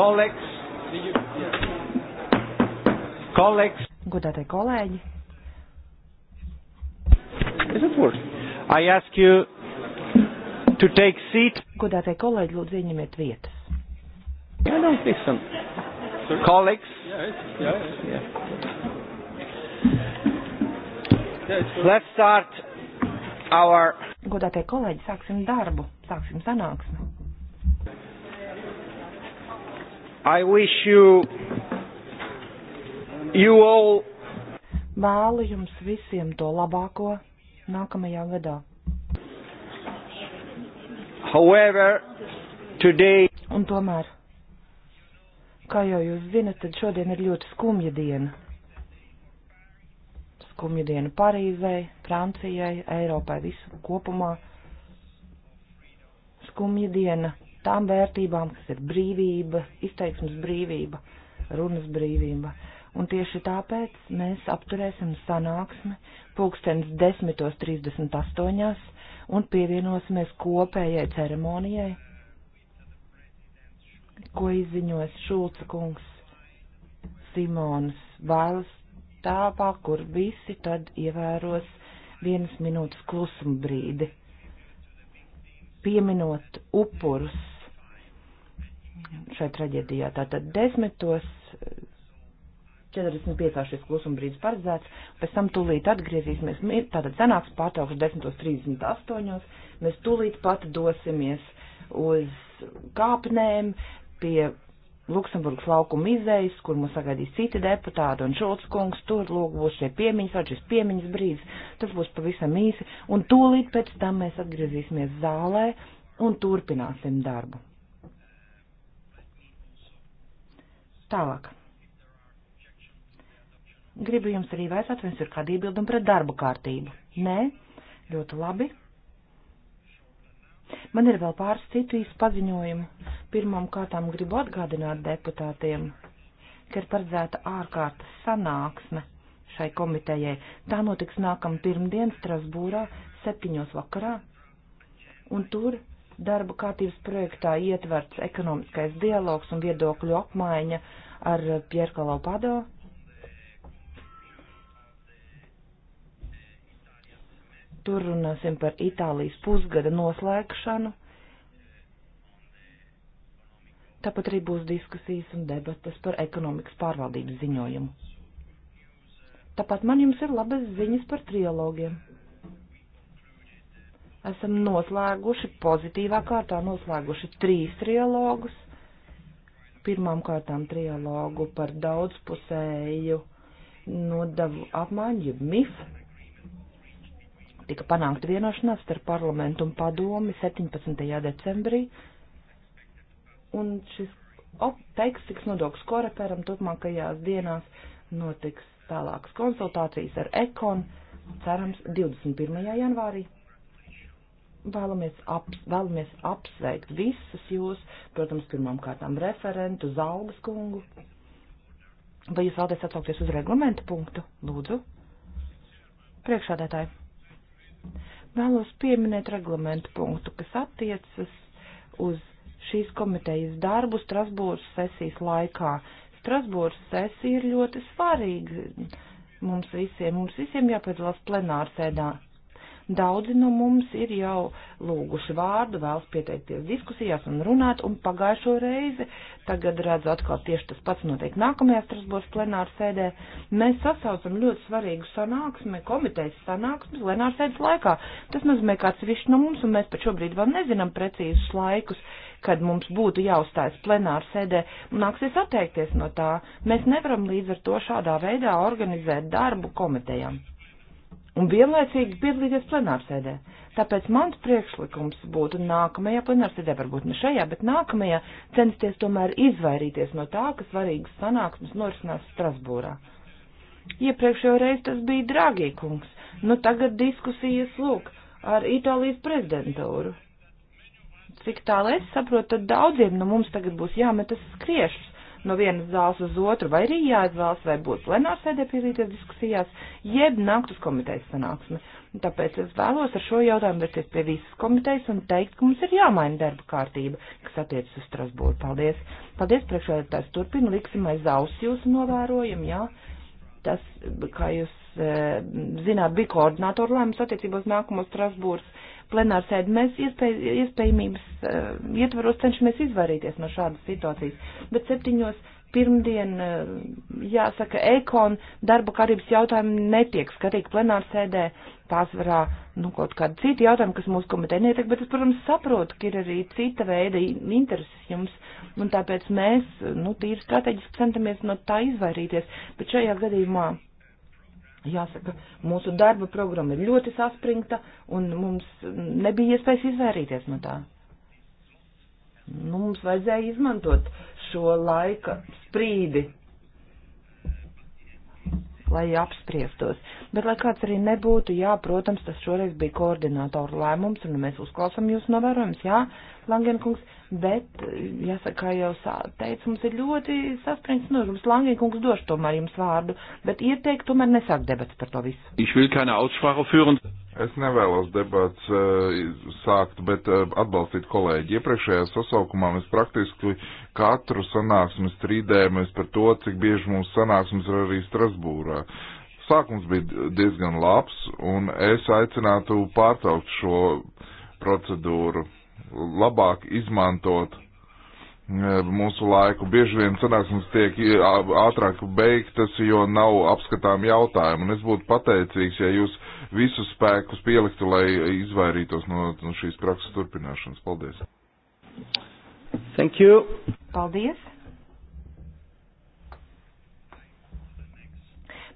Kolēģis. Kolēģis. Godātie kolēģi. Is it worse? I ask you to take seat. Godātie kolēģi, lūdzu, ieņemiet vietas. Jā, nē, listen. Kolēģis. Let's start our. Godātie kolēģi, sāksim darbu, sāksim sanāksmi. I wish you, you all. Vēlu jums visiem to labāko nākamajā gadā. However, today. Un tomēr, kā jau jūs zinat, tad šodien ir ļoti skumja diena. Skumja diena Parīzei, Francijai, Eiropai visu kopumā. Skumja diena tām vērtībām, kas ir brīvība, izteiksmes brīvība, runas brīvība. Un tieši tāpēc mēs apturēsim sanāksmi pulkstens 10.38. un pievienosimies kopējai ceremonijai, ko izziņos Šulca kungs Simons Vailas tāpā, kur visi tad ievēros vienas minūtes klusuma brīdi pieminot upurus šai traģēdijā. Tātad desmitos 45. šis klusuma brīdis paredzēts, pēc tam tūlīt atgriezīsimies, tātad sanāks pārtraukšu 10.38. Mēs tūlīt pat dosimies uz kāpnēm pie Luksemburgas laukuma izējas, kur mums sagaidīs citi deputāti un Šulc kungs, tur lūk būs šie piemiņas, vai šis piemiņas brīdis, tas būs pavisam īsi, un tūlīt pēc tam mēs atgriezīsimies zālē un turpināsim darbu. Tālāk. Gribu jums arī vaicāt, vai jums ir kāda iebilduma pret darbu kārtību? Nē? Ļoti labi. Man ir vēl pāris citu īsu paziņojumu. Pirmām kārtām gribu atgādināt deputātiem, ka ir paredzēta ārkārtas sanāksme šai komitejai. Tā notiks nākam pirmdien Strasbūrā, septiņos vakarā, un tur darba kārtības projektā ietverts ekonomiskais dialogs un viedokļu apmaiņa ar Pierkalau Pado Tur runāsim par Itālijas pusgada noslēgšanu. Tāpat arī būs diskusijas un debatas par ekonomikas pārvaldības ziņojumu. Tāpat man jums ir labas ziņas par trilogiem. Esam noslēguši, pozitīvā kārtā noslēguši trīs trilogus. Pirmām kārtām trilogu par daudzpusēju nodavu apmaiņu, jeb MIF tika panākta vienošanās starp parlamentu un padomi 17. decembrī, un šis teksts tiks nodoks koreperam turpmākajās dienās, notiks tālākas konsultācijas ar ekon, cerams, 21. janvārī. Vēlamies, aps, vēlamies apsveikt visus jūs, protams, pirmām kārtām referentu Zalgas kungu. Vai jūs vēlaties atsaukties uz reglamentu punktu? Lūdzu. Priekšādētāji. Vēlos pieminēt reglamentu punktu, kas attiecas uz šīs komitejas darbu Strasbūras sesijas laikā. Strasbūras sesija ir ļoti svarīga mums visiem. Mums visiem jāpiedalās plenārsēdā. Daudzi no mums ir jau lūguši vārdu, vēlas pieteikties diskusijās un runāt, un pagājušo reizi, tagad redzu atkal tieši tas pats notiek nākamajā Strasbūras plenāru sēdē, mēs sasaucam ļoti svarīgu sanāksmi, komitejas sanāksmi plenāru sēdes laikā. Tas nozīmē, ka atsevišķi no mums, un mēs pat šobrīd vēl nezinām precīzus laikus, kad mums būtu jāuzstājas plenāru sēdē, nāksies atteikties no tā. Mēs nevaram līdz ar to šādā veidā organizēt darbu komitejām un vienlaicīgi piedalīties plenārsēdē. Tāpēc mans priekšlikums būtu nākamajā plenārsēdē, varbūt ne šajā, bet nākamajā censties tomēr izvairīties no tā, ka svarīgas sanāksmes norisinās Strasbūrā. Iepriekšējo reizi tas bija Dragī kungs, nu tagad diskusijas lūk ar Itālijas prezidentūru. Cik tālu es saprotu, tad daudziem no nu, mums tagad būs jāmetas skriešus no vienas zāles uz otru, vai arī jāizvēlas, vai būt plenārsēdē piedalīties diskusijās, jeb nākt uz komitejas sanāksmi. Tāpēc es vēlos ar šo jautājumu vērsties pie visas komitejas un teikt, ka mums ir jāmaina darba kārtība, kas attiecas uz Strasbūru. Paldies! Paldies, priekšādātājs turpina, liksim aiz ausis jūsu novērojam, jā. Tas, kā jūs e, zināt, bija koordinātoru lēmums attiecībos nākamos Strasbūras plenārsēdi, mēs iespēj, iespējamības uh, ietvaros cenšamies izvairīties no šādas situācijas. Bet septiņos pirmdien, uh, jāsaka, ekon darba kārības jautājumi netiek skatīti plenārsēdē, pārsvarā, nu, kaut kādi citi jautājumi, kas mūsu komiteja netiek, bet es, protams, saprotu, ka ir arī cita veida intereses jums, un tāpēc mēs, nu, tīri strateģiski centamies no tā izvairīties, bet šajā gadījumā Jāsaka, mūsu darba programma ir ļoti saspringta, un mums nebija iespējas izvairīties no tā. Nu, mums vajadzēja izmantot šo laika sprīdi, lai apspriestos. Bet, lai kāds arī nebūtu, jā, protams, tas šoreiz bija koordinātoru lēmums, un mēs uzklausām jūsu novērojumus, jā, Langenkungs, bet, jāsaka, kā jau teicu, mums ir ļoti saskaņas nožums. Langenkungs došu tomēr jums vārdu, bet ieteikt tomēr nesāk debats par to visu. Ich will keine Aussprache führen. Es nevēlos debats uh, sākt, bet uh, atbalstīt kolēģi. Iepriekšējā sasaukumā mēs praktiski katru sanāksmi strīdējamies par to, cik bieži mums sanāksmes ir arī Strasbūrā. Uh, sākums bija diezgan labs, un es aicinātu pārtraukt šo procedūru, labāk izmantot e, mūsu laiku. Bieži vien sanāksmes tiek e, ātrāk beigtas, jo nav apskatām jautājumu, un es būtu pateicīgs, ja jūs visus spēkus pieliktu, lai izvairītos no, no šīs prakses turpināšanas. Paldies! Thank you! Paldies!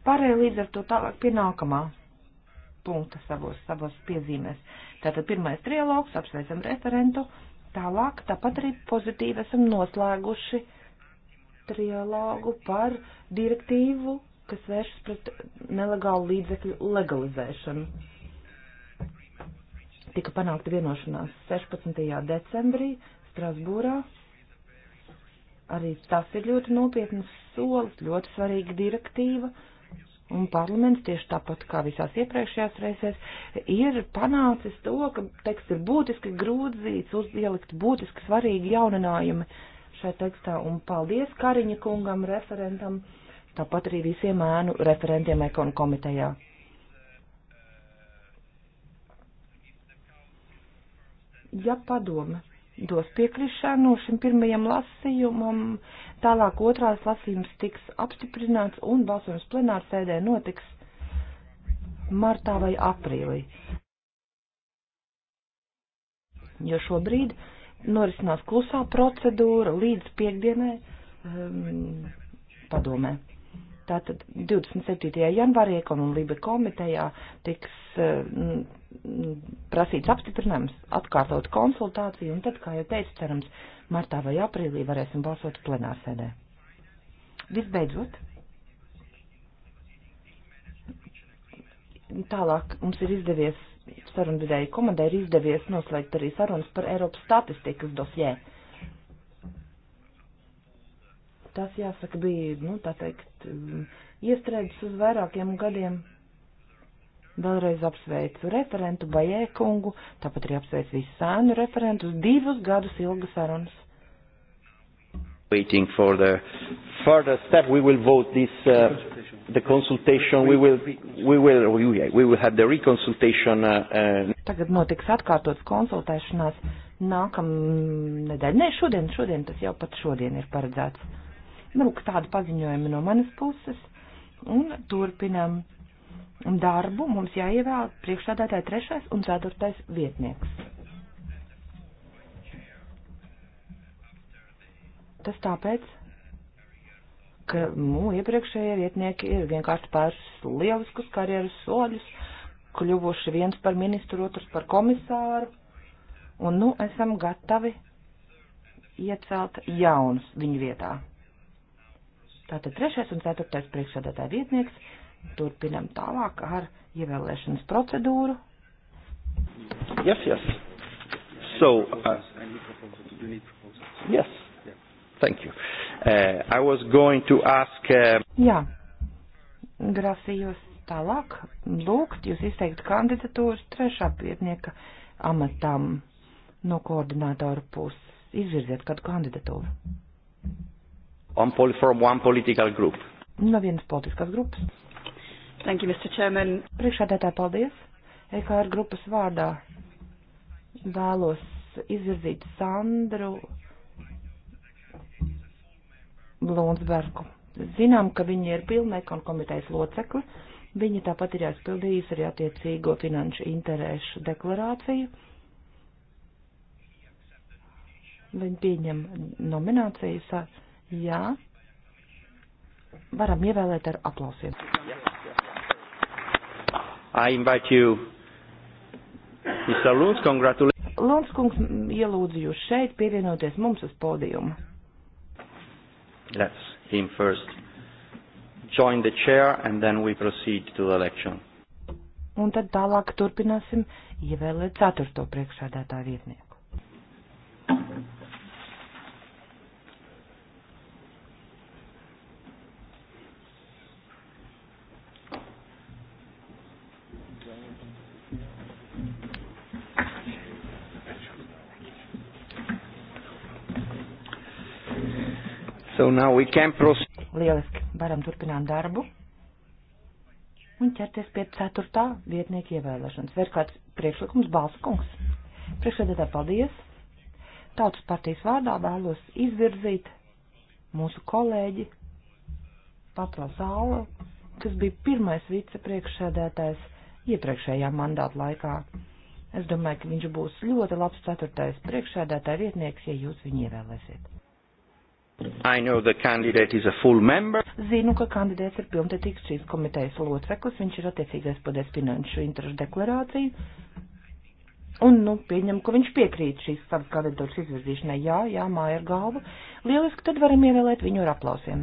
Pārējie līdz ar to tālāk pie nākamā punkta savos, savos piezīmēs. Tātad pirmais trialogs, apsveicam referentu, tālāk tāpat arī pozitīvi esam noslēguši trialogu par direktīvu, kas vēršas pret nelegālu līdzekļu legalizēšanu. Tika panākta vienošanās 16. decembrī Strasbūrā. Arī tas ir ļoti nopietnas solis, ļoti svarīga direktīva Un parlaments tieši tāpat kā visās iepriekšējās reizēs ir panācis to, ka teksts ir būtiski grūdzīts, uzlikt būtiski svarīgi jauninājumi šai tekstā. Un paldies Kariņa kungam, referentam, tāpat arī visiem ēnu referentiem ekonu komitejā. Ja padome dos piekrišanu šim pirmajam lasījumam, tālāk otrās lasījums tiks apstiprināts un balsojums plenārsēdē notiks martā vai aprīlī. Jo šobrīd norisinās klusā procedūra līdz piekdienai um, padomē. Tātad 27. janvārī ekonomība komitejā tiks. Um, prasīts apstiprinājums, atkārtot konsultāciju, un tad, kā jau teicu, cerams, martā vai aprīlī varēsim balsot plenārsēdē. Visbeidzot, tālāk mums ir izdevies, sarunvedēju komandai ir izdevies noslēgt arī sarunas par Eiropas statistikas dosjē. Tas, jāsaka, bija, nu, tā teikt, iestrēdzis uz vairākiem gadiem, Vēlreiz apsveicu referentu Bajēkungu, tāpat arī apsveicu visu sēnu referentus divus gadus ilgas sarunas. Waiting for the further step, we will vote this, uh, the consultation, we will, we will, we will have the reconsultation. Uh, uh, Tagad notiks atkārtots konsultēšanās nākam nedēļ. Nē, šodien, šodien tas jau pat šodien ir paredzēts. Nu, tādu paziņojumu no manas puses. Un turpinam darbu mums jāievēl priekšstādātāji trešais un ceturtais vietnieks. Tas tāpēc, ka mūsu nu, iepriekšējie vietnieki ir vienkārši pāris lieliskus karjeras soļus, kļuvuši viens par ministru, otrs par komisāru, un nu esam gatavi iecelt jaunus viņu vietā. Tātad trešais un ceturtais priekšsēdētāja vietnieks Turpinam tālāk ar ievēlēšanas procedūru. Yes, yes. So, uh, yes. Thank you. Uh, I was going to ask. Uh, Jā, grasījos tālāk lūgt jūs izteikt kandidatūru trešā pietnieka amatam no koordinātora puses. Izvirziet kādu kandidatūru. On, from one political group. No vienas politiskās grupas. Thank you, Mr. Chairman. Priekšādētā paldies. EKR grupas vārdā vēlos izvirzīt Sandru Blūnsbergu. Zinām, ka viņa ir pilnēkon komitejas locekli. Viņa tāpat ir aizpildījusi arī attiecīgo finanšu interesu deklarāciju. Viņa pieņem nominācijas, jā. Varam ievēlēt ar aplausiem. Jā. I invite you, Mr. Lunds, congratulations. Lunds kungs ielūdzu jūs šeit pievienoties mums uz pódiumu. Let's him first join the chair and then we proceed to the election. Un tad tālāk turpināsim ievēlēt ceturto priekšsēdētāju vietnieku. Lieliski, varam turpināt darbu un ķerties pie ceturtā vietnieka ievēlēšanas. Vai ir kāds priekšlikums balsa kungs? Priekšsēdētāji, paldies! Tautas partijas vārdā vēlos izvirzīt mūsu kolēģi Papro Zālo, kas bija pirmais vicepriekšsēdētājs iepriekšējā mandāta laikā. Es domāju, ka viņš būs ļoti labs ceturtais priekšsēdētāja vietnieks, ja jūs viņu ievēlēsiet. Zinu, ka kandidāts ir pilntiecīgs šīs komitejas loceklis, viņš ir attiecīgais padēs finanšu interešu deklarāciju. Un, nu, pieņem, ka viņš piekrīt šīs savas kandidatūras izvirzīšanai. Jā, jā, māja ir galva. Lieliski, tad varam ievēlēt viņu ar aplausiem.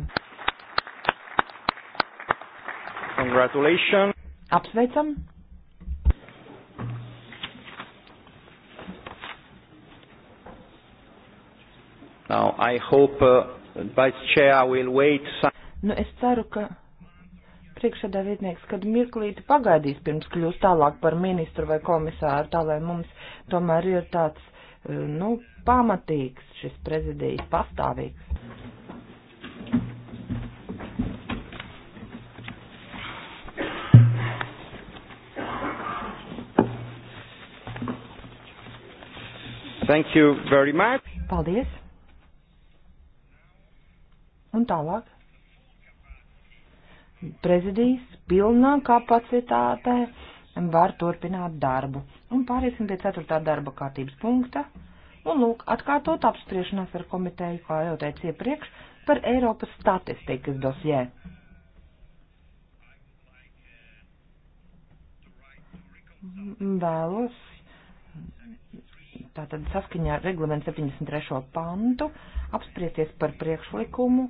Congratulations! Apsveicam! Now, I hope uh, Vice Chair will wait some... Nu, es ceru, ka priekšādā vietnieks, kad mirklīti pagaidīs pirms kļūst tālāk par ministru vai komisāru, tā lai mums tomēr ir tāds, uh, nu, pamatīgs šis prezidijas pastāvīgs. Thank you very much. Paldies. Un tālāk. Prezidijas pilnā kapacitātē var turpināt darbu. Un pāriesim pie 4. darba kārtības punkta. Un lūk, atkārtot apspriešanās ar komiteju, kā jau teicu iepriekš, par Eiropas statistikas dosjē. Vēlos tātad saskaņā ar reglamentu 73. pantu apspriesties par priekšlikumu,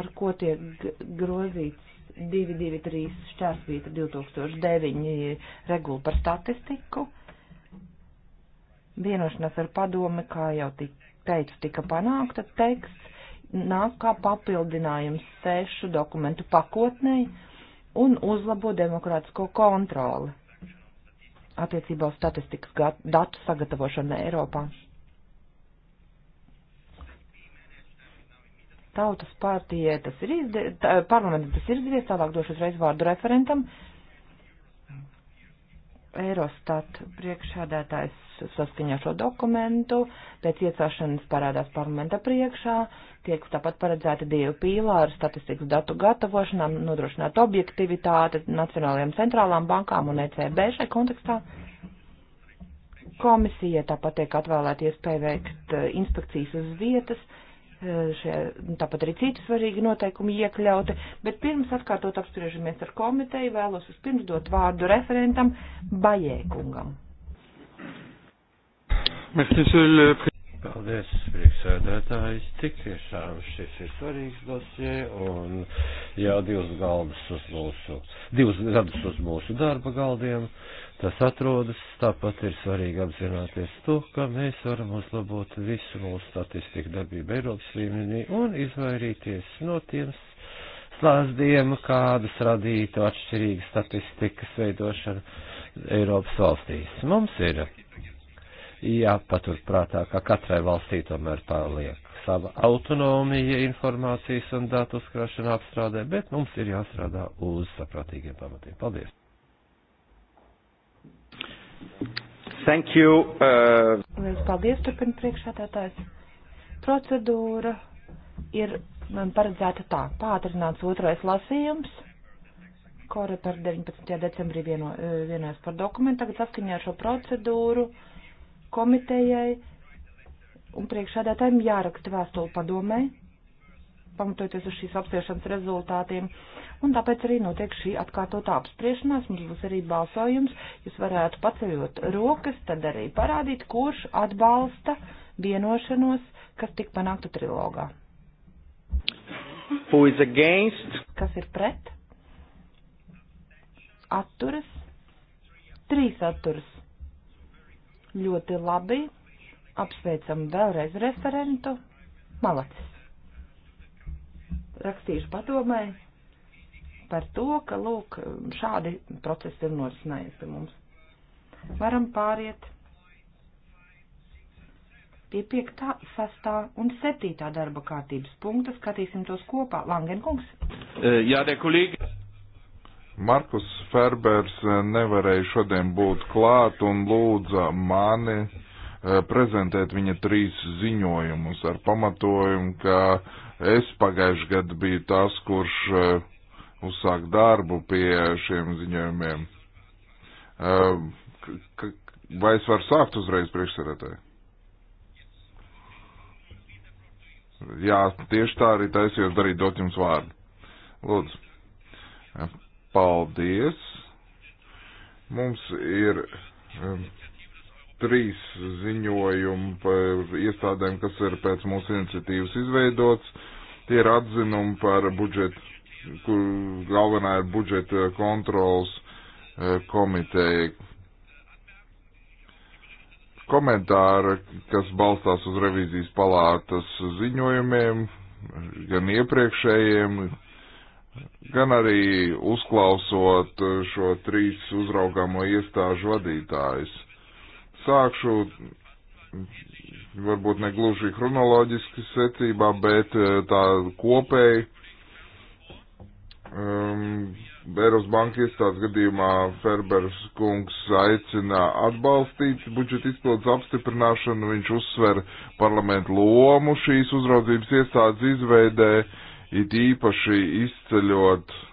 ar ko tiek grozīts 223 šķērsvīta 2009 regula par statistiku. Vienošanās ar padomi, kā jau tik, teicu, tika panākta teksts nāk kā papildinājums sešu dokumentu pakotnei un uzlabo demokrātisko kontroli attiecībā uz statistikas datu sagatavošanu Eiropā. Tautas partijai tas ir izdevies, parlamentam tas ir izdevies, tālāk došu uzreiz vārdu referentam, Eurostat priekšādātājs saskaņā šo dokumentu, pēc iecelšanas parādās parlamenta priekšā, tiek tāpat paredzēti divi pīlāri statistikas datu gatavošanām, nodrošināt objektivitāti Nacionālajām centrālām bankām un ECB šai kontekstā. Komisija tāpat tiek atvēlēta iespēja veikt eh, inspekcijas uz vietas, Eh, šie, nu, tāpat arī citi svarīgi noteikumi iekļauti, bet pirms atkārtot apspriežamies ar komiteju, vēlos vispirms dot vārdu referentam Bajēkungam. Paldies, priekšsēdētājs. Tik tiešām šis ir svarīgs dosie un jau divas galdas uz mūsu, divas gadus uz mūsu darba galdiem. Uh, tas atrodas. Tāpat ir svarīgi apzināties to, ka mēs varam uzlabot visu mūsu statistiku darbību Eiropas līmenī un izvairīties no tiem slāzdiem, kādas radītu atšķirīga statistikas veidošana Eiropas valstīs. Mums ir jāpaturprātā, ka katrai valstī tomēr paliek sava autonomija informācijas un datu uzkrāšana apstrādē, bet mums ir jāstrādā uz saprātīgiem pamatiem. Paldies! Thank you. Uh... Liels paldies, turpina priekšsētātājs. Procedūra ir man um, paredzēta tā. Pātrināts otrais lasījums. Kore par 19. decembrī vieno, uh, vienojas par dokumentu. Tagad saskaņā ar šo procedūru komitejai un priekšsēdētājiem jāraksta vēstuli padomē pamatojoties uz šīs apspriešanas rezultātiem. Un tāpēc arī notiek šī atkārtotā apspriešanās. Mums būs arī balsojums. Jūs varētu paceļot rokas, tad arī parādīt, kurš atbalsta vienošanos, kas tik panākta trilogā. Kas ir pret? Atturas. Trīs atturas. Ļoti labi. Apsveicam vēlreiz referentu. Malacis rakstījuši padomē par to, ka, lūk, šādi procesi ir norisinājies pie mums. Varam pāriet pie 5, 6 un 7 darba kārtības punkta. Skatīsim tos kopā. Langenkungs. E, jā, dekulīgi. Markus Ferbers e, nevarēja šodien būt klāt un lūdza mani e, prezentēt viņa trīs ziņojumus ar pamatojumu, ka Es pagājuši gadu biju tas, kurš eh, uzsāk darbu pie šiem ziņojumiem. Eh, vai es varu sākt uzreiz priekšsarētāji? Jā, tieši tā arī taisījos darīt, dot jums vārdu. Lūdzu. Eh, paldies. Mums ir trīs ziņojumi par iestādēm, kas ir pēc mūsu iniciatīvas izveidots. Tie ir atzinumi par budžetu, kur galvenā ir budžeta kontrols e, komiteja. Komentāri, kas balstās uz revīzijas palātas ziņojumiem, gan iepriekšējiem, gan arī uzklausot šo trīs uzraugamo iestāžu vadītājus sākšu varbūt ne gluži chronoloģiski secībā, bet e, tā kopēji. Um, Eiropas Banka iestādes gadījumā Ferbers kungs aicina atbalstīt budžeta izpildes apstiprināšanu, viņš uzsver parlamentu lomu šīs uzraudzības iestādes izveidē, it īpaši izceļot uh,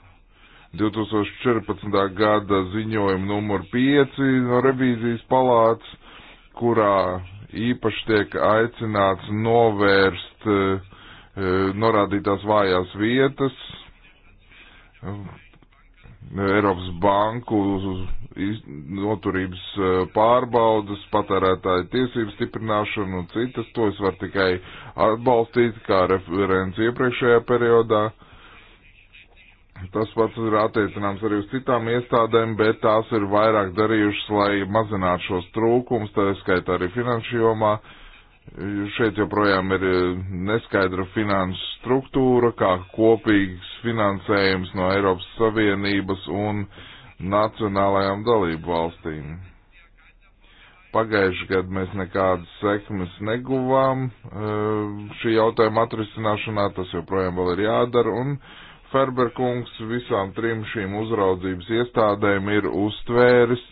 2014. gada ziņojumu numur 5 no revīzijas palāts, kurā īpaši tiek aicināts novērst uh, norādītās vājās vietas Eiropas banku noturības eh, pārbaudas, patērētāju tiesību stiprināšanu un citas. To es varu tikai atbalstīt, kā referents iepriekšējā periodā. Uh, Tas pats ir attiecināms arī uz citām iestādēm, bet tās ir vairāk darījušas, lai mazinātu šos trūkumus, tā skaitā arī finanšu jomā. Šeit joprojām ir eh, neskaidra finanšu struktūra, kā kopīgs finansējums no Eiropas Savienības un nacionālajām dalību valstīm. Pagājuši gadu mēs nekādas sekmes neguvām eh, šī jautājuma atrisināšanā, tas joprojām vēl ir jādara, un uh, Ferberkungs visām trim šīm uzraudzības iestādēm ir uztvēris,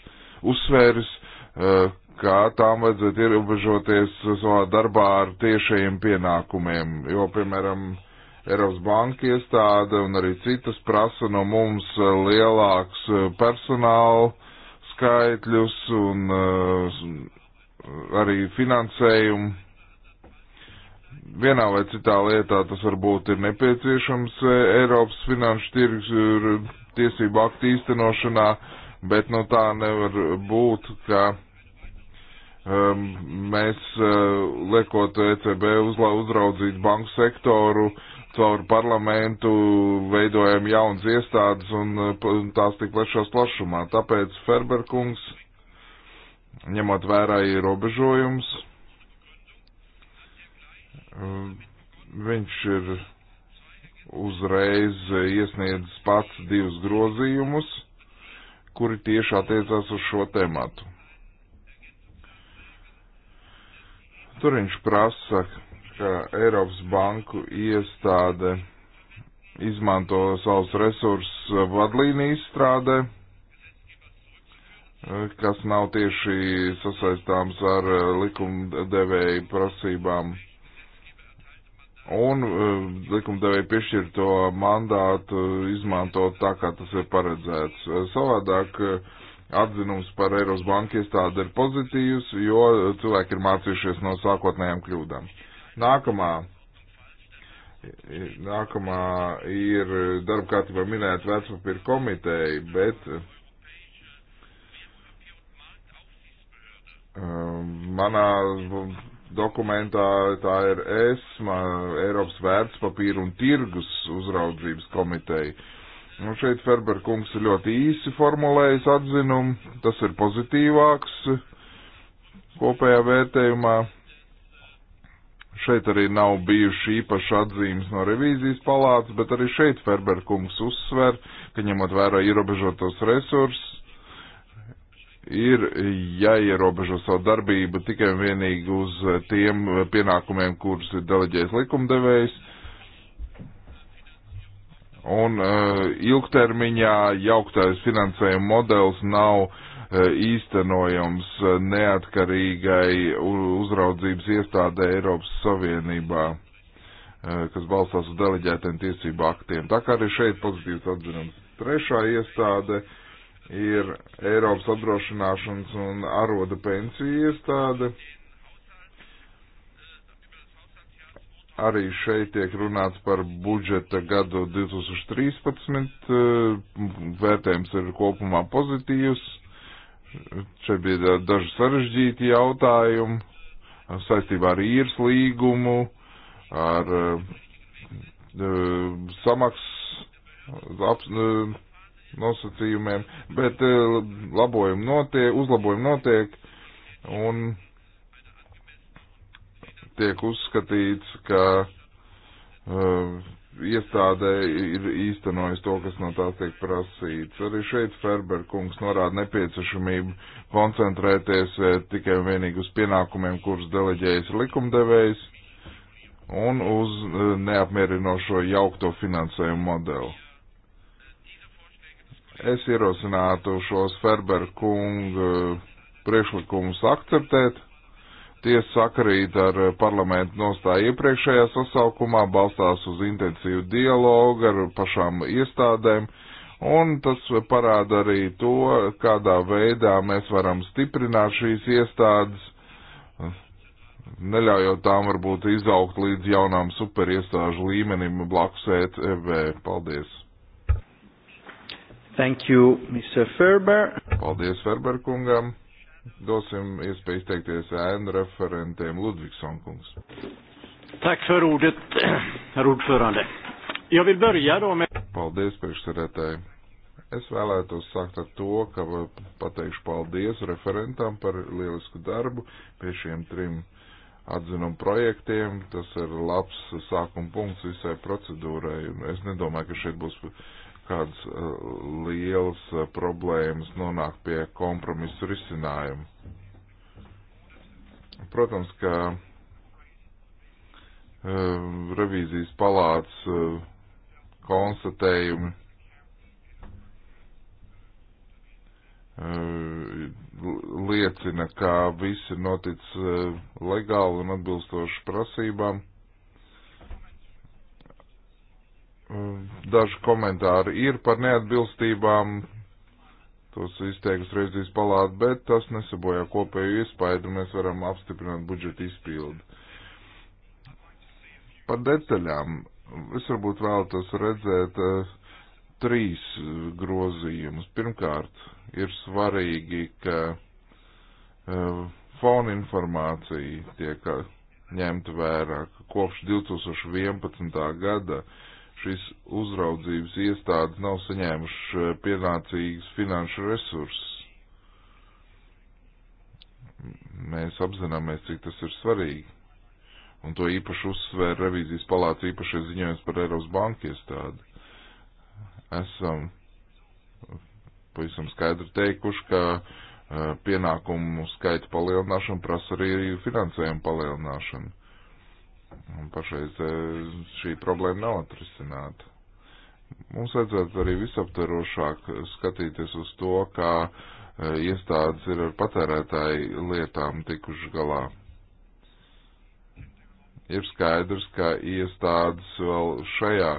uzsvēris, eh, kā tām vajadzētu ierobežoties savā darbā ar tiešajiem pienākumiem, jo, piemēram, Eiropas banka iestāde un arī citas prasa no mums eh, lielāks eh, personāla skaitļus un arī finansējumu vienā vai citā lietā tas varbūt ir nepieciešams e, Eiropas finanšu tirgus e, tiesību aktu īstenošanā, bet no nu, tā nevar būt, ka um, mēs uh, liekot ECB uzla, uzraudzīt banku sektoru caur parlamentu, veidojam jaunas iestādes un, un tās tik plašās plašumā. Tāpēc Ferberkungs, ņemot vērā ierobežojumus, Mm, viņš ir uzreiz iesniedzis pats divus grozījumus, kuri tieši attiecās uz šo tematu. Tur viņš prasa, ka Eiropas banku iestāde izmanto savus resursus vadlīniju izstrādē, kas nav tieši sasaistāms ar likumdevēju prasībām un eh, likumdevēja piešķirto mandātu izmantot tā, kā tas ir paredzēts. Eh, savādāk eh, atzinums par Eiros banku iestādi ir pozitīvs, jo cilvēki ir mācījušies no sākotnējām kļūdām. Nākamā, nākamā ir darba kārtībā minēta vecpapīra komiteja, bet manā dokumentā tā ir ESMA, Eiropas vērtspapīra un tirgus uzraudzības komiteja. Nu, šeit Ferber kungs ir ļoti īsi formulējis atzinumu, tas ir pozitīvāks kopējā vērtējumā. Šeit arī nav bijuši īpaši atzīmes no revīzijas palātas, bet arī šeit Ferber kungs uzsver, ka ņemot vērā ierobežotos resursus, ir jāierobežo savu darbību tikai un vienīgi uz tiem pienākumiem, kurus ir deleģējis likumdevējs. Un uh, ilgtermiņā jauktais finansējuma modelis nav uh, īstenojams neatkarīgai uzraudzības iestādē Eiropas Savienībā, uh, kas balstās uz deleģētiem tiesību aktiem. Tā kā arī šeit pozitīvs atzinums. Trešā iestāde uh, ir Eiropas apdrošināšanas un aroda pensiju iestāde. Arī šeit tiek runāts par budžeta gadu 2013. Eh, vērtējums ir kopumā pozitīvs. Šeit bija daži sarežģīti jautājumi eh, saistībā ar īres līgumu, ar eh, samaksas nosacījumiem, bet eh, labojumi notiek, uzlabojumi notiek un tiek uzskatīts, ka uh, iestādē ir īstenojis to, kas no tās tiek prasīts. Arī šeit Ferber kungs norāda nepieciešamību koncentrēties eh, tikai un vienīgi uz pienākumiem, kurus deleģējas likumdevējs un uz neapmierinošo jaukto finansējumu modeli. Es ierosinātu šos Ferber kungu priekšlikumus akceptēt. Tiesa sakarīt ar parlamentu nostāju iepriekšējā sasaukumā, balstās uz intensīvu dialogu ar pašām iestādēm, un tas parāda arī to, kādā veidā mēs varam stiprināt šīs iestādes, neļaujot tām varbūt izaugt līdz jaunām superiestāžu līmenim blakus ETV. Paldies! Thank you, Mr. Ferber. Paldies Ferber kungam. Dosim iespēju izteikties ēnu referentiem Ludvigson kungs. Tack för ordet, herr ordförande. Jag vill börja då med... Paldies, priekšsēdētāji. Es vēlētos sākt ar to, ka pateikšu paldies referentam par lielisku darbu pie šiem trim atzinumu projektiem. Tas ir labs sākuma punkts visai procedūrai. Es nedomāju, ka šeit būs uh, kādas uh, lielas uh, problēmas nonāk pie kompromisu risinājumu. Protams, ka uh, revīzijas palāts konstatējumi liecina, ka viss ir noticis legāli un atbilstoši prasībām. daži komentāri ir par neatbilstībām, tos izteikus reizes palāt, bet tas nesabojā kopēju iespaidu, mēs varam apstiprināt budžeta izpildi. Par detaļām es varbūt vēlētos redzēt uh, trīs grozījumus. Pirmkārt, ir svarīgi, ka uh, fona informācija tiek ņemta vērā, ka kopš 2011. gada uh, šīs uzraudzības iestādes nav saņēmuši eh, pienācīgas finanšu resursus. Mēs apzināmies, cik tas ir svarīgi. Un to īpaši uzsvēra revīzijas palāca īpašais ziņojums par Eiropas banku iestādi. Esam pavisam skaidri teikuši, ka eh, pienākumu skaita palielināšana prasa arī finansējumu palielināšanu Un pašreiz eh, šī problēma nav atrisināta. Mums vajadzētu arī visaptverošāk skatīties uz to, kā eh, iestādes ir ar patērētāju lietām tikuši galā. Ir skaidrs, ka iestādes vēl šajā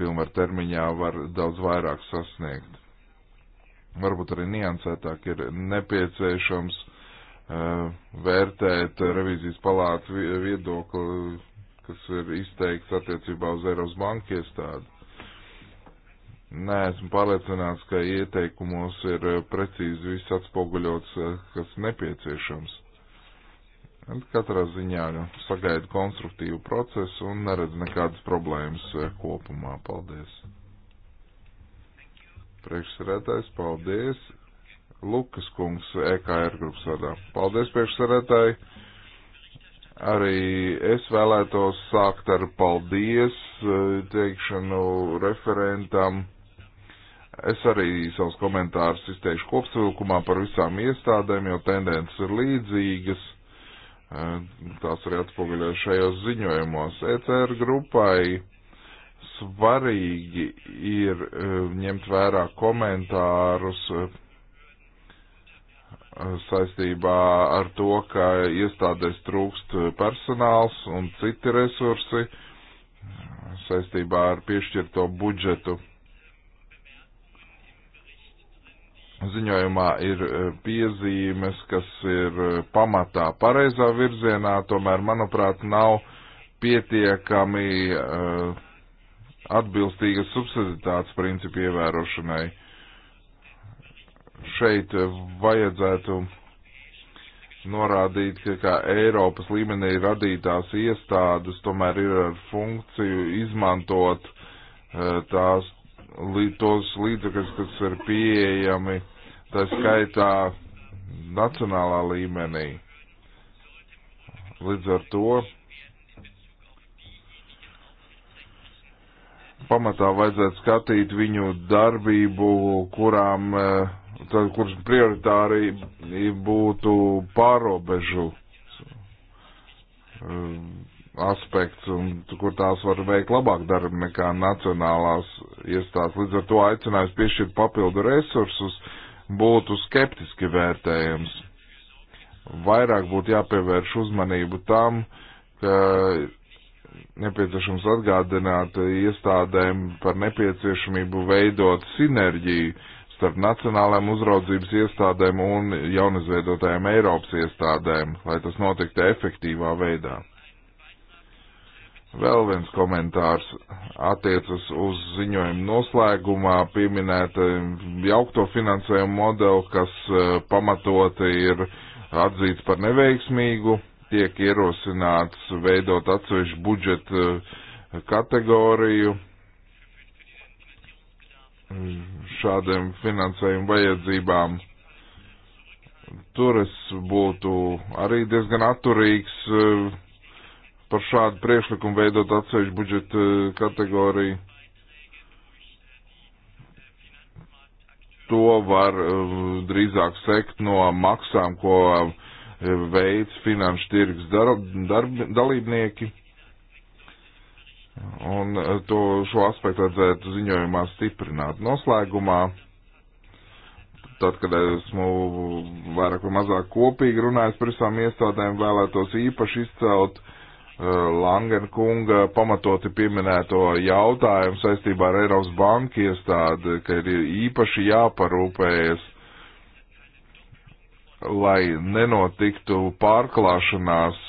pilnvar termiņā var daudz vairāk sasniegt. Varbūt arī niansētāk ir nepieciešams uh, Eh, vērtēt revīzijas palātu viedokli, kas ir izteikts attiecībā uz Eiropas banku iestādi. Nē, esmu pārliecināts, ka ieteikumos ir precīzi viss atspoguļots, eh, kas nepieciešams. Katrā ziņā nu, sagaidu konstruktīvu procesu un neredzu nekādas problēmas eh, kopumā. Paldies! Priekšsēdētājs, paldies! Lukas kungs, EKR grupas vadā. Paldies, priekšsarētāji! Arī es vēlētos sākt ar paldies eh, teikšanu referentam. Es arī savus komentārus izteikšu kopsavilkumā par visām iestādēm, jo tendences ir līdzīgas. Eh, tās arī atspoguļo šajos ziņojumos. ECR grupai svarīgi ir eh, ņemt vērā komentārus saistībā ar to, ka iestādēs trūkst personāls un citi resursi saistībā ar piešķirto budžetu. Ziņojumā ir e, piezīmes, kas ir e, pamatā pareizā virzienā, tomēr, manuprāt, nav pietiekami uh, atbilstīgas subsiditātes principu ievērošanai. Uh, šeit vajadzētu norādīt, ka kā Eiropas līmenī radītās iestādes tomēr ir ar funkciju izmantot eh, tās, tos līdzekļus, kas ir pieejami, tā skaitā nacionālā līmenī. Līdz ar to pamatā vajadzētu skatīt viņu darbību, kurām uh, tad, kurš prioritāri būtu pārobežu um, aspekts, un kur tās var veikt labāk darbu nekā nacionālās iestādes. Līdz ar to aicinājums piešķirt papildu resursus būtu skeptiski vērtējams. Vairāk būtu jāpievērš uzmanību tam, ka nepieciešams atgādināt iestādēm par nepieciešamību veidot sinerģiju uh, starp nacionālajām uzraudzības iestādēm un jaunizveidotajām Eiropas iestādēm, lai tas notiktu efektīvā veidā. Vēl viens komentārs attiecas uz ziņojumu noslēgumā pieminēta jaukto finansējumu modeli, kas e, pamatoti ir atzīts par neveiksmīgu, tiek ierosināts veidot atsevišķu budžetu e, kategoriju, šādiem finansējumu vajadzībām. Tur es būtu arī diezgan atturīgs eh, par šādu priekšlikumu veidot atsevišķu budžeta eh, kategoriju. To var eh, drīzāk sekt no maksām, ko veids finanšu tirgus darb, darb, dalībnieki. Un e, to, šo aspektu vajadzētu ziņojumā stiprināt. Noslēgumā, tad, kad esmu vairāk vai mazāk kopīgi runājis par visām iestādēm, vēlētos īpaši izcelt uh, e, Langenkunga pamatoti pieminēto jautājumu saistībā ar Eiropas banku iestādi, ka ir īpaši jāparūpējas, lai nenotiktu pārklāšanās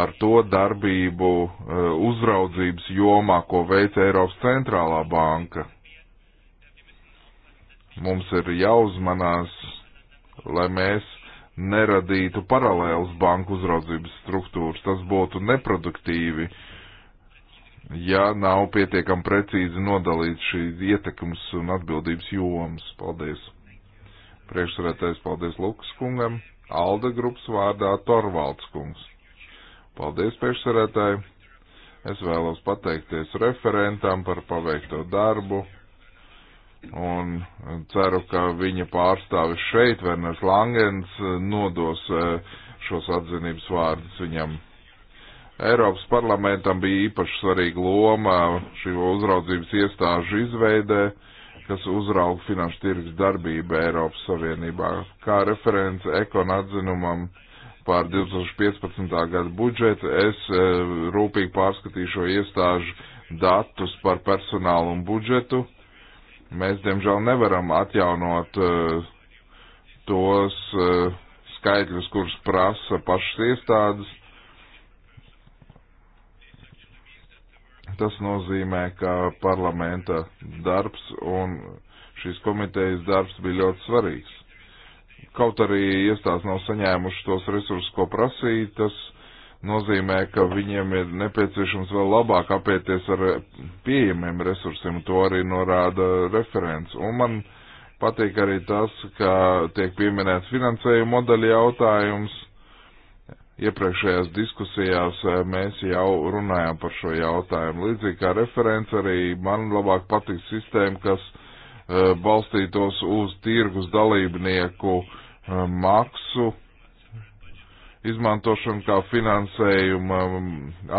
ar to darbību eh, uzraudzības jomā, ko veic Eiropas centrālā banka. Mums ir jāuzmanās, lai mēs neradītu paralēlas banku uzraudzības struktūras. Tas būtu neproduktīvi, ja nav pietiekam precīzi nodalīts šī ietekmes un atbildības jomas. Paldies! Priekšsarētais paldies Lukas kungam, Alda grupas vārdā Torvalds kungs. Paldies, priekšsarētāji! Es vēlos pateikties referentam par paveikto darbu un ceru, ka viņa pārstāvis šeit, Werners Langens, nodos eh, šos atzinības vārdus viņam. Eiropas parlamentam bija īpaši svarīga loma šī uzraudzības iestāžu izveidē, kas uzrauga finanšu tirgus darbību Eiropas Savienībā. Kā referents ekon atzinumam par 2015. gada budžetu. Es e, rūpīgi pārskatīšu iestāžu datus par personālu un budžetu. Mēs, diemžēl, nevaram atjaunot e, tos e, skaitļus, kurus prasa pašas iestādes. Tas nozīmē, ka parlamenta darbs un šīs komitejas darbs bija ļoti svarīgs Kaut arī iestādes nav saņēmuši tos resursus, ko prasīja, tas nozīmē, ka viņiem ir nepieciešams vēl labāk apieties ar pieejamiem resursiem, to arī norāda referents. Un man patīk arī tas, ka tiek pieminēts finansējuma modeļa jautājums. Iepriekšējās diskusijās eh, mēs jau runājām par šo jautājumu. Līdzīgi kā referents arī man labāk patīk sistēma, kas Uh, balstītos uz tirgus dalībnieku uh, maksu izmantošanu kā finansējuma um,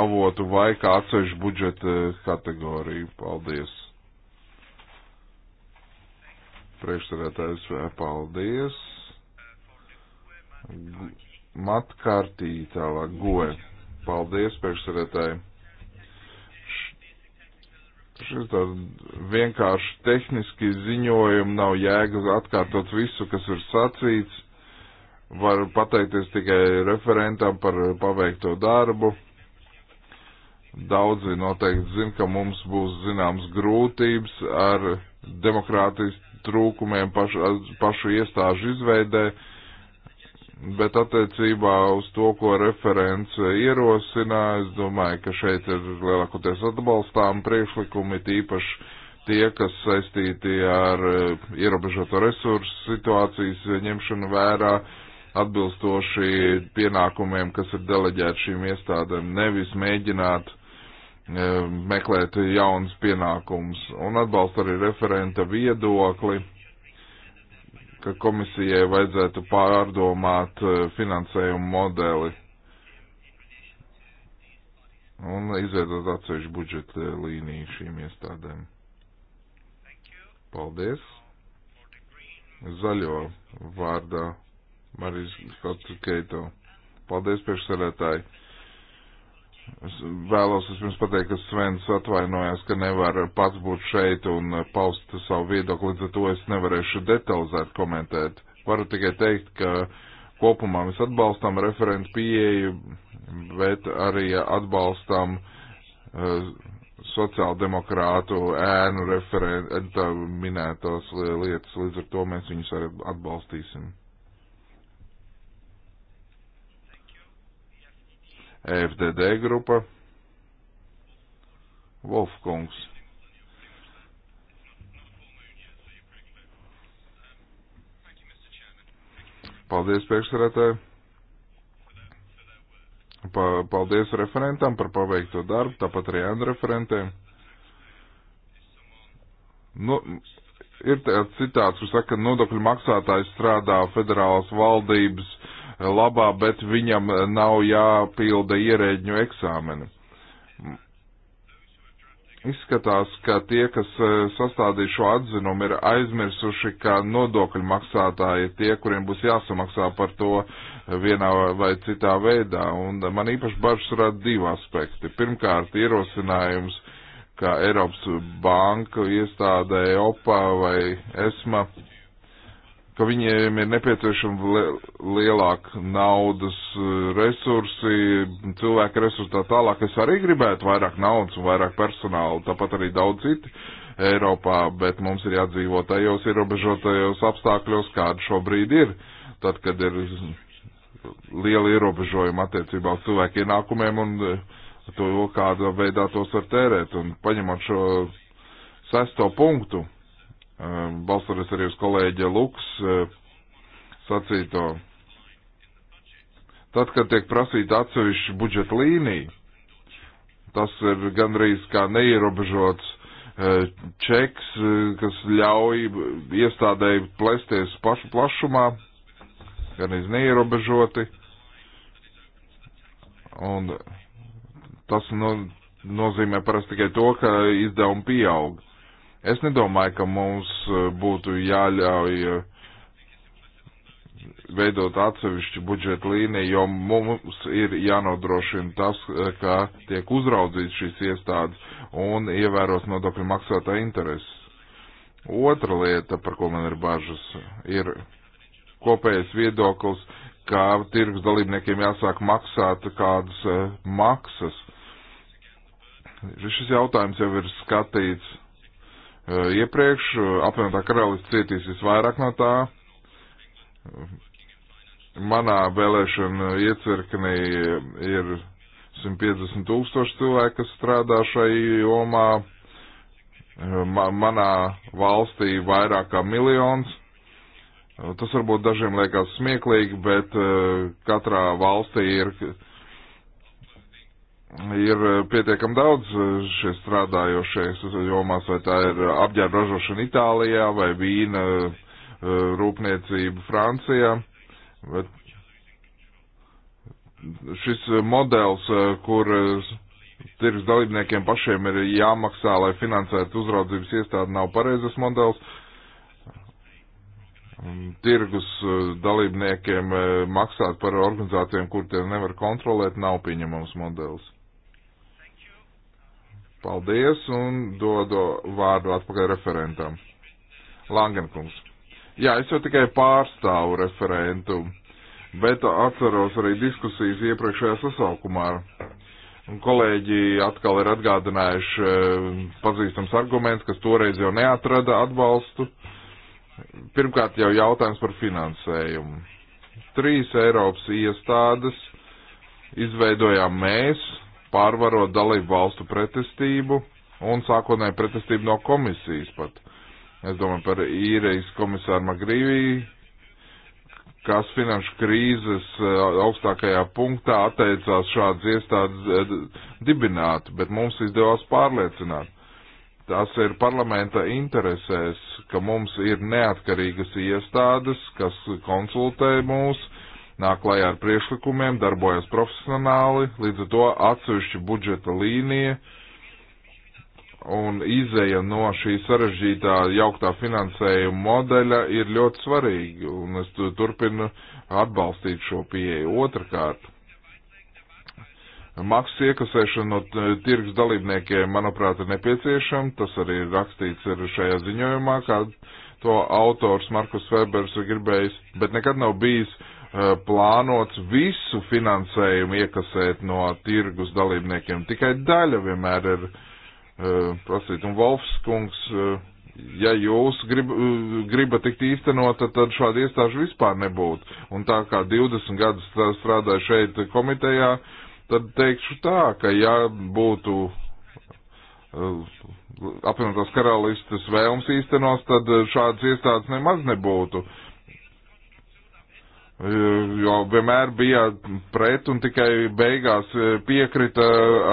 avotu vai kā atsevišķu budžeta uh, kategoriju. Paldies. Priekšsarētājs, paldies. Matkārtī tālāk, goe. Paldies, priekšsarētāji šis tāds vienkārši tehniski ziņojumi nav jēgas atkārtot visu, kas ir sacīts. Varu pateikties tikai referentam par paveikto darbu. Daudzi noteikti zina, ka mums būs zināms grūtības ar demokrātijas trūkumiem pašu, pašu iestāžu izveidē. Uh, Bet attiecībā uz to, ko referents ierosina, es domāju, ka šeit ir lielākoties atbalstām priekšlikumi, tīpaši tie, kas saistīti ar eh, ierobežoto resursu situācijas ņemšanu vērā, atbilstoši pienākumiem, kas ir deleģēti šīm iestādēm, nevis mēģināt eh, meklēt jaunas pienākumus un atbalsta arī referenta viedokli ka komisijai vajadzētu pārdomāt eh, finansējumu modeli un izveidot atsevišķu budžeta līniju šīm iestādēm. Paldies! Zaļo vārdā Marijas Kotsukeito. Paldies, priekšsarētāji! Es vēlos vispirms pateikt, ka Svens atvainojās, ka nevar pats būt šeit un paust savu viedokli, līdz ar to es nevarēšu detalizēt komentēt. Varu tikai teikt, ka kopumā mēs atbalstām referentu pieeju, bet arī atbalstām uh, sociāldemokrātu ēnu referenta minētās lietas, līdz ar to mēs viņus arī atbalstīsim. E FDD grupa. Wolfkungs. Paldies, priekšsarētāji. Pa, paldies referentam par paveikto darbu, tāpat arī N referentiem. Nu, ir tāds citāts, kur saka, nodokļu maksātājs strādā federālās valdības labā, bet viņam nav jāpilda ierēģņu eksāmeni. Izskatās, ka tie, kas e, sastādīja šo atzinumu, ir aizmirsuši, ka nodokļu maksātāji ir tie, kuriem būs jāsamaksā par to vienā vai citā veidā. Un man īpaši bažas rada divi aspekti. Pirmkārt, ierosinājums, ka Eiropas banka iestādē e OPA vai ESMA ka viņiem ir nepieciešama lielāka naudas e, resursi, cilvēka resursi tā tālāk. Es arī gribētu vairāk naudas un vairāk personāla, tāpat arī daudz citi Eiropā, bet mums ir jādzīvot tajos ierobežotajos apstākļos, kādi šobrīd ir, tad, kad ir liela ierobežojuma attiecībā uz cilvēku ienākumiem un e, to, kādā veidā tos var tērēt. Un paņemot šo sesto punktu, Um, balstoties arī uz kolēģa Luks uh, sacīto. Tad, kad tiek prasīta atsevišķa budžeta līnija, tas ir gandrīz kā neierobežots uh, čeks, uh, kas ļauj iestādēji plēsties pašu plašumā, gandrīz neierobežoti. Un tas no, nozīmē parasti tikai to, ka izdevumi pieauga Es nedomāju, ka mums e, būtu jāļauj e, veidot atsevišķu budžeta līniju, jo mums ir jānodrošina tas, e, ka tiek uzraudzīts šīs iestādes un ievēros nodokļu maksātā intereses. Otra lieta, par ko man ir bažas, ir kopējais viedoklis, ka tirgus dalībniekiem jāsāk maksāt kādas maksas. Šis jautājums jau ir skatīts Eh, iepriekš. Eh, apvienotā karalists cietīs visvairāk no tā. Manā vēlēšana iecirknī ir 150 tūkstoši cilvēki, kas strādā šai jomā. Eh, ma manā valstī vairāk kā miljons. Tas varbūt dažiem liekas smieklīgi, bet katrā valstī ir ir eh, pietiekam daudz eh, šie strādājošies jomās, vai tā ir apģērba ražošana Itālijā vai vīna eh, rūpniecība Francijā. Bet šis modelis, kur tirgus dalībniekiem pašiem ir jāmaksā, lai finansētu uzraudzības iestādi, nav pareizes modelis. Tirgus dalībniekiem maksāt par organizācijām, kur tie nevar kontrolēt, nav pieņemams modelis. Paldies un dodu vārdu atpakaļ referentam. Langenkungs. Jā, es jau tikai pārstāvu referentu, bet atceros arī diskusijas iepriekšējā sasaukumā. Un kolēģi atkal ir atgādinājuši eh, pazīstams arguments, kas toreiz jau neatrada atbalstu. Pirmkārt jau jautājums par finansējumu. Trīs Eiropas iestādes izveidojām mēs, pārvarot dalību valstu pretestību un sākotnēju pretestību no komisijas pat. Es domāju par īrejas komisāru Magrīvī, kas finanšu krīzes eh, augstākajā punktā atteicās šādas iestādes eh, dibināt, bet mums izdevās pārliecināt. Tas ir parlamenta interesēs, ka mums ir neatkarīgas iestādes, kas konsultē mūs, nāk klajā ar priekšlikumiem, darbojas profesionāli, līdz ar to atsevišķi budžeta līnija un izēja no šī sarežģītā jauktā finansējuma modeļa ir ļoti svarīga, un es turpinu atbalstīt šo pieeju. Otrakārt, maksas iekasēšana no tirgus dalībniekiem, manuprāt, ir nepieciešama, tas arī ir rakstīts ir šajā ziņojumā, kā to autors Markus Webers ir gribējis, bet nekad nav bijis uh, Eh, plānots visu finansējumu iekasēt no tirgus dalībniekiem. Tikai daļa vienmēr ir eh, prasīt. Un Volfskungs, eh, ja jūs grib, gribat tikt īstenota, tad šāda iestāžu vispār nebūtu. Un tā kā 20 gadus strādāju šeit komitejā, tad teikšu tā, ka ja būtu apvienotās karalistas vēlms īstenos, tad šādas iestādes nemaz nebūtu. Uh, jo vienmēr bija pret un tikai beigās e, piekrita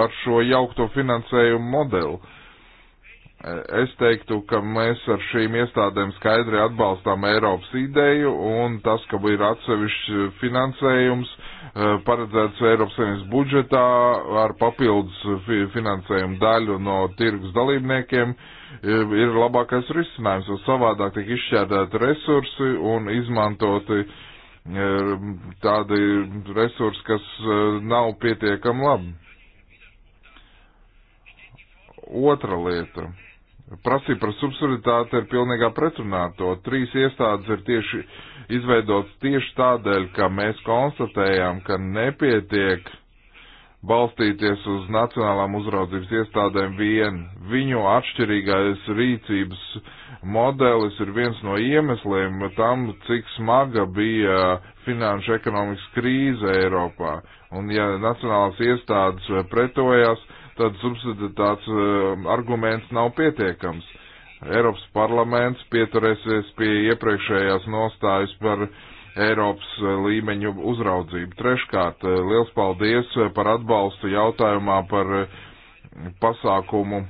ar šo jaukto finansējumu modeli. E, es teiktu, ka mēs ar šīm iestādēm skaidri atbalstām Eiropas ideju un tas, ka ir atsevišķi finansējums e, paredzēts Eiropas Savienības budžetā ar papildus finansējumu daļu no tirgus dalībniekiem, ir labākais risinājums, jo savādāk tiek izšķērdēti resursi un izmantoti uh, E, tādi resursi, kas e, nav pietiekami labi. Otra lieta. Prasība par subsiditāti ir pilnīgā pretrunā to. Trīs iestādes ir tieši izveidotas tieši tādēļ, ka mēs konstatējām, ka nepietiek balstīties uz nacionālām uzraudzības iestādēm vien. Viņu atšķirīgais rīcības modelis ir viens no iemesliem tam, cik smaga bija finanšu ekonomikas krīze Eiropā. Un ja nacionālās iestādes pretojās, tad subsiditāts eh, arguments nav pietiekams. Eiropas parlaments pieturēsies pie iepriekšējās nostājas par uh, Eiropas eh, līmeņu uzraudzību. Treškārt, eh, liels paldies eh, par atbalstu jautājumā par pasākumu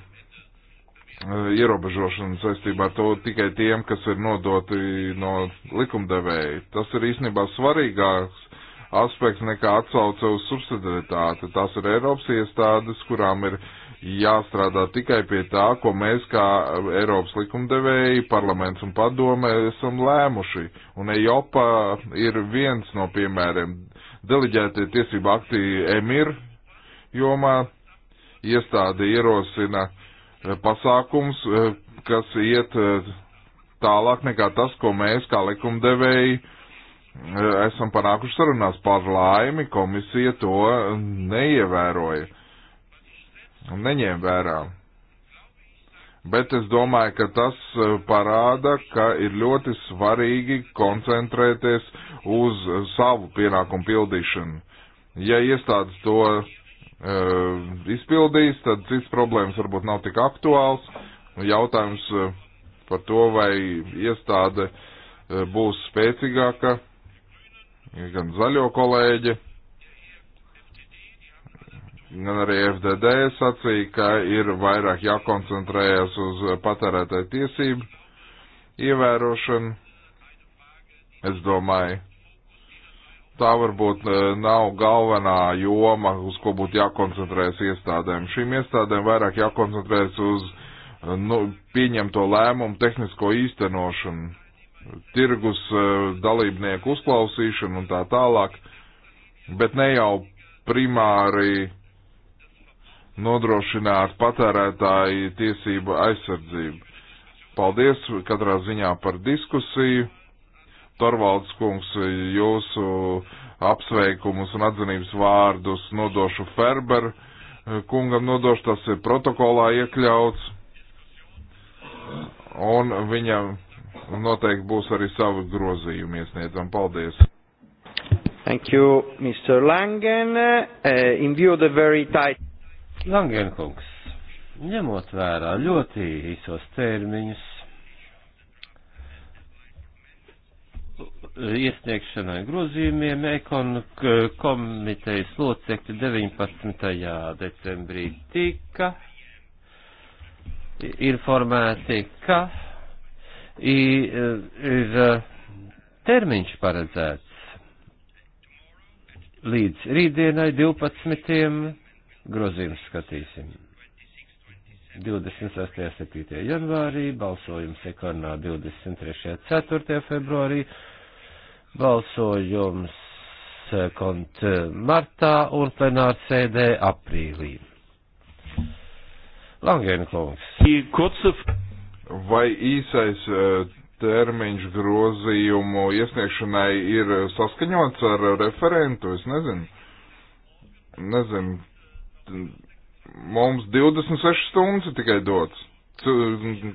ierobežošanu saistībā ar to tikai tiem, kas ir nodoti no likumdevēja. Tas ir īstenībā svarīgāks aspekts nekā atsauce uz subsidiaritāti. Tās ir Eiropas iestādes, kurām ir uh, jāstrādā tikai pie tā, ko mēs kā Eiropas likumdevēji, parlaments un padome esam lēmuši. Un EIOPA ir viens no piemēriem. Deliģētie tiesību akti EMIR jomā iestāde ierosina eh, pasākums, eh, kas iet eh, tālāk nekā tas, ko mēs kā likumdevēji esam panākuši sarunās par laimi, komisija to neievēroja un neņēma vērā. Bet es domāju, ka tas e, parāda, ka ir ļoti svarīgi koncentrēties uz savu pienākumu pildīšanu. Ja iestādes to uh, izpildīs, tad cits problēmas varbūt nav tik aktuāls. Jautājums e, par to, vai iestāde būs spēcīgāka, gan zaļo kolēģi gan arī FDD sacīja, ka ir vairāk jākoncentrējas uz patērētāju tiesību ievērošanu. Es domāju, tā varbūt e, nav galvenā joma, uz ko būtu jākoncentrējas iestādēm. Šīm iestādēm vairāk jākoncentrējas uz e, nu, pieņemto lēmumu tehnisko īstenošanu, tirgus e, dalībnieku uzklausīšanu un tā tālāk, bet ne jau primāri nodrošināt patērētāju tiesību aizsardzību. Paldies katrā ziņā par diskusiju. Torvalds kungs, jūsu apsveikumus un atzinības vārdus nodošu Ferber kungam nodošu, tas ir protokolā iekļauts. Un viņam noteikti būs arī savi grozījumi iesniedzam. Paldies! Thank you, Mr. Langen. Uh, in view of the very tight Langenkungs, ņemot vērā ļoti īsos termiņus, iesniegšanai grozījumiem ekonu komitejas locekļi 19. decembrī tika informēti, ka ir e, termiņš paredzēts līdz rītdienai 12. Grozījums skatīsim. 26. 7. janvārī, balsojums ekonā 23. 4. februārī, balsojums kont martā un plenāra sēdē aprīlī. Langēna kungs. Vai īsais termiņš grozījumu iesniegšanai ir saskaņots ar referentu? Es nezinu. Nezinu, Mums 26 stundas ir tikai dots.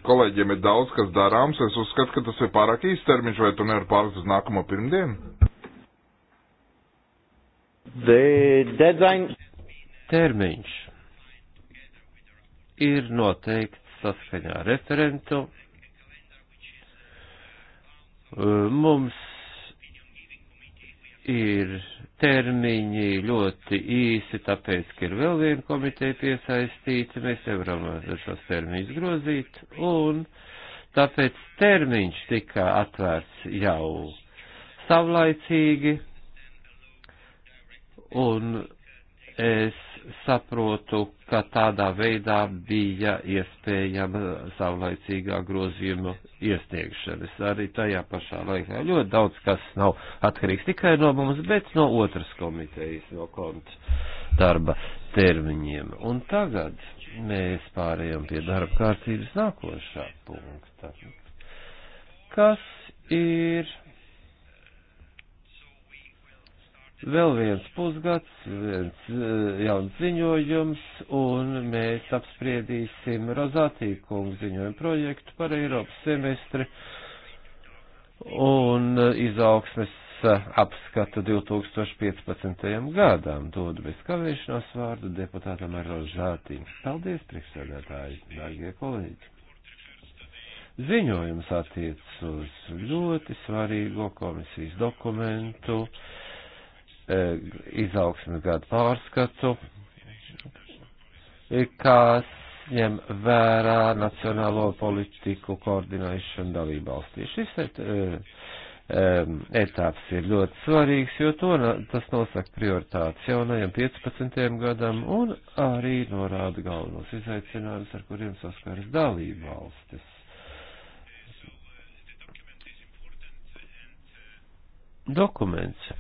Kolēģiem ir daudz, kas darāms. Es uzskatu, ka tas ir pārāk īsts termiņš, vai tu nevari pārlikt uz nākamo pirmdienu? Deadline... Termiņš ir noteikts saskaņā ar referentu. Mums ir termiņi ļoti īsi, tāpēc, ka ir vēl viena komiteja piesaistīta, mēs nevaram šos termiņus grozīt, un tāpēc termiņš tika atvērts jau savlaicīgi, un es saprotu, ka tādā veidā bija iespējama savlaicīgā grozījuma iesniegšana. Es arī tajā pašā laikā ļoti daudz kas nav atkarīgs tikai no mums, bet no otras komitejas, no konta darba termiņiem. Un tagad mēs pārējām pie darba kārtības nākošā punkta, kas ir Vēl viens pusgads, viens eh, jauns ziņojums, un mēs apspriedīsim Rozātīkungu ziņojumu projektu par Eiropas semestri un eh, izaugsmes eh, apskatu 2015. gadām. Dodu bez kavēšanās vārdu deputātam Rožātī. Paldies, priekšsēdētāji, dārgie kolēģi. Ziņojums attiec uz ļoti svarīgo komisijas dokumentu E, izaugsmes gadu pārskatu, e, kas ņem vērā nacionālo politiku koordinēšanu dalībvalstī. Šis et, e, etaps ir ļoti svarīgs, jo to, tas nosaka prioritātes jaunajam 15. gadam un arī norāda galvenos izaicinājumus, ar kuriem saskaras dalībvalstis. Dokuments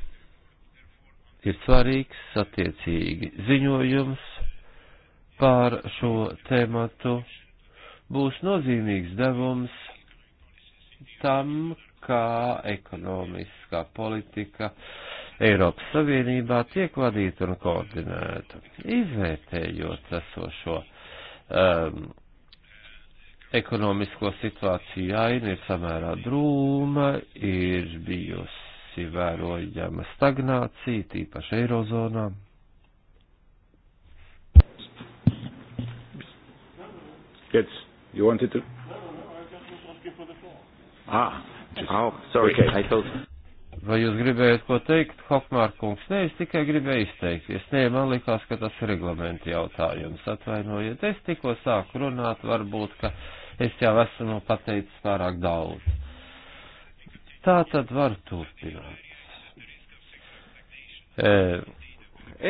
ir svarīgs attiecīgi ziņojums pār šo tēmatu. Būs nozīmīgs devums tam, kā ekonomiskā politika Eiropas Savienībā tiek vadīta un koordinēta. Izvērtējot esošo um, ekonomisko situāciju aina ir samērā drūma, ir bijusi bijusi vērojama stagnācija, tīpaši Eirozonā. Jetzt, you wanted to? Ah, oh, sorry, okay. I thought. Vai jūs gribējat ko teikt, Hokmārkungs? Nē, es tikai gribēju izteikties. Nē, man likās, ka tas ir reglamenta jautājums. Atvainojiet, es tikko sāku runāt, varbūt, ka es jau esmu pateicis pārāk daudz. Tā tad var turpināt. E,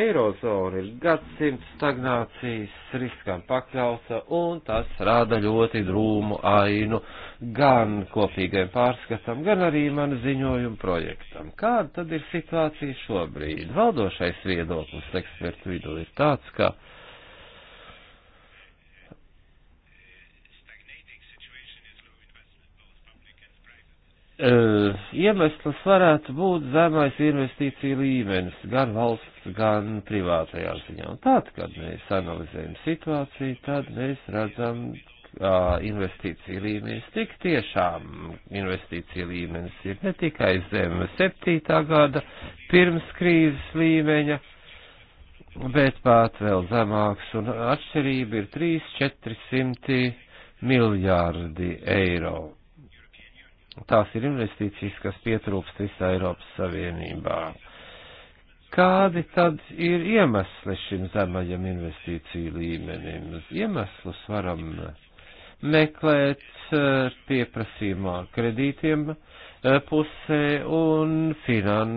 Eirozona ir gadsimts stagnācijas riskam pakļauta, un tas rada ļoti drūmu ainu gan kopīgajam pārskatam, gan arī manu ziņojumu projektam. Kāda tad ir situācija šobrīd? Valdošais viedoklis ekspertu vidū ir tāds, ka. Kā Eh, iemesls varētu būt zemais investīciju līmenis gan valsts, gan privātajā ziņā. Un tad, kad mēs analizējam situāciju, tad mēs redzam, ka investīcija līmenis tik tiešām investīcija līmenis ir ne tikai zem 7. gada pirms krīzes līmeņa, bet pat vēl zemāks, un atšķirība ir 3-400 miljārdi eiro Tās ir investīcijas, kas pietrūkst visā Eiropas Savienībā. Kādi tad ir iemesli šim zemajam investīciju līmenim? Iemeslus varam meklēt eh, pieprasījumā kredītiem eh, pusē un finan,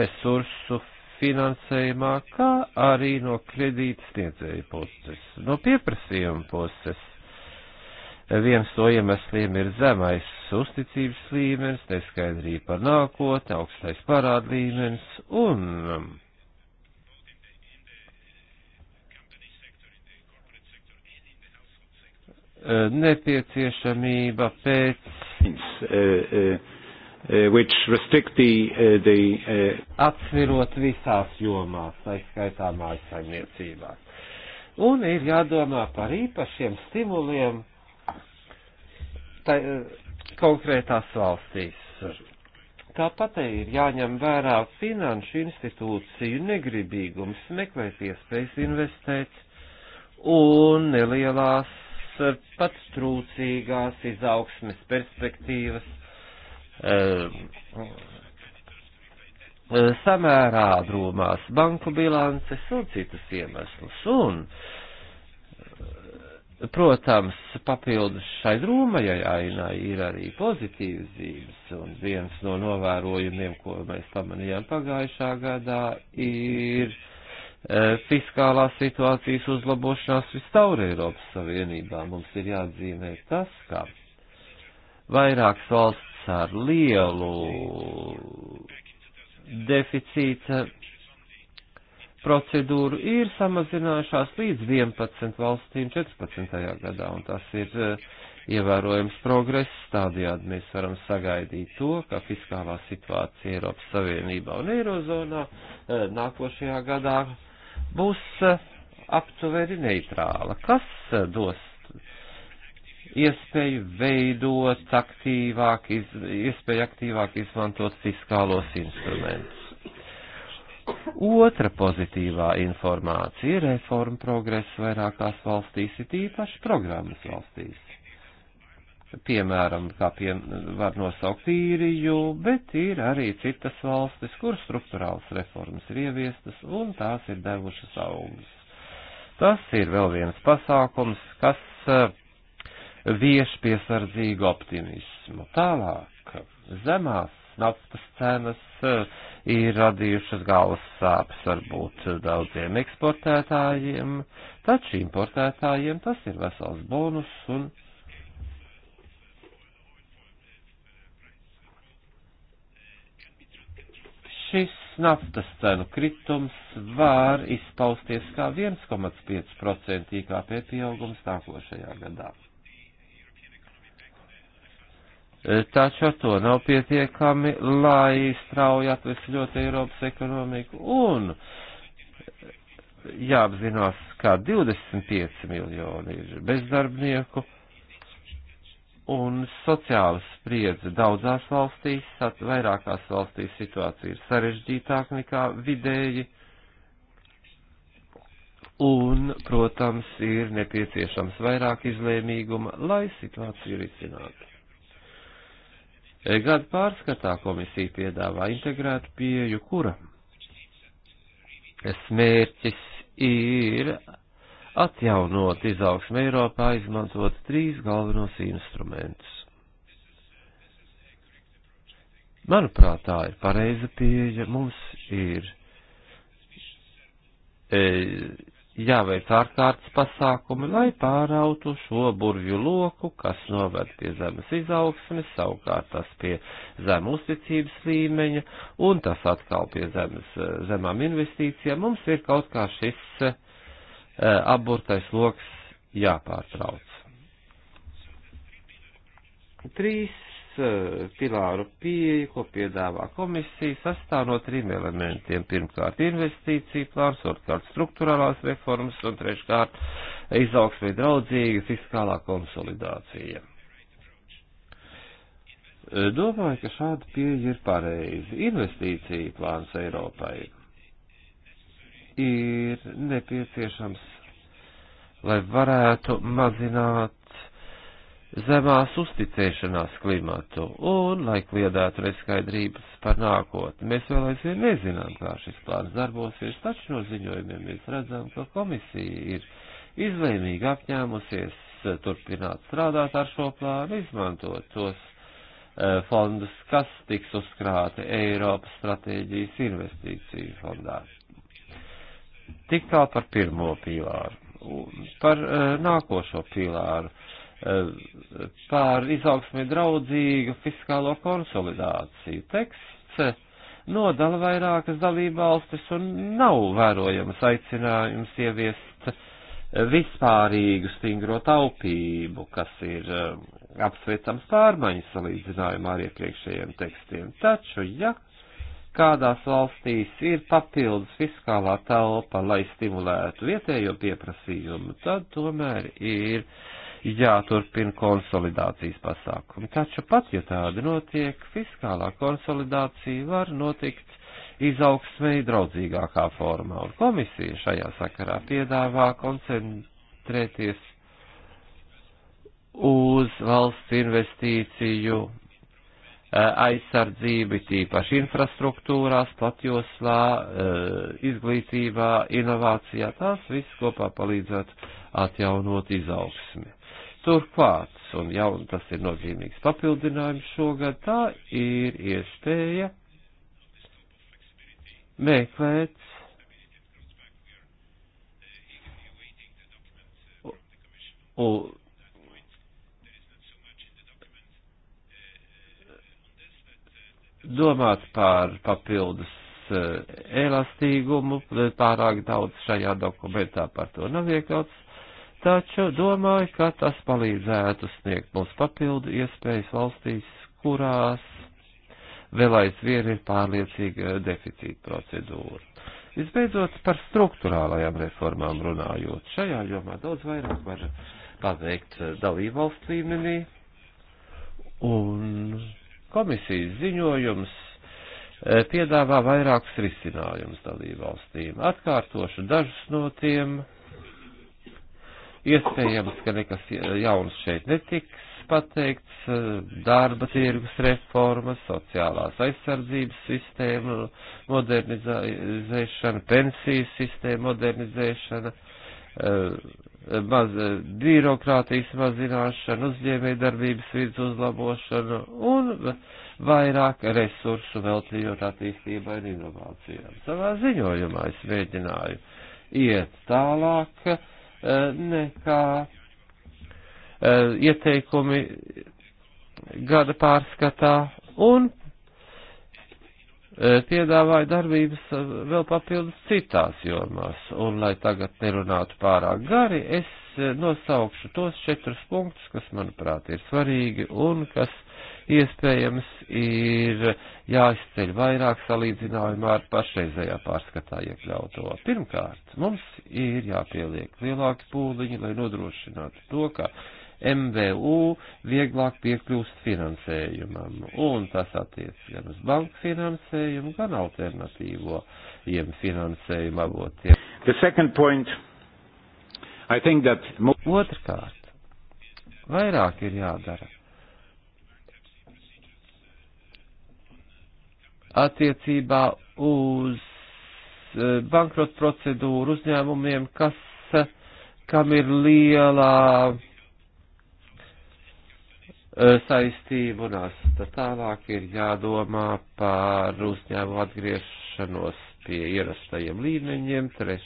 resursu finansējumā, kā arī no kredītas sniedzēja puses. No pieprasījuma puses Viens no iemesliem ir zemais uzticības līmenis, neskaidrība par nākotni, augstais parāda līmenis un um, nepieciešamība pēc uh, uh, uh, atsvirot visās jomās, lai skaitā mājas saimniecībās. Un ir jādomā par īpašiem stimuliem, tai, konkrētās valstīs. Tāpat ir jāņem vērā finanšu institūciju negribīgums meklēt iespējas investēt un nelielās, pat trūcīgās izaugsmes perspektīvas eh, eh, samērā drūmās banku bilances un citus iemeslus. Un Protams, papildus šai drūmajai ainai ir arī pozitīvas zīmes, un viens no novērojumiem, ko mēs pamanījām pagājušā gadā, ir e, fiskālā situācijas uzlabošanās vistaur Eiropas Savienībā. Mums ir jāatzīmē tas, ka vairākas valsts ar lielu deficīta procedūru ir samazinājušās līdz 11 valstīm 14. gadā, un tas ir eh, ievērojams progress. Tādējādi mēs varam sagaidīt to, ka fiskālā situācija Eiropas Savienībā un Eirozonā eh, nākošajā gadā būs eh, aptuveni neitrāla, kas dos iespēju veidot aktīvāk, iz, iespēju aktīvāk izmantot fiskālos instrumentus. Otra pozitīvā informācija ir reforma progress vairākās valstīs, it īpaši programmas valstīs. Piemēram, kā pie, var nosaukt īriju, bet ir arī citas valstis, kur struktūrāls reformas ir ieviestas un tās ir devušas augļus. Tas ir vēl viens pasākums, kas eh, vieš piesardzīgu optimismu. Tālāk, zemās naftas cenas eh, ir radījušas galvas sāpes varbūt daudziem eksportētājiem, taču importētājiem tas ir vesels bonus un. Šis naftas cenu kritums var izpausties kā 1,5% IKP pieaugums nākošajā gadā taču ar to nav pietiekami, lai strauji atvesļot Eiropas ekonomiku. Un jāapzinās, kā 25 miljoni ir bezdarbnieku un sociāla spriedze daudzās valstīs, vairākās valstīs situācija ir sarežģītāka nekā vidēji. Un, protams, ir nepieciešams vairāk izlēmīguma, lai situāciju risinātu. Gadu pārskatā komisija piedāvā integrētu pieju, kura smērķis ir atjaunot izaugsmu Eiropā, izmantot trīs galvenos instrumentus. Manuprāt, tā ir pareiza pieeja. Mums ir e, jāveic ārkārtas pasākumi, lai pārautu šo burvju loku, kas noved pie zemes izaugsmes, savukārt tas pie zem uzticības līmeņa, un tas atkal pie zemes, zemām investīcijām. Mums ir kaut kā šis uh, aburtais loks jāpārtrauc. Trīs Eh, pilāru pieeju, ko piedāvā komisija, sastāv no trim elementiem. Pirmkārt, investīcija plāns, otrkārt, struktūrālās reformas un treškārt, izaugsmē draudzīga fiskālā konsolidācija. Eh, domāju, ka šāda pieeja ir pareizi. Investīcija plāns Eiropai ir nepieciešams, lai varētu mazināt zemās uzticēšanās klimatu un, lai kliedētu neskaidrības par nākotni. Mēs vēl aizvien nezinām, kā šis plāns darbosies, taču no ziņojumiem mēs redzam, ka komisija ir izlēmīgi apņēmusies turpināt strādāt ar šo plānu, izmantot tos e, fondus, kas tiks uzkrāti Eiropas stratēģijas investīciju fondā. Tik tā par pirmo pīlāru. Par e, nākošo pīlāru Eh, pār izaugsmē draudzīgu fiskālo konsolidāciju. Teksts eh, nodala vairākas dalībvalstis un nav vērojams aicinājums ieviest eh, vispārīgu stingro taupību, kas ir apsveicams pārmaiņas salīdzinājumā ar iepriekšējiem tekstiem. Taču, ja kādās valstīs ir papildus fiskālā telpa, lai stimulētu vietējo pieprasījumu, tad tomēr ir jāturpina konsolidācijas pasākumi. Taču pat, ja tāda notiek, fiskālā konsolidācija var notikt izaugsmēji draudzīgākā formā, un komisija šajā sakarā piedāvā koncentrēties uz valsts investīciju eh, aizsardzību, tīpaši infrastruktūrās, platjoslā, eh, izglītībā, inovācijā, tās viss kopā palīdzētu atjaunot izaugsmi. Turklāt, un jau un tas ir nozīmīgs papildinājums šogad, tā ir iespēja meklēt un domāt par papildus eh, elastīgumu, eh, pārāk daudz šajā dokumentā par to nav iekļauts taču domāju, ka tas palīdzētu sniegt mums papildu iespējas valstīs, kurās vēl aizvien ir pārliecīga eh, deficīta procedūra. Visbeidzot, par struktūrālajām reformām runājot, šajā jomā daudz vairāk var paveikt eh, dalībvalstu līmenī, un komisijas ziņojums eh, piedāvā vairākus risinājumus dalībvalstīm. Atkārtošu dažus no tiem Iespējams, ka nekas jauns šeit netiks pateikts, darba tirgus reformas, sociālās aizsardzības sistēma modernizēšana, pensijas sistēma modernizēšana, eh, maz, eh, birokrātijas mazināšana, uzņēmējdarbības vidas uzlabošana un vairāk resursu veltījot attīstībai un inovācijām. Savā ziņojumā es mēģināju iet tālāk Eh, nekā eh, ieteikumi gada pārskatā un eh, piedāvāja darbības vēl papildus citās jomās. Un, lai tagad nerunātu pārāk gari, es nosaukšu tos četrus punktus, kas, manuprāt, ir svarīgi un kas iespējams ir jāizceļ vairāk salīdzinājumā ar pašreizējā pārskatā iekļauto. Pirmkārt, mums ir jāpieliek lielāki pūliņi, lai nodrošinātu to, ka MVU vieglāk piekļūst finansējumam, un tas attiec gan uz banku finansējumu, gan alternatīvojiem finansējumu avotiem. Point, that... Otrkārt, vairāk ir jādara attiecībā uz eh, bankrot procedūru uzņēmumiem, kas, eh, kam ir lielā eh, saistību un asta. Tālāk ir jādomā par uzņēmumu atgriešanos pie ierastajiem līmeņiem, treš,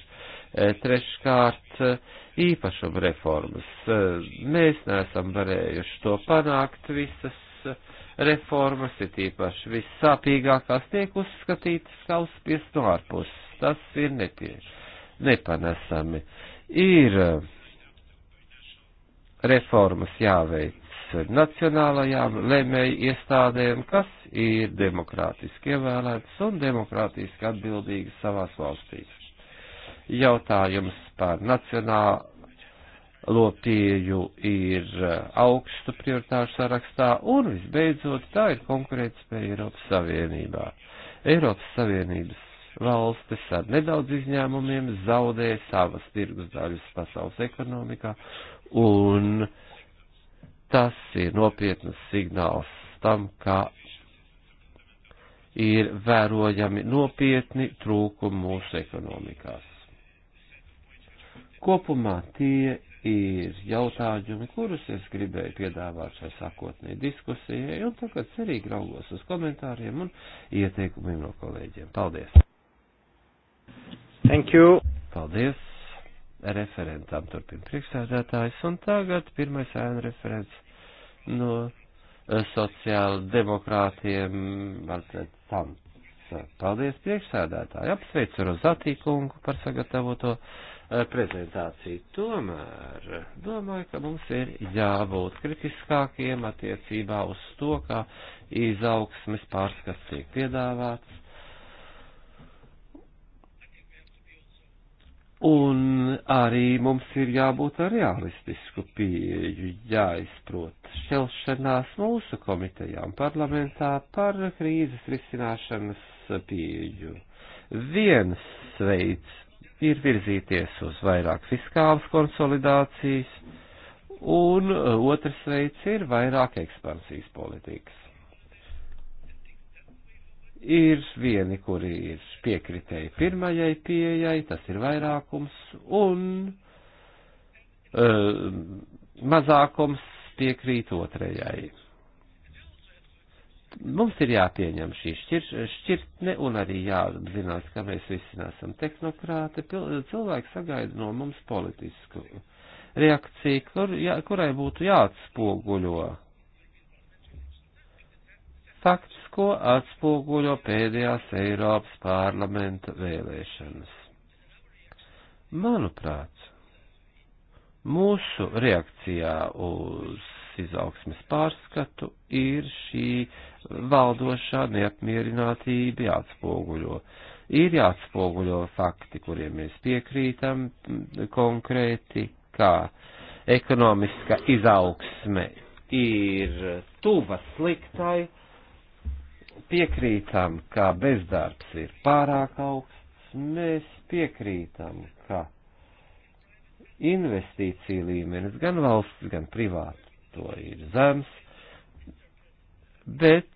treškārt īpašuma reformas. Mēs neesam varējuši to panākt visas reformas, ir tīpaši vissāpīgākās, tiek uzskatītas kā uzspiest no ārpuses. Tas ir netieši, nepanesami. Ir eh, reformas jāveic nacionālajām lēmēju iestādēm, kas ir demokrātiski ievēlētas un demokrātiski atbildīgas savās valstīs. Jautājums par nacionālu loptieju ir eh, augstu prioritāšu sarakstā, un visbeidzot tā ir konkurētspēja Eiropas Savienībā. Eiropas Savienības valstis ar nedaudz izņēmumiem zaudē savas tirgus daļas pasaules ekonomikā, un tas ir nopietnas signāls tam, ka ir vērojami nopietni trūkumi mūsu ekonomikās. Kopumā tie ir jautājumi, kurus es gribēju piedāvāt šai sākotnēji diskusijai, un tagad cerīgi raugos uz komentāriem un ieteikumiem no kolēģiem. Paldies! Thank you! Paldies! Referentam turpina priekšsēdētājs, un tagad pirmais ēna referents no eh, sociāla demokrātiem, varbūt tam. Paldies priekšsēdētāji, apsveicu Rozatīkungu par sagatavoto Eh, prezentāciju. Tomēr domāju, ka mums ir jābūt kritiskākiem attiecībā uz to, kā izaugsmes pārskats tiek piedāvāts. Un arī mums ir jābūt ar realistisku pieeju, jāizprot šķelšanās mūsu komitejā un parlamentā par krīzes risināšanas pieeju. Viens veids ir virzīties uz vairāk fiskālas konsolidācijas, un uh, otrs veids ir vairāk ekspansijas politikas. Ir vieni, kuri ir piekritēji pirmajai pieejai, tas ir vairākums, un uh, mazākums piekrīt otrajai. Mums ir jāpieņem šī šķir, šķirtne un arī jāapzinās, ka mēs visi nesam tehnokrāti. Cilvēki sagaida no mums politisku reakciju, kur, jā, kurai būtu jāatspoguļo fakts, ko atspoguļo pēdējās Eiropas parlamenta vēlēšanas. Manuprāt, mūsu reakcijā uz izaugsmes pārskatu ir šī valdošā neapmierinātība jāatspoguļo. Ir jāatspoguļo fakti, kuriem mēs piekrītam konkrēti, kā ekonomiska izaugsme ir tuva sliktai, piekrītam, ka bezdarbs ir pārāk augsts, mēs piekrītam, ka investīcija līmenis gan valsts, gan privāto ir zems, bet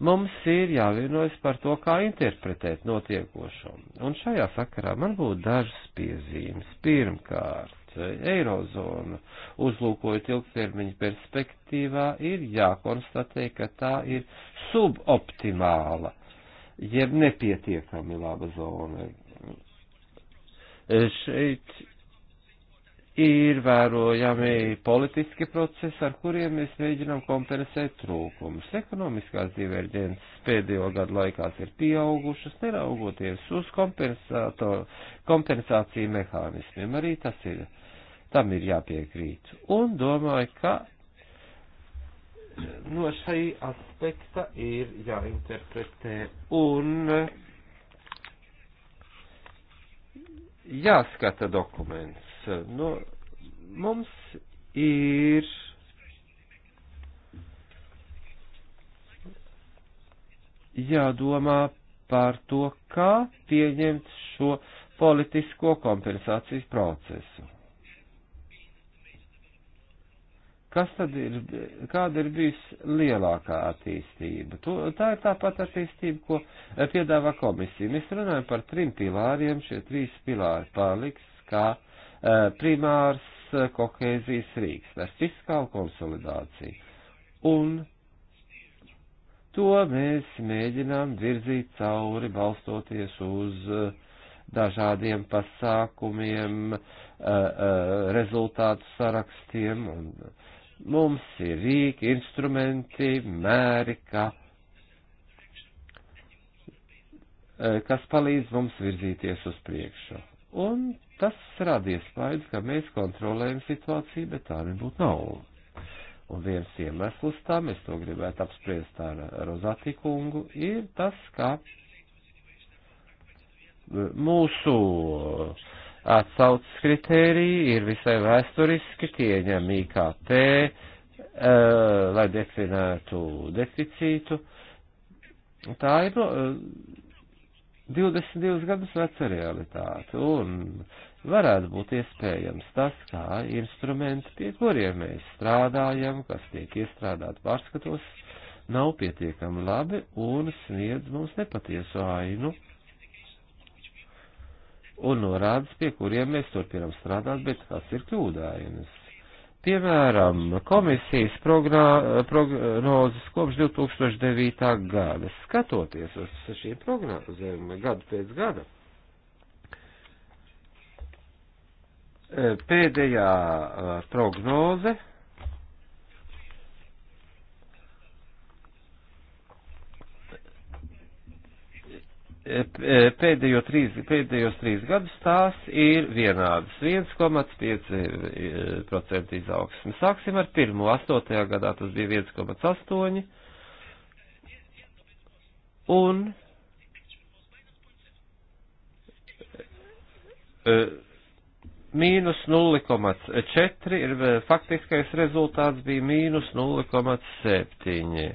mums ir jāvienojas par to, kā interpretēt notiekošo. Un šajā sakarā man būtu dažas piezīmes. Pirmkārt, Eirozonu uzlūkojot ilgtermiņa perspektīvā ir jākonstatē, ka tā ir suboptimāla, jeb nepietiekami laba zona. Šeit ir vērojami politiski procesi, ar kuriem mēs mēģinām kompensēt trūkumus. Ekonomiskās diverģences pēdējo gadu laikās ir pieaugušas, neraugoties uz kompensāciju mehānismiem. Arī tas ir, tam ir jāpiekrīt. Un domāju, ka no šī aspekta ir jāinterpretē un jāskata dokuments no, nu, mums ir jādomā par to, kā pieņemt šo politisko kompensācijas procesu. Kas tad ir, kāda ir bijusi lielākā attīstība? To, tā ir tāpat attīstība, ko piedāvā komisija. Mēs runājam par trim pilāriem, šie trīs pilāri paliks kā Eh, primārs eh, kohēzijas rīksnes, fiskāla konsolidācija. Un to mēs mēģinām virzīt cauri, balstoties uz eh, dažādiem pasākumiem, rezultātu sarakstiem. Un mums ir rīki, instrumenti, mēri, kā kas palīdz mums virzīties uz priekšu. Un Tas rada iespējas, ka mēs kontrolējam situāciju, bet tā nebūtu nav. Un viens iemesls tam, es to gribētu apspriest ar Rozati kungu, ir tas, ka mūsu atsaucas kritēriji ir visai vēsturiski, tieņem IKT, e, lai definētu deficītu. Tā ir no, e, 22 gadus veca realitāte. Un varētu būt iespējams tas, kā instrumenti, pie kuriem mēs strādājam, kas tiek iestrādāti pārskatos, nav pietiekami labi un sniedz mums nepatiesu ainu un norādes, pie kuriem mēs turpinām strādāt, bet tas ir kļūdājums. Piemēram, komisijas prognā, prognozes kopš 2009. gada, skatoties uz šīm prognozēm gadu pēc gada, pēdējā eh, prognoze. Eh, eh, pēdējo trīs, pēdējos trīs gadus tās ir vienādas 1,5% izaugsme. Sāksim ar pirmo, 8. gadā tas bija 1,8 un uh, mīnus 0,4 ir eh, faktiskais rezultāts bija mīnus 0,7.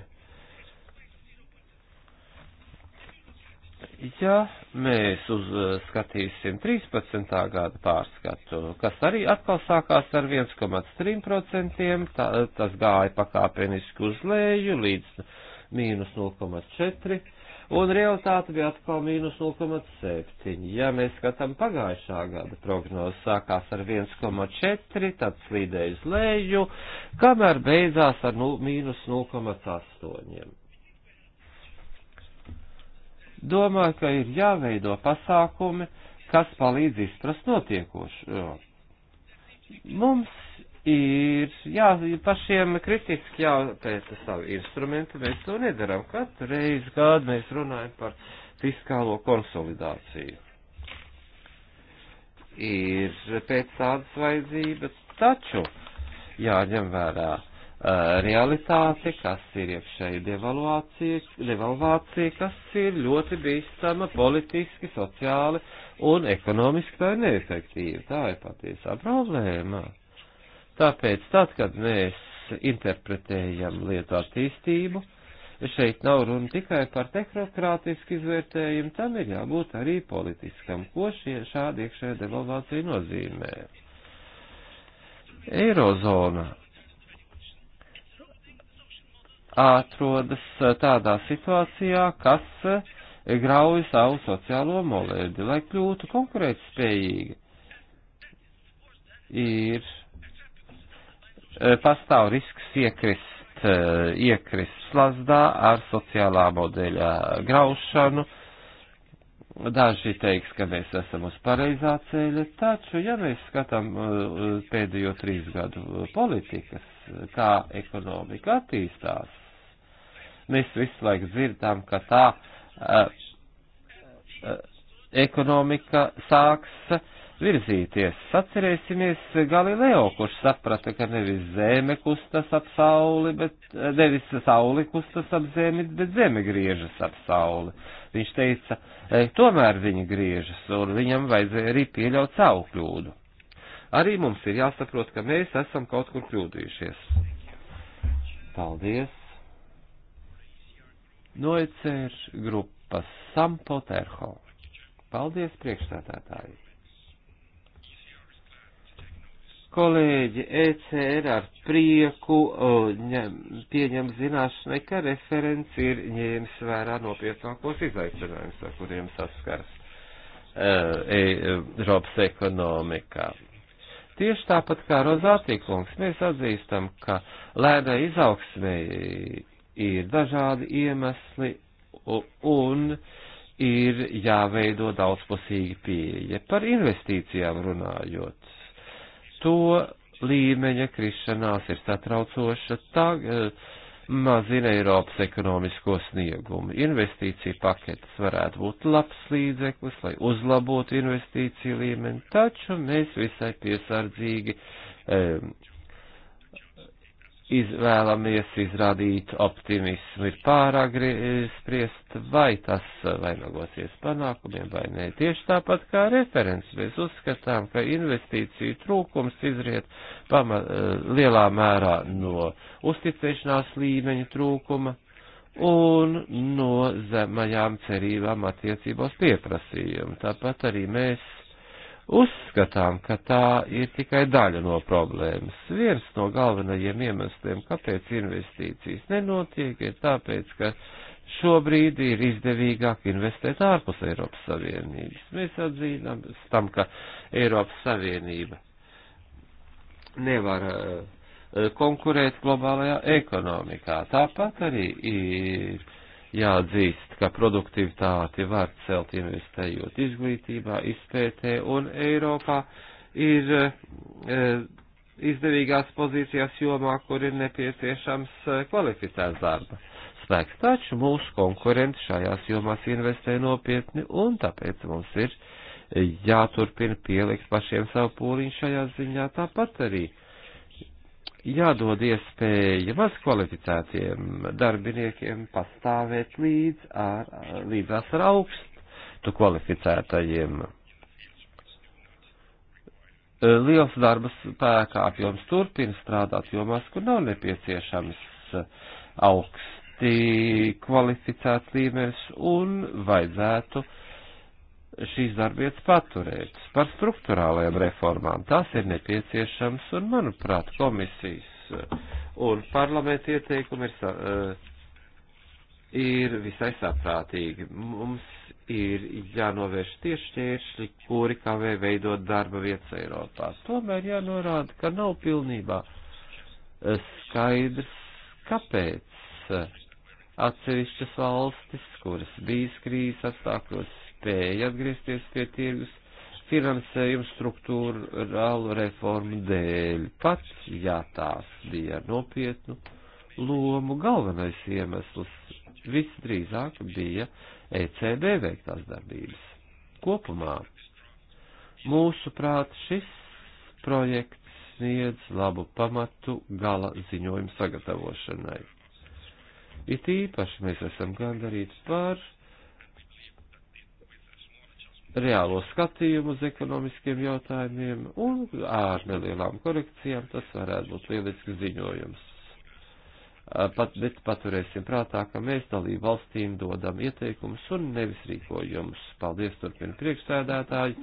Ja mēs uzskatīsim eh, 13. gada pārskatu, kas arī atkal sākās ar 1,3%, tā, tas gāja pakāpeniski uz leju līdz mīnus 0,4% un realitāte bija atkal mīnus 0,7. Ja mēs skatām pagājušā gada prognozi, sākās ar 1,4, tad slīdēja uz leju, kamēr beidzās ar nu, mīnus 0,8. Domāju, ka ir jāveido pasākumi, kas palīdz izprast notiekošo. Mums ir jā, pašiem kritiski jāpēta savi instrumenti, mēs to nedaram. Katru reizi gadu mēs runājam par fiskālo konsolidāciju. Ir pēc tādas vajadzības, taču jāņem vērā uh, realitāte, kas ir iekšēji devalvācija, devalvācija, kas ir ļoti bīstama politiski, sociāli un ekonomiski tā ir neefektīva. Tā ir patiesā problēma. Tāpēc tad, kad mēs interpretējam lietu attīstību, šeit nav runa tikai par tehnokrātisku izvērtējumu, tam ir jābūt arī politiskam, ko šie šādi iekšējā devalvācija nozīmē. Eirozona atrodas tādā situācijā, kas grauj savu sociālo molēdi, lai kļūtu konkurētspējīga. Ir Eh, pastāv risks iekrist, eh, iekrist slazdā ar sociālā modeļa graušanu. Daži teiks, ka mēs esam uz pareizā ceļa, taču, ja mēs skatām eh, pēdējo trīs gadu politikas, kā ekonomika attīstās, mēs visu laiku dzirdām, ka tā uh, uh, ekonomika sāks virzīties. Atcerēsimies Galileo, kurš saprata, ka nevis zeme kustas ap sauli, bet eh, nevis sauli kustas ap zemi, bet zeme griežas ap sauli. Viņš teica, eh, tomēr viņa griežas, un viņam vajadzēja arī pieļaut savu kļūdu. Arī mums ir jāsaprot, ka mēs esam kaut kur kļūdījušies. Paldies! Noecer grupas Sampo Terho. Paldies priekšstādātāji! Kolēģi, ECR ar prieku o, ņem, pieņem zināšanai, ka referents ir ņēmis vērā nopietnākos izaicinājumus, ar kuriem saskars e, e, Eiropas e, ekonomikā. Tieši tāpat kā Rozātīkungs, mēs atzīstam, ka lēnai izaugsmēji ir dažādi iemesli un ir jāveido daudzpusīga pieeja. Par investīcijām runājot, to līmeņa krišanās ir satraucoša, tā eh, mazina Eiropas ekonomisko sniegumu. Investīcija paketes varētu būt labs līdzeklis, lai uzlabotu investīciju līmeni, taču mēs visai piesardzīgi um, e, izvēlamies izrādīt optimismu, ir pārāk spriest, vai tas vainagosies panākumiem vai nē. Tieši tāpat kā referents, mēs uzskatām, ka investīciju trūkums izriet pama, lielā mērā no uzticēšanās līmeņa trūkuma un no zemajām cerībām attiecībos pieprasījumu. Tāpat arī mēs Uzskatām, ka tā ir tikai daļa no problēmas. Viens no galvenajiem iemesliem, kāpēc investīcijas nenotiek, ir tāpēc, ka šobrīd ir izdevīgāk investēt ārpus Eiropas Savienības. Mēs atzīstam tam, ka Eiropas Savienība nevar eh, konkurēt globālajā ekonomikā. Tāpat arī ir jāatzīst, ka produktivitāti var celt investējot izglītībā, izpētē un Eiropā ir e, izdevīgās pozīcijās jomā, kur ir nepieciešams e, kvalificēts darba spēks. Taču mūsu konkurenti šajās jomās investē nopietni un tāpēc mums ir jāturpina pielikt pašiem savu pūliņu šajā ziņā tāpat arī jādod iespēja maz kvalificētiem darbiniekiem pastāvēt līdz ar, līdzās ar augstu kvalificētajiem. Liels darba spēka apjoms turpina strādāt jomās, kur nav nepieciešams augsti kvalificēts līmenis un vajadzētu uh, šīs darbietas paturēt. Par struktūrālajām reformām tās ir nepieciešams, un, manuprāt, komisijas eh, un parlamenta ieteikumi ir, eh, ir visai saprātīgi. Mums ir jānovērš tieši šķēršļi, kuri kavē veidot darba vietas Eiropā. Tomēr jānorāda, ka nav pilnībā eh, skaidrs, kāpēc atsevišķas valstis, kuras bijis krīzes apstākļos, spēja atgriezties pie tirgus finansējuma struktūrālu reformu dēļ, pat ja tās bija nopietnu lomu galvenais iemesls visdrīzāk bija ECB veiktās darbības. Kopumā mūsuprāt šis projekts sniedz labu pamatu gala ziņojumu sagatavošanai. It īpaši mēs esam gandarīti par reālo skatījumu uz ekonomiskiem jautājumiem, un ar nelielām korekcijām tas varētu būt lielisks ziņojums. Pat, bet paturēsim prātā, ka mēs dalību valstīm dodam ieteikumus un nevis rīkojumus. Paldies, turpina priekšsēdētāji.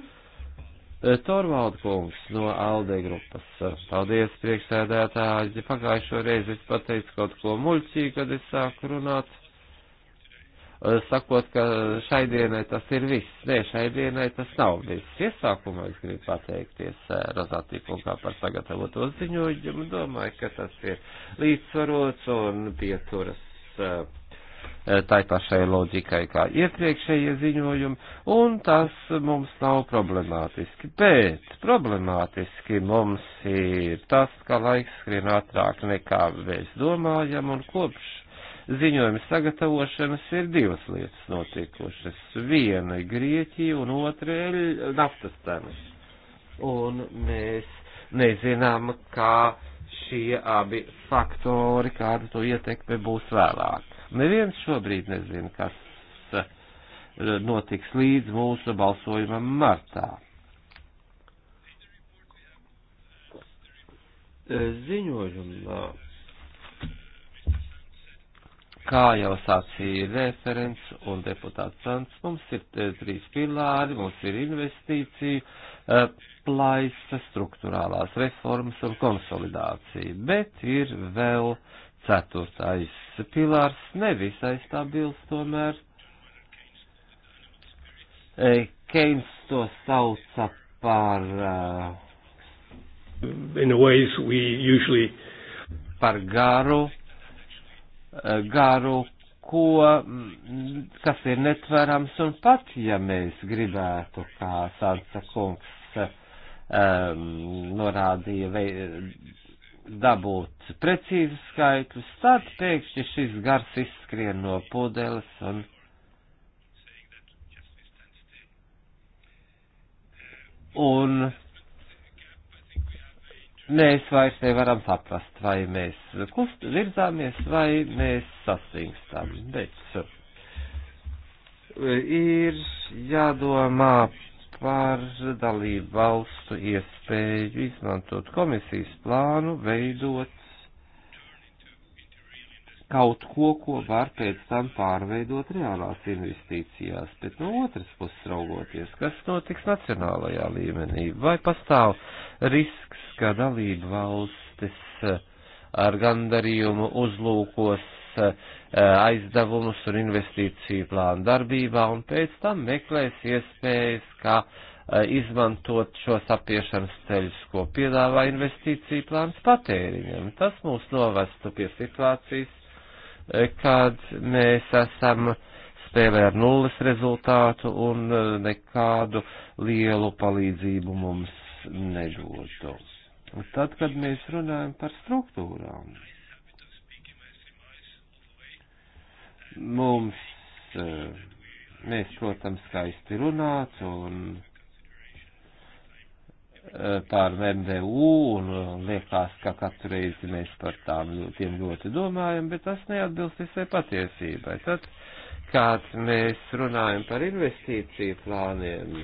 Torvald kungs no Alde grupas. Paldies, priekšsēdētāji. Pagājušo reizi es pateicu kaut ko muļķīgu, kad es sāku runāt Eh, sakot, ka šai dienai tas ir viss. Nē, šai dienai tas nav viss. Iesākumā es gribu pateikties eh, Rozātī kungā par sagatavoto ziņojumu. Domāju, ka tas ir līdzsvarots un pieturas eh, tai pašai loģikai kā iepriekšējie ziņojumi, un tas mums nav problemātiski. Bet problemātiski mums ir tas, ka laiks skrien ātrāk nekā mēs domājam, un kopš ziņojuma sagatavošanas ir divas lietas notikušas. Viena ir Grieķija un otra ir naftas cenas. Un mēs nezinām, kā šie abi faktori, kāda to ietekme būs vēlāk. Neviens šobrīd nezina, kas eh, notiks līdz mūsu balsojumam martā. Eh, ziņojumā kā jau sacīja referents un deputāts Sants, mums ir e, trīs pilāri, mums ir investīciju, e, plaisa, struktūrālās reformas un konsolidācija, bet ir vēl ceturtais pilārs, nevisai stabils tomēr. E, Keins to sauca par. Uh, In ways we usually. Par garu Eh, garu, ko, mm, kas ir netverams, un pat, ja mēs gribētu, kā Sānca kungs um, norādīja, vei, dabūt precīzi skaitļus, tad pēkšņi šis gars izskrien no pudeles un. Un mēs vairs nevaram saprast, vai mēs kust virzāmies, vai mēs sasingstam. Bet e, ir jādomā par dalību valstu iespēju izmantot komisijas plānu, veidot kaut ko, ko var pēc tam pārveidot reālās investīcijās, bet no otras puses raugoties, kas notiks nacionālajā līmenī, vai pastāv risks, ka dalība valstis eh, ar gandarījumu uzlūkos eh, aizdevumus un investīciju plānu darbībā un pēc tam meklēs iespējas, kā eh, izmantot šos apiešanas ceļus, ko piedāvā investīcija plāns patēriņiem. Tas mūs novestu pie situācijas, kad mēs esam spēlē ar nulles rezultātu un nekādu lielu palīdzību mums nedotu. Un tad, kad mēs runājam par struktūrām, mums, e, mēs, protams, skaisti runāt un e, par MVU un e, liekas, ka katru reizi mēs par tām tiem ļoti domājam, bet tas neatbilst visai patiesībai. Tad, kad mēs runājam par investīciju plāniem,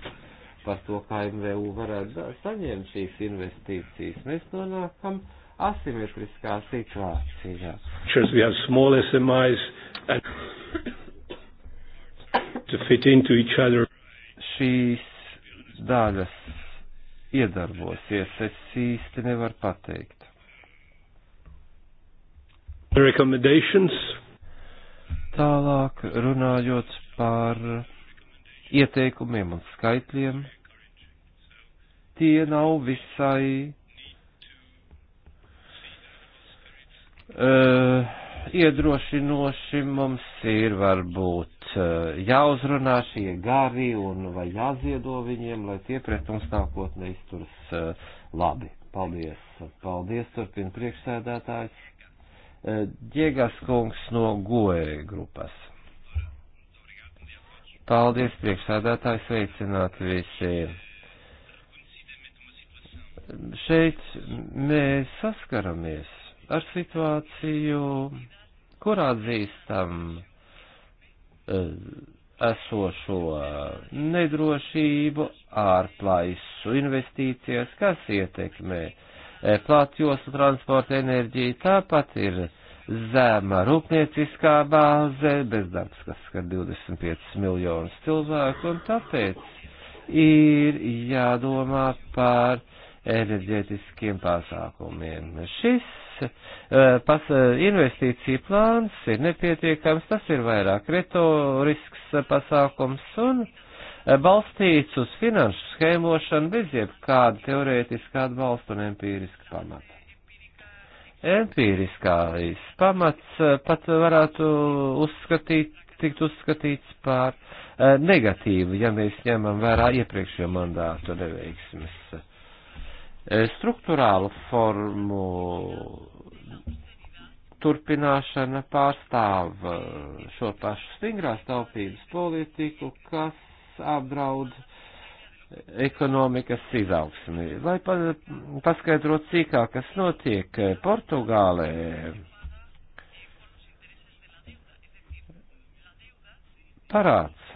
par to, kā MVU varētu saņemt šīs investīcijas, mēs nonākam asimetriskā situācijā. Šīs daļas iedarbosies, es īsti nevaru pateikt. Tālāk runājot par ieteikumiem un skaitļiem, tie nav visai uh, iedrošinoši. Mums ir varbūt uh, jāuzrunā šie gari un vai jāziedo viņiem, lai tie pret mums nākotnē izturas uh, labi. Paldies! Paldies, turpina priekšsēdētājs. Diegas kungs no Goe grupas. Paldies, priekšsādātāji, sveicināt visi. Šeit mēs saskaramies ar situāciju, kurā dzīstam e, esošo nedrošību, ārplaisu investīcijas, kas ietekmē e, plātjoslu transporta enerģiju, tāpat ir zema rūpnieciskā bāze, bezdarbs, kas skar 25 miljonus cilvēku, un tāpēc ir jādomā par enerģētiskiem pasākumiem. Šis eh, pas, investīcija plāns ir nepietiekams, tas ir vairāk retorisks pasākums un eh, balstīts uz finanšu schēmošanu bez jebkāda teorētiska atbalsta un empīriska pamata empīriskais pamats eh, pat varētu uzskatīt, tikt uzskatīts par eh, negatīvu, ja mēs ņemam vērā iepriekšējo mandātu neveiksmes. Eh, Struktūrālu formu turpināšana pārstāv šo pašu stingrās taupības politiku, kas apdraud uh, ekonomikas izaugsmi. Lai pa, paskaidrot cīkāk, kas notiek eh, Portugālē, parāds,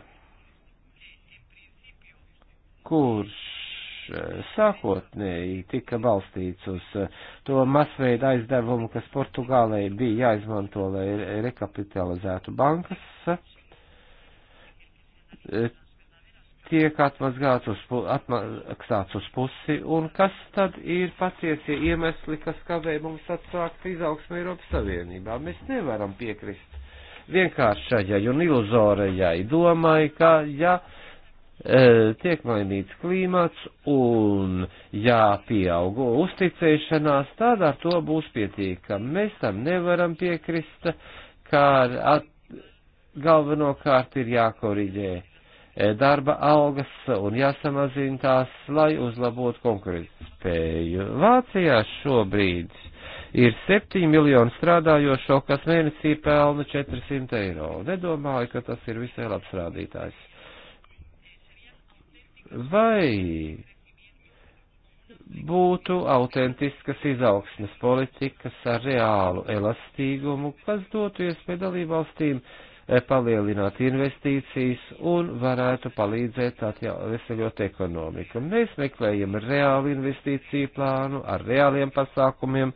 kurš eh, sākotnēji tika balstīts uz eh, to masveidu aizdevumu, kas Portugālē bija jāizmanto, lai rekapitalizētu bankas, tiek atmazgāts uz, atmaksāts uz pusi, un kas tad ir patiesie iemesli, kas kavē mums atsākt izaugsmē Eiropas Savienībā? Mēs nevaram piekrist vienkāršajai un iluzorajai domai, ka ja e, tiek mainīts klimats un ja pieaug uzticēšanās, tad ar to būs pietiekami. Mēs tam nevaram piekrist, kā at, galvenokārt ir jākoriģē E, darba algas un jāsamazina tās, lai uzlabotu konkurētspēju. Vācijā šobrīd ir 7 miljoni strādājošo, kas mēnesī pelna 400 eiro. Nedomāju, ka tas ir visai labs rādītājs. Vai būtu autentiskas izaugsmes politikas ar reālu elastīgumu, kas dotu iespēju dalībvalstīm valstīm Eh, palielināt investīcijas un varētu palīdzēt atvesaļot ekonomiku. Mēs meklējam reālu investīciju plānu ar reāliem pasākumiem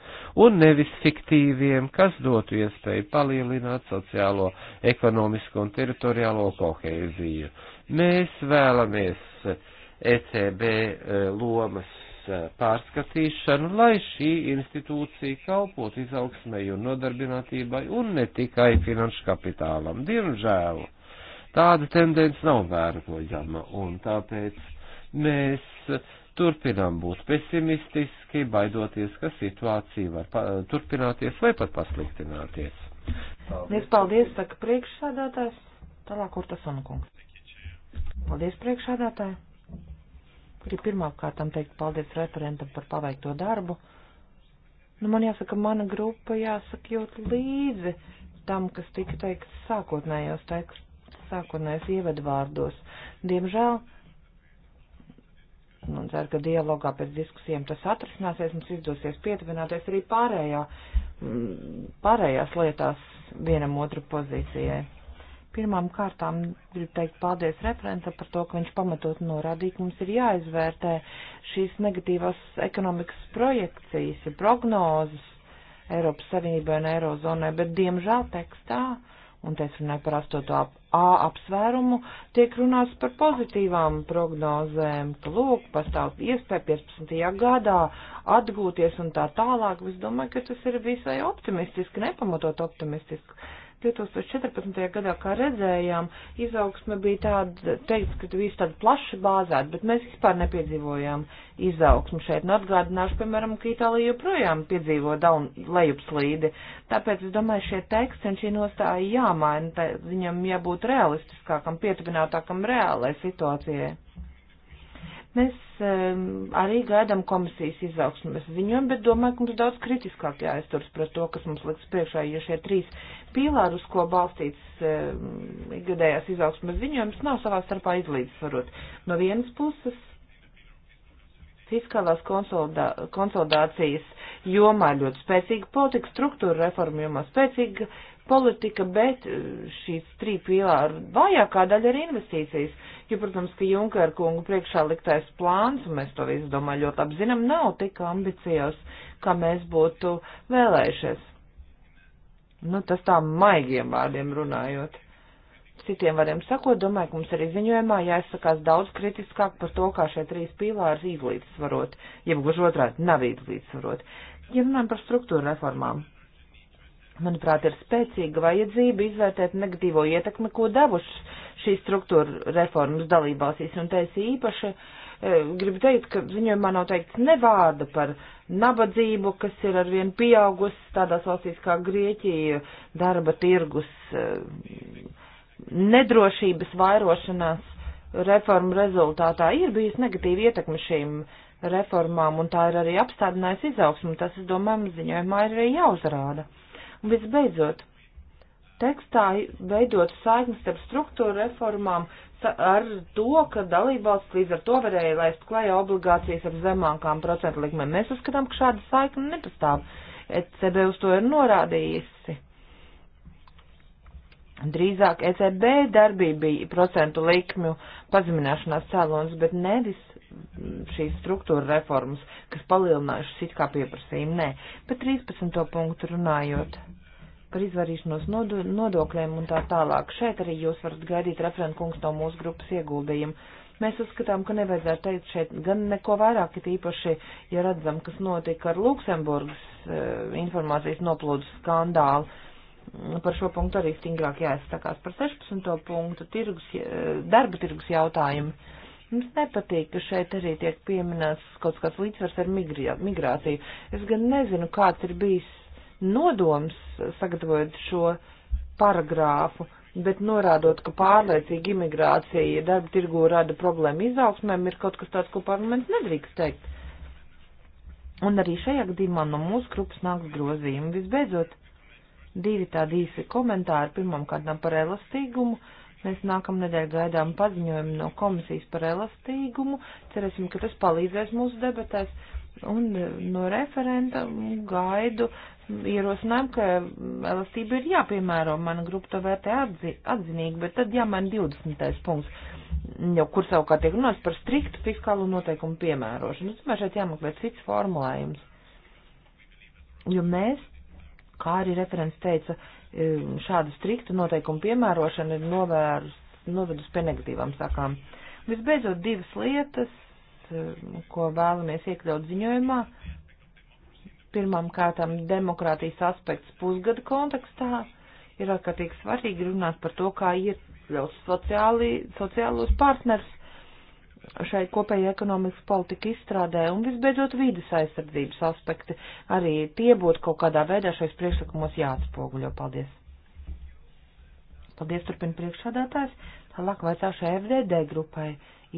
un nevis fiktīviem, kas dotu iespēju palielināt sociālo, ekonomisko un teritoriālo kohēziju. Mēs vēlamies ECB eh, e eh, lomas Eh, pārskatīšanu, lai šī institūcija kalpot izaugsmai un nodarbinātībai un ne tikai finanšu kapitālam. Diemžēl tāda tendence nav vērojama un tāpēc mēs turpinām būt pesimistiski, baidoties, ka situācija var turpināties vai pat pasliktināties. Paldies, paldies, saka priekšsādātājs. Tālāk, kur tas un kungs. Paldies, priekšsādātāji. Gribu pirmkārtām teikt paldies referentam par paveikto darbu. Nu, man jāsaka, mana grupa jāsaka jūt līdzi tam, kas tika teikts sākotnējos, teiks, sākotnējos ievadvārdos. Diemžēl, nu, ceru, ka dialogā pēc diskusijām tas atrisināsies, mums izdosies pietuvināties arī pārējā, pārējās lietās vienam otru pozīcijai. Pirmām kārtām gribu teikt paldies referenta par to, ka viņš pamatot norādīja, ka mums ir jāizvērtē šīs negatīvās ekonomikas projekcijas, prognozes Eiropas Savienībai un Eirozonai, bet diemžēl tekstā, un te es runāju par 8. A apsvērumu, tiek runāts par pozitīvām prognozēm, ka lūk, pastāv iespēja 15. gadā atgūties un tā tālāk. Es domāju, ka tas ir visai optimistiski, nepamatot optimistiski 2014. gadā, kā redzējām, izaugsme bija tāda, teikt, ka viss tāda plaši bāzēta, bet mēs vispār nepiedzīvojām izaugsmu šeit. Nu, atgādināšu, piemēram, ka Itālija joprojām piedzīvo daun lejupslīdi. Tāpēc, es domāju, šie teksti un šī nostāja jāmaina, tā, viņam jābūt realistiskākam, pietuvinātākam reālai situācijai. Mēs um, arī gaidām komisijas izaugsmes ziņojumu, bet domāju, ka mums daudz kritiskāk jāizturas pret to, kas mums liks priekšā, jo šie trīs pīlāri, uz ko balstīts um, ehm, gadējās izaugsmes ziņojums, nav savā starpā izlīdzsvarot. No vienas puses fiskālās konsolida, konsolidācijas jomā ļoti spēcīga politika, struktūra reforma jomā spēcīga politika, bet eh, šīs trīs pīlāru vājākā daļa ir investīcijas. Jo, protams, ka Junkera kungu priekšā liktais plāns, un mēs to visu domāju ļoti apzinam, nav tik ambicios, kā mēs būtu vēlējušies. Nu, tas tā maigiem vārdiem runājot. Citiem variem sakot, domāju, ka mums arī ziņojumā jāizsakās daudz kritiskāk par to, kā šie trīs pīlāri ir izlīdzsvarot, jeb gluži otrādi nav izlīdzsvarot. Ja runājam par struktūra reformām, manuprāt, ir spēcīga vajadzība izvērtēt negatīvo ietekmi, ko devušas šīs struktūra reformas dalībvalstīs. Un te es īpaši e, gribu teikt, ka ziņojumā nav teikts ne vārda par nabadzību, kas ir arvien pieaugusi tādās valstīs kā Grieķija, darba tirgus, e, nedrošības vairošanās reformu rezultātā ir bijusi negatīva ietekme šīm reformām, un tā ir arī apstādinājusi izaugsmu. Tas, es domāju, ziņojumā ir arī jāuzrāda. Un visbeidzot, tekstā veidot saiknes starp struktūra reformām ar to, ka dalībvalsts līdz ar to varēja laist klajā obligācijas ar zemākām procentu likmēm. Mēs uzskatām, ka šāda saikne nepastāv. ECB uz to ir norādījusi. Drīzāk ECB darbība bija procentu likmju pazemināšanās cēlons, bet nevis šīs struktūra reformas, kas palielinājušas it kā pieprasījumu. Nē, par 13. punktu runājot par izvarīšanos nodokļiem un tā tālāk. Šeit arī jūs varat gaidīt referentu kungs no mūsu grupas ieguldījumu. Mēs uzskatām, ka nevajadzētu teikt šeit gan neko vairāk, it īpaši, ja redzam, kas notika ar Luksemburgas e, informācijas noplūdu skandālu. Par šo punktu arī stingrāk jāizsakās par 16. punktu tirgus, e, darba tirgus jautājumu Mums nepatīk, ka šeit arī tiek pieminēts kaut kāds līdzsvars ar migrāciju. Es gan nezinu, kāds ir bijis nodoms sagatavojot šo paragrāfu, bet norādot, ka pārliecīga imigrācija darba tirgu rada problēmu izaugsmēm, ir kaut kas tāds, ko parlaments nedrīkst teikt. Un arī šajā gadījumā no mūsu grupas nāks grozījumi. Visbeidzot, divi tādi īsi komentāri pirmam kādam par elastīgumu. Uh, Mēs nākamnedēļ gaidām paziņojumu no komisijas par elastīgumu. Cerēsim, ka tas palīdzēs mūsu debatēs. Un e, no referenta gaidu ierosinājumu, ka elastība ir jāpiemēro. Mana grupa to vērtē atzi, atzinīgi, bet tad jāmaina 20. punkts, jau kur savukārt tiek runāts par striktu fiskālu noteikumu piemērošanu. Es domāju, šeit jāmeklē cits formulējums. Jo mēs, kā arī referents teica, šādu striktu noteikumu piemērošana ir novērus, novedus pie negatīvām sakām. Visbeidzot, divas lietas, ko vēlamies iekļaut ziņojumā. Pirmām kārtām demokrātijas aspekts pusgada kontekstā ir ārkārtīgi svarīgi runāt par to, kā iekļaut sociāli, sociālos partners šai kopējai ekonomikas politika izstrādē un visbeidzot vīdes aizsardzības aspekti arī tie būtu kaut kādā veidā šais priekšlikumos jāatspoguļo. Paldies! Paldies, turpina priekšādātājs. Tālāk vajadzāšu FDD grupai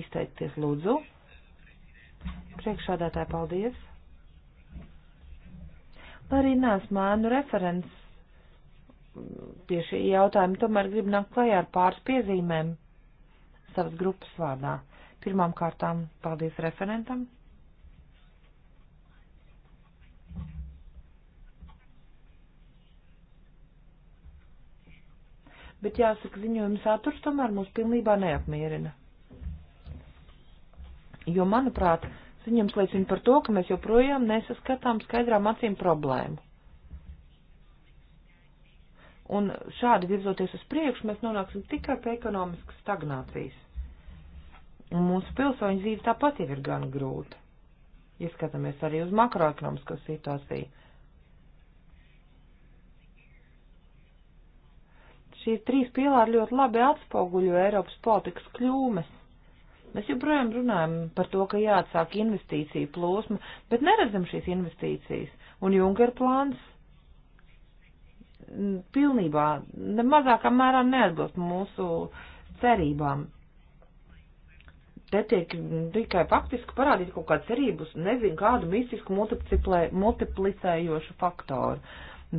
izteikties lūdzu. Priekšādātāji, paldies! Lai arī nesmu ēnu referents pie šī jautājuma, tomēr gribu nākt klajā ar pāris piezīmēm savas grupas vārdā. Pirmām kārtām paldies referentam. Bet jāsaka, ziņojums saturs tomēr mūs pilnībā neapmierina. Jo, manuprāt, ziņojums liecina par to, ka mēs joprojām nesaskatām skaidrām acīm problēmu. Un šādi virzoties uz priekšu, mēs nonāksim tikai pie ekonomiskas stagnācijas. Un mūsu pilsoņu dzīve tāpat jau ir gan grūta. Ieskatāmies arī uz makroekonomisko situāciju. Šie trīs pilāri ļoti labi atspoguļo Eiropas politikas kļūmes. Mēs joprojām runājam par to, ka jāatsāk investīcija plūsma, bet neredzam šīs investīcijas. Un Junker plāns pilnībā, ne mazākā mērā neatbilst mūsu cerībām netiek tikai faktiski parādīt kaut kāda cerība uz nezinu kādu mistisku multiplicējošu faktoru,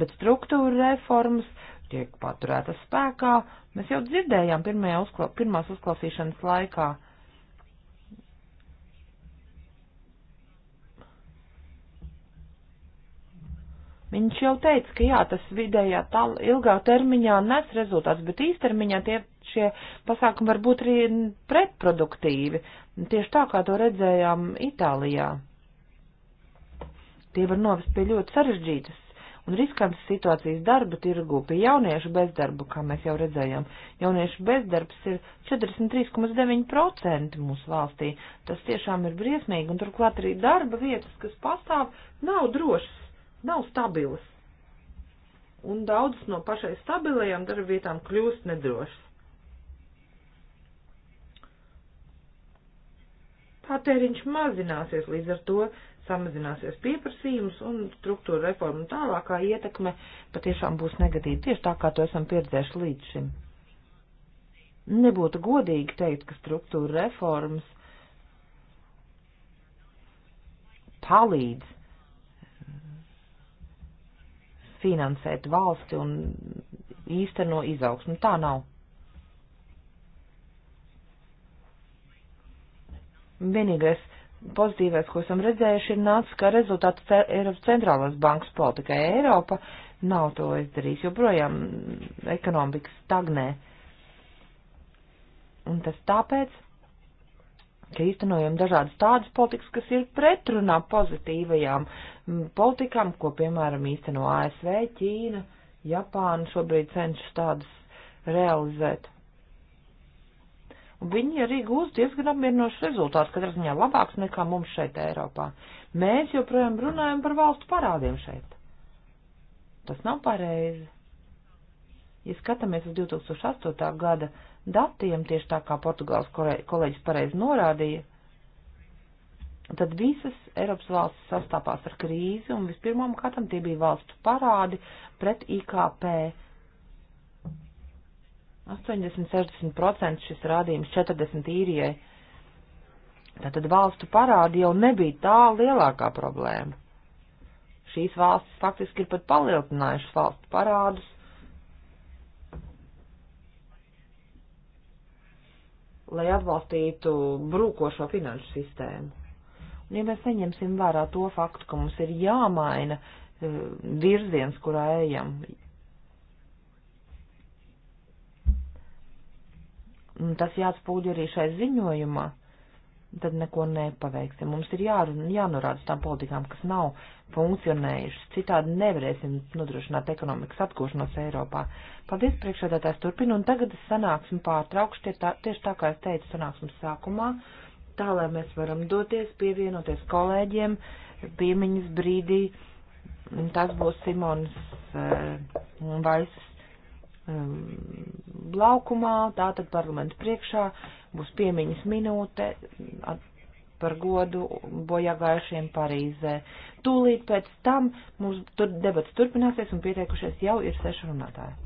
bet struktūra reformas tiek paturētas spēkā. Mēs jau dzirdējām uzkla pirmās uzklausīšanas laikā. Viņš jau teica, ka jā, tas vidējā tā ilgā termiņā nes rezultāts, bet īstermiņā tie šie pasākumi var būt arī pretproduktīvi, tieši tā kā to redzējām Itālijā. Tie var novest pie ļoti sarežģītas un riskantas situācijas darba tirgu, pie jauniešu bezdarbu, kā mēs jau redzējām. Jauniešu bezdarbs ir 43,9% mūsu valstī. Tas tiešām ir briesmīgi, un turklāt arī darba vietas, kas pastāv, nav drošas, nav stabilas. Un daudzas no pašai stabilajām darba vietām kļūst nedrošas. patēriņš mazināsies, līdz ar to samazināsies pieprasījums un struktūra reforma tālākā ietekme patiešām būs negatīva, tieši tā kā to esam pieredzējuši līdz šim. Nebūtu godīgi teikt, ka struktūra reformas palīdz eh, finansēt valsti un īsteno izaugsmu. Tā nav. Vienīgais pozitīvais, ko esam redzējuši, ir nācis, ka rezultāts Eiropas centrālās bankas politikai Eiropa nav to izdarījis, joprojām ekonomika stagnē. Un tas tāpēc, ka īstenojam dažādas tādas politikas, kas ir pretrunā pozitīvajām politikām, ko, piemēram, īsteno ASV, Ķīna, Japāna šobrīd cenšas tādas realizēt viņi arī gūst diezgan apmierinošs rezultāts, katrā ziņā labāks nekā mums šeit Eiropā. Mēs joprojām runājam par valstu parādiem šeit. Tas nav pareizi. Ja skatāmies uz 2008. gada datiem, tieši tā kā Portugāles kolēģis pareizi norādīja, tad visas Eiropas valstis sastāpās ar krīzi un vispirmām kārtām tie bija valstu parādi pret IKP 80-60% šis rādījums 40 īrijai. Tātad valstu parādi jau nebija tā lielākā problēma. Šīs valstis faktiski ir pat palielinājušas valstu parādus. lai atbalstītu brūkošo finanšu sistēmu. Un ja mēs neņemsim vērā to faktu, ka mums ir jāmaina eh, virziens, kurā ejam, un tas jāatspūļ arī šai ziņojumā, tad neko nepaveiksim. Mums ir jā, jānorāda tām politikām, kas nav funkcionējušas, citādi nevarēsim nodrošināt ekonomikas atgūšanos Eiropā. Paldies, priekšādātājs turpina, un tagad es sanāksmi pārtraukšu, tie tā, tieši tā kā es teicu sanāksmes sākumā, tā lai mēs varam doties, pievienoties kolēģiem piemiņas brīdī. Tas būs Simonas uh, eh, Vaisas um, laukumā, tātad parlamentu priekšā būs piemiņas minūte at, par godu bojāgājušiem Parīzē. Tūlīt pēc tam mums tur debats turpināsies un pieteikušies jau ir seši runātāji.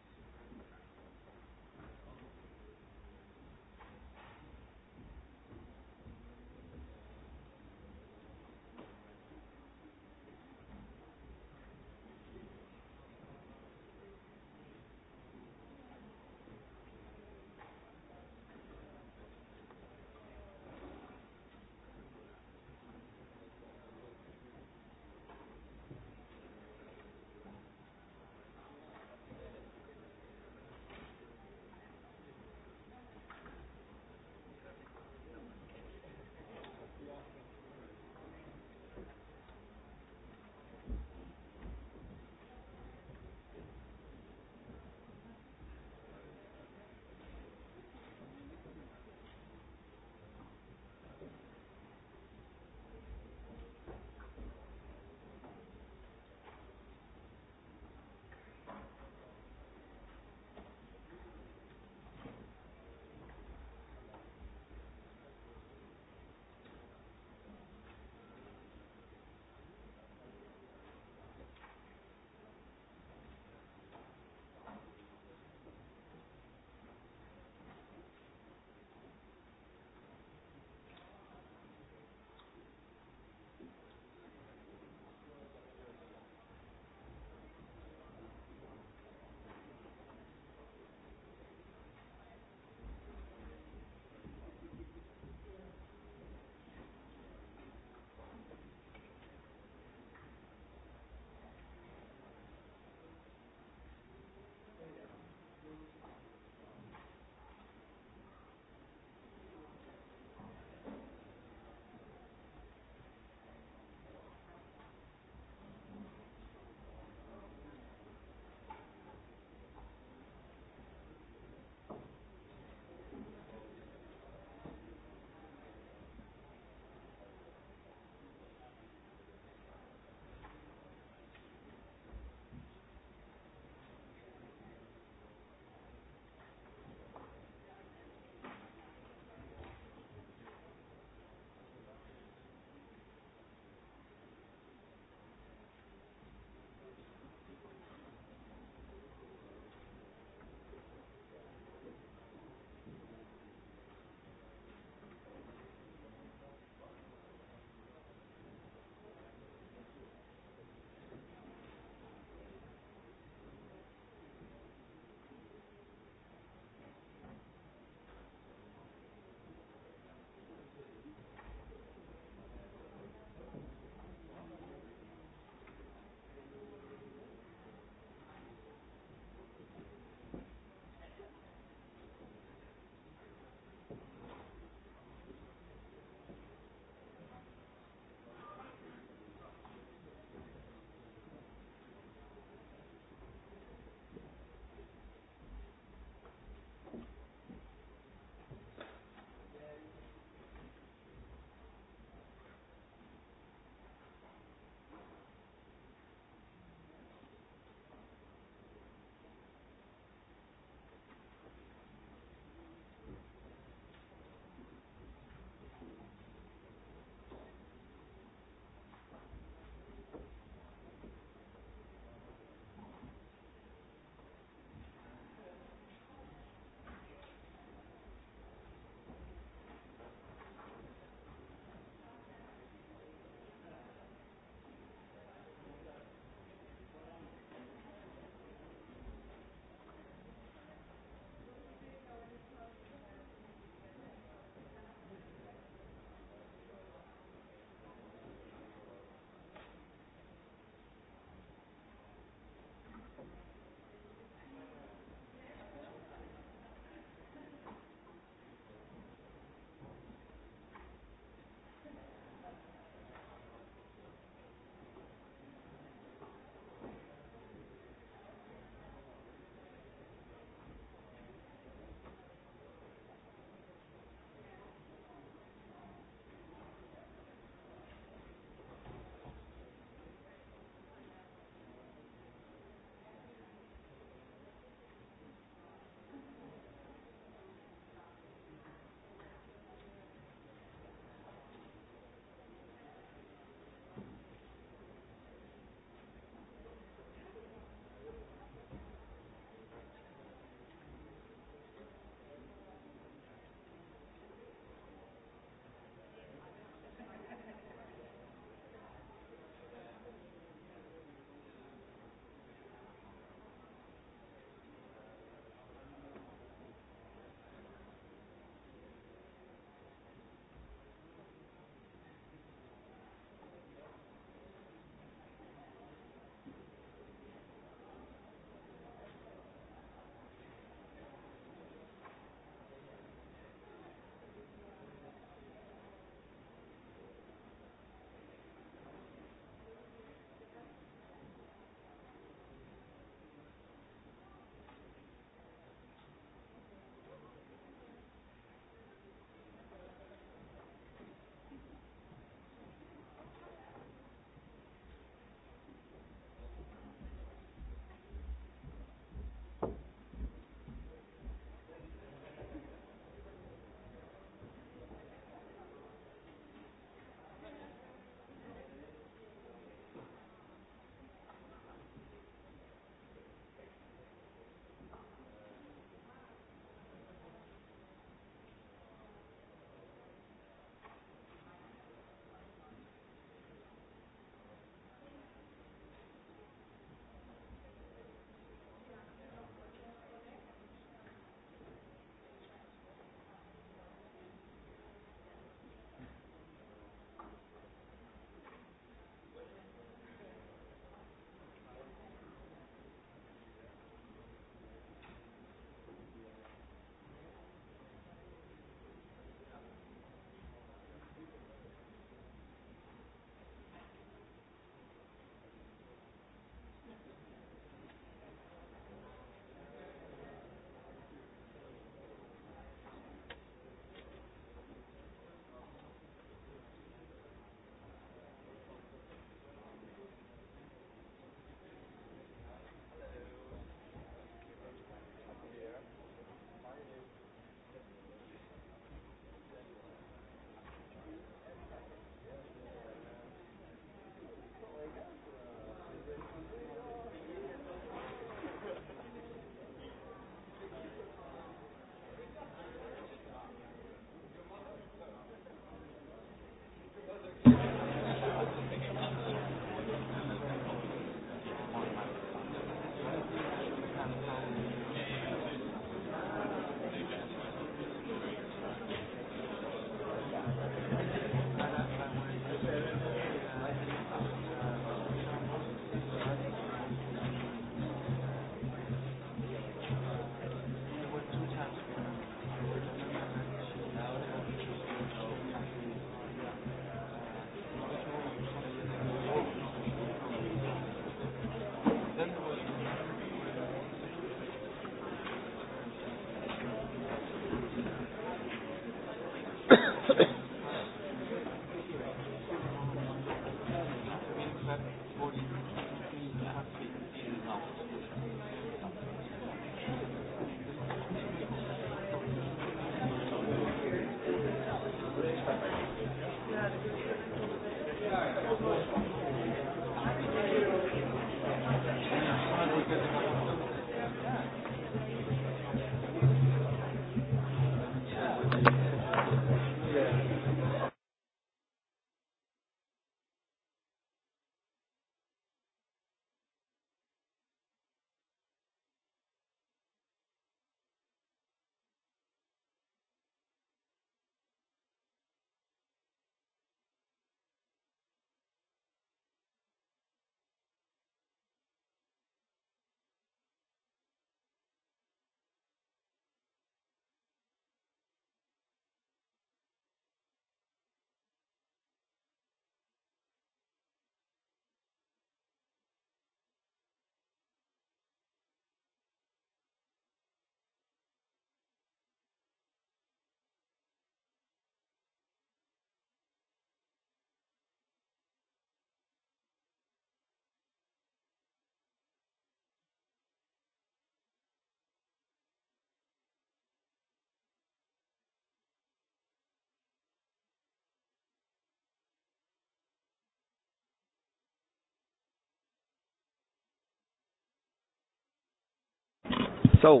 So.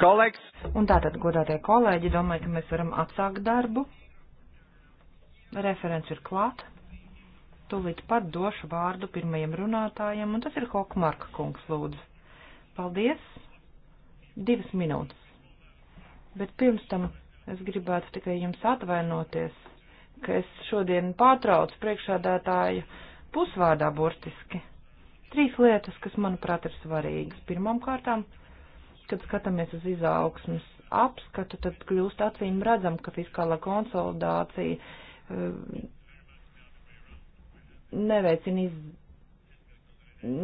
Kolēģis. Un tātad, godātie kolēģi, domāju, ka mēs varam atsākt darbu. Referents ir klāt. Tūlīt pat došu vārdu pirmajam runātājam, un tas ir Hokmarka kungs, lūdzu. Paldies. Divas minūtes. Bet pirms tam es gribētu tikai jums atvainoties, ka es šodien pārtraucu priekšādātāju pusvārdā burtiski Trīs lietas, kas, manuprāt, ir svarīgas. Pirmām kārtām, kad skatāmies uz izaugsmas apskatu, tad kļūst acīm redzam, ka fiskālā konsolidācija eh, neveicina iz...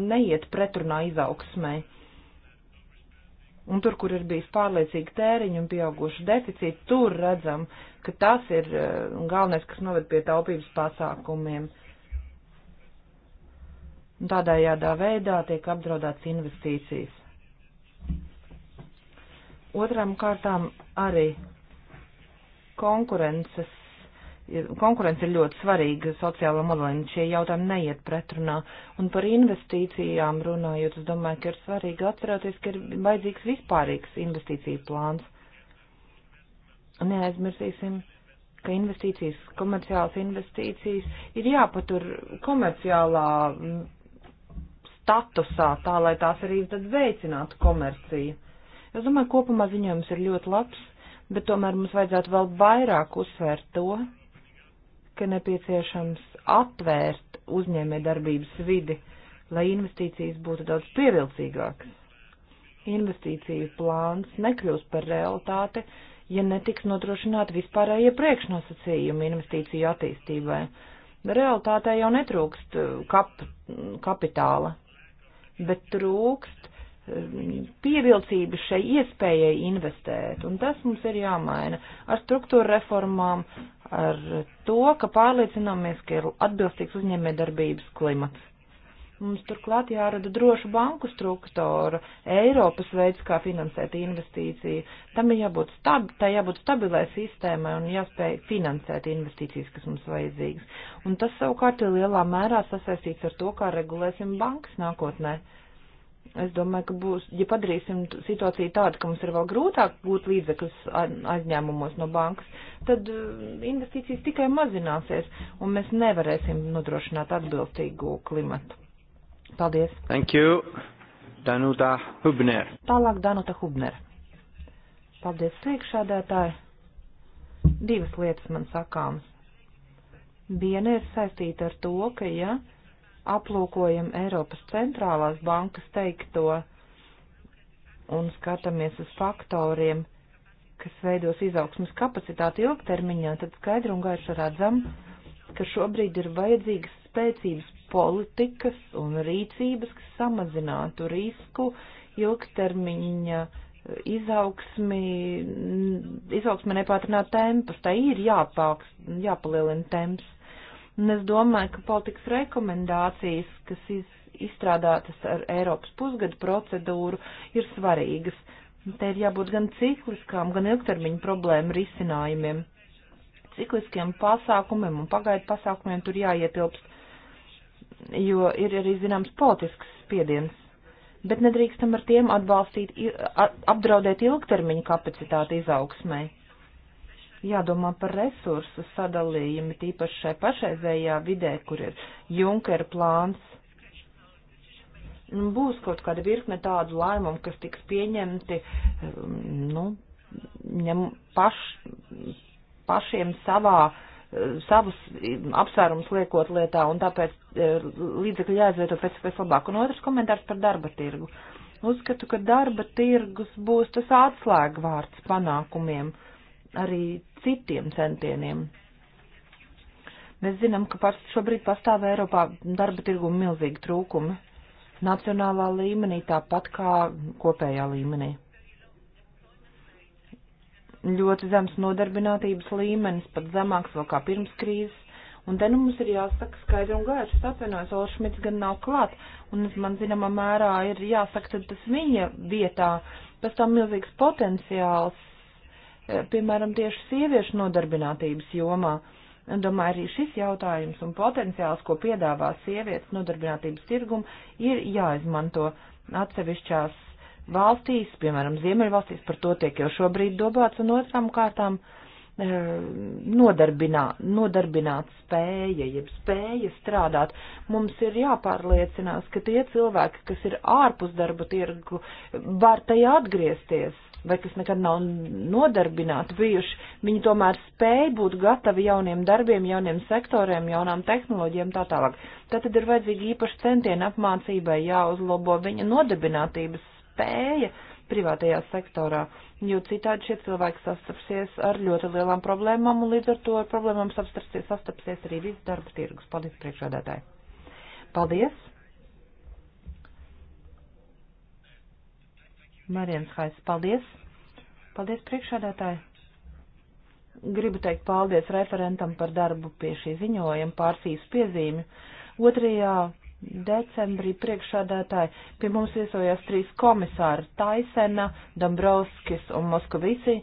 neiet pretrunā izaugsmai. Un tur, kur ir bijis pārliecīgi tēriņi un pieauguši deficīti, tur redzam, ka tas ir eh, galvenais, kas noved pie taupības pasākumiem. Uh, un tādējādā veidā tiek apdraudēts investīcijas. Otram kārtām arī konkurences, konkurence ir ļoti svarīga sociāla modelim, šie jautājumi neiet pretrunā, un par investīcijām runājot, es domāju, ka ir svarīgi atcerēties, ka ir vajadzīgs vispārīgs investīciju plāns. Neaizmirsīsim ka investīcijas, komerciālas investīcijas ir jāpatur komerciālā statusā, tā lai tās arī tad veicinātu komerciju. Es domāju, kopumā ziņojums ir ļoti labs, bet tomēr mums vajadzētu vēl vairāk uzsvērt to, ka nepieciešams atvērt uzņēmē darbības vidi, lai investīcijas būtu daudz pievilcīgākas. Investīciju plāns nekļūs par realitāti, ja netiks nodrošināti vispārējie priekšnosacījumi investīciju attīstībai. Realtātē jau netrūkst kap, kapitāla bet trūkst um, pievilcības šai iespējai investēt, un tas mums ir jāmaina ar struktūra reformām, ar to, ka pārliecināmies, ka ir atbilstīgs uzņēmē darbības klimats. Mums turklāt jārada droša banku struktūra, Eiropas veids, kā finansēt investīciju. Tam ir jābūt, stab, tā jābūt stabilai sistēmai un jāspēj finansēt investīcijas, kas mums vajadzīgas. Un tas savukārt ir lielā mērā sasaistīts ar to, kā regulēsim bankas nākotnē. Es domāju, ka būs, ja padarīsim situāciju tādu, ka mums ir vēl grūtāk gūt līdzekļus aizņēmumos no bankas, tad uh, investīcijas tikai mazināsies un mēs nevarēsim nodrošināt atbilstīgu klimatu. Paldies. Thank you. Danuta Hubner. Tālāk Danuta Hubner. Paldies priekšādētāji. Divas lietas man sakāmas. Viena ir saistīta ar to, ka, ja aplūkojam Eiropas centrālās bankas teikto un skatāmies uz faktoriem, kas veidos izaugsmas kapacitāti ilgtermiņā, tad skaidri un gaiši redzam, ka šobrīd ir vajadzīgas spēcības politikas un rīcības, kas samazinātu risku ilgtermiņa e, izaugsmi, izaugsmi nepātrināt tempus. Tā ir jāpāks, jāpalielina temps. Un es domāju, ka politikas rekomendācijas, kas iz, izstrādātas ar Eiropas pusgadu procedūru, ir svarīgas. Te ir jābūt gan cikliskām, gan ilgtermiņa problēmu risinājumiem. Cikliskiem pasākumiem un pagaidu pasākumiem tur jāietilpst jo ir arī zināms politisks spiediens. Bet nedrīkstam ar tiem atbalstīt, apdraudēt ilgtermiņa kapacitāti izaugsmai. Jādomā par resursu sadalījumu, tīpaši šai pašreizējā vidē, kur ir Junker plāns. Nu, būs kaut kāda virkne tādu lēmumu, kas tiks pieņemti, um, nu, ņem paš, pašiem savā uh, savus apsvērumus liekot lietā, un tāpēc e, līdzekļi jāizvieto pēc pēc labāk. Un otrs komentārs par darba tirgu. Uzskatu, ka darba tirgus būs tas atslēgvārds panākumiem, arī citiem centieniem. Mēs zinām, ka past, šobrīd pastāv Eiropā darba tirgu milzīgi trūkumi. Nacionālā līmenī tāpat kā kopējā līmenī ļoti zems nodarbinātības līmenis, pat zemāks vēl kā pirms krīzes. Un te nu mums ir jāsaka skaidri un gaiši, es atvainojos, Olšmits gan nav klāt, un man zināmā mērā ir jāsaka, tad tas viņa vietā pastāv milzīgs potenciāls, eh, piemēram, tieši sieviešu nodarbinātības jomā. Un domāju, arī šis jautājums un potenciāls, ko piedāvā sievietes nodarbinātības tirgumu, ir jāizmanto atsevišķās valstīs, piemēram, Ziemeļvalstīs, par to tiek jau šobrīd dobāts, un otrām kārtām eh, nodarbinā, nodarbināt spēja, jeb spēja strādāt. Mums ir jāpārliecinās, ka tie cilvēki, kas ir ārpus darba tirgu, var tajā atgriezties, vai kas nekad nav nodarbināti bijuši, viņi tomēr spēja būt gatavi jauniem darbiem, jauniem sektoriem, jaunām tehnoloģijām tā tālāk. Tātad ir vajadzīgi īpaši centieni apmācībai jāuzlabo viņa nodarbinātības spēja privātajā sektorā, jo citādi šie cilvēki sastapsies ar ļoti lielām problēmām un līdz ar to ar problēmām sastapsies, sastapsies arī viss darba tirgus. Paldies priekšādātāji. Paldies. Marijas Hais, paldies. Paldies priekšādātāji. Gribu teikt paldies referentam par darbu pie šī ziņojuma pārsīs piezīmju. Otrajā decembrī priekšādātāji pie mums viesojās trīs komisāri - Taisena, Dombrovskis un Moskavici,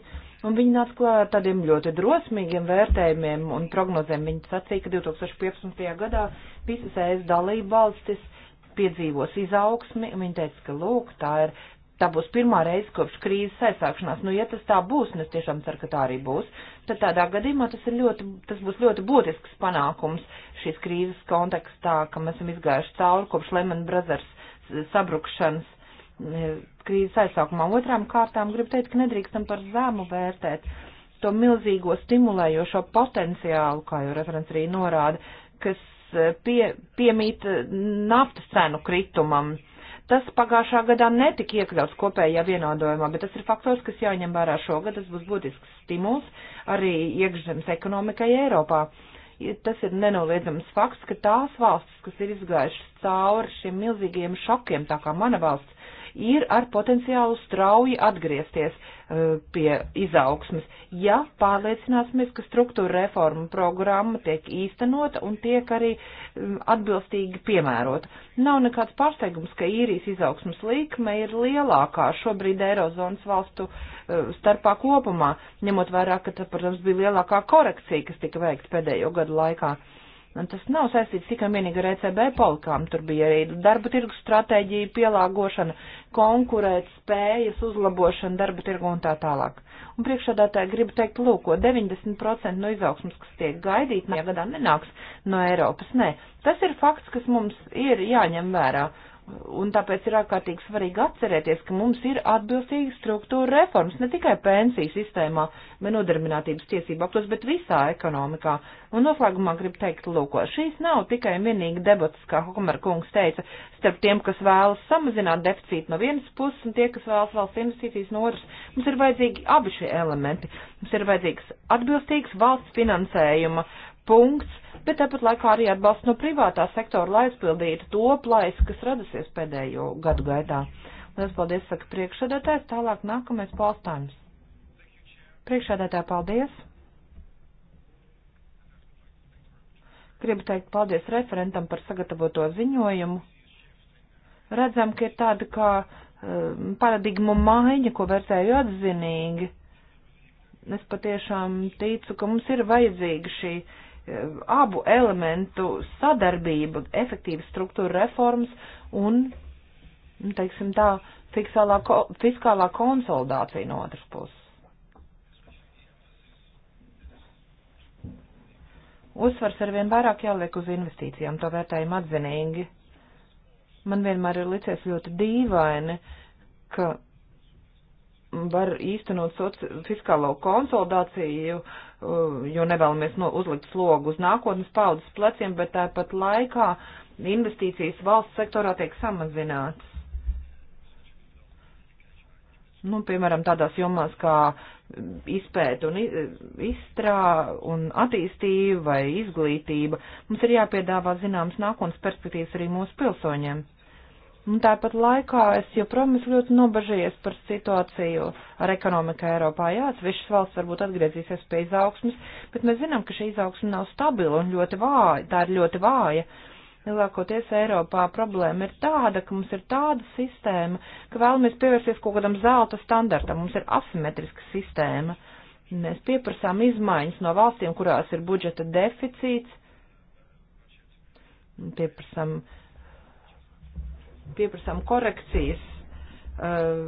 un viņi nāca klāt ar tādiem ļoti drosmīgiem vērtējumiem un prognozēm. Viņi sacīja, ka 2015. gadā visas ES dalība valstis piedzīvos izaugsmi, un viņi teica, ka lūk, tā ir tā būs pirmā reize kopš krīzes aizsākšanās. Nu, ja tas tā būs, un es tiešām ceru, ka tā arī būs, tad tādā gadījumā tas, ļoti, tas būs ļoti būtisks panākums šīs krīzes kontekstā, ka mēs esam izgājuši cauri kopš Lehman Brothers sabrukšanas e, krīzes aizsākumā. Otrām kārtām gribu teikt, ka nedrīkstam par zemu vērtēt to milzīgo stimulējošo potenciālu, kā jau referents arī norāda, kas e, pie, piemīt e, naftas cenu kritumam. Uh, Tas pagājušā gadā netika iekļauts kopējā vienādojumā, bet tas ir faktors, kas jāņem vērā šogad. Tas būs būtisks stimuls arī iekšzemes ekonomikai Eiropā. Tas ir nenoliedzams fakts, ka tās valstis, kas ir izgājušas cauri šiem milzīgiem šokiem, tā kā mana valsts, ir ar potenciālu strauji atgriezties eh, pie izaugsmas, ja pārliecināsimies, ka struktūra reforma programma tiek īstenota un tiek arī mm, atbilstīgi piemērota. Nav nekāds pārsteigums, ka īrijas izaugsmas līkme ir lielākā šobrīd Eirozonas valstu eh, starpā kopumā, ņemot vairāk, ka, tā, protams, bija lielākā korekcija, kas tika veikta pēdējo gadu laikā. Uh, Un tas nav saistīts tikai vienīgi ar ECB polikām. Tur bija arī darba tirgu stratēģija, pielāgošana, konkurēt spējas, uzlabošana darba tirgu un tā tālāk. Un priekšādātāji gribu teikt, lūk, 90% no izaugsmas, kas tiek gaidīt, nākamajā gadā nenāks no Eiropas. Nē, tas ir fakts, kas mums ir jāņem vērā. Un tāpēc ir ārkārtīgi svarīgi atcerēties, ka mums ir atbilstīgi struktūra reformas ne tikai pensiju sistēmā vai nodarbinātības tiesību aktos, bet visā ekonomikā. Un noslēgumā gribu teikt, lūk, šīs nav tikai vienīgi debatas, kā Homer kungs teica, starp tiem, kas vēlas samazināt deficītu no vienas puses un tie, kas vēlas valsts investīcijas no otras. Mums ir vajadzīgi abi šie elementi. Mums ir vajadzīgs atbilstīgs valsts finansējuma uh, punkts, bet tāpat laikā arī atbalsts no privātā sektora, lai aizpildītu to plaisu, kas radusies pēdējo gadu gaidā. Lielas paldies, saka priekšsēdētājs, tālāk nākamais paustājums. Priekšsēdētāj, paldies! Gribu teikt paldies referentam par sagatavoto ziņojumu. Redzam, ka ir tāda kā um, paradigmu maiņa, ko vērtēju atzinīgi. Es patiešām ticu, ka mums ir vajadzīga šī uh, abu elementu sadarbība, efektīvas struktūra reformas un, nu, teiksim tā, fiskālā, fiskālā konsolidācija no otras puses. Uzsvars ar vien vairāk jāliek uz investīcijām, to vērtējam atzinīgi. Man vienmēr ir licies ļoti dīvaini, ka var īstenot soci... fiskālo konsolidāciju, uh, jo nevēlamies no uzlikt slogu uz nākotnes paudzes pleciem, bet tāpat laikā investīcijas valsts sektorā tiek samazinātas. Nu, piemēram, tādās jomās kā izpēta un izstrā un attīstība vai izglītība, mums ir jāpiedāvā zināmas nākotnes perspektīvas arī mūsu pilsoņiem. Un nu, tāpat laikā es joprojām esmu ļoti nobažījies par situāciju ar ekonomiku Eiropā. Jā, atsevišķas valsts varbūt atgriezīsies pie izaugsmas, bet mēs zinām, ka šī izaugsma nav stabila un ļoti vāja. Tā ir ļoti vāja. Lielākoties Eiropā problēma ir tāda, ka mums ir tāda sistēma, ka vēlamies pievērsties kaut kādam zelta standartam. Mums ir asimetriska sistēma. Mēs pieprasām izmaiņas no valstīm, kurās ir budžeta deficīts. Pieprasām uh, pieprasām korekcijas eh,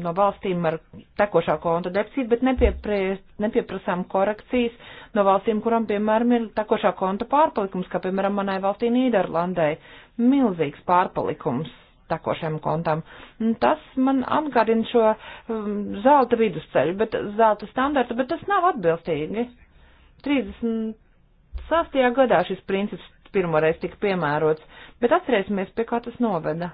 no valstīm ar tekošā konta deficītu, bet nepieprasām korekcijas no valstīm, kurām, piemēram, ir tekošā konta pārpalikums, kā, piemēram, manai valstī Nīderlandai. Milzīgs pārpalikums tekošiem kontam. Tas man atgādina šo um, zelta vidusceļu, bet zelta standarta, bet tas nav atbilstīgi. 36. gadā šis princips pirmoreiz tika piemērots, bet atcerēsimies, pie kā tas noveda.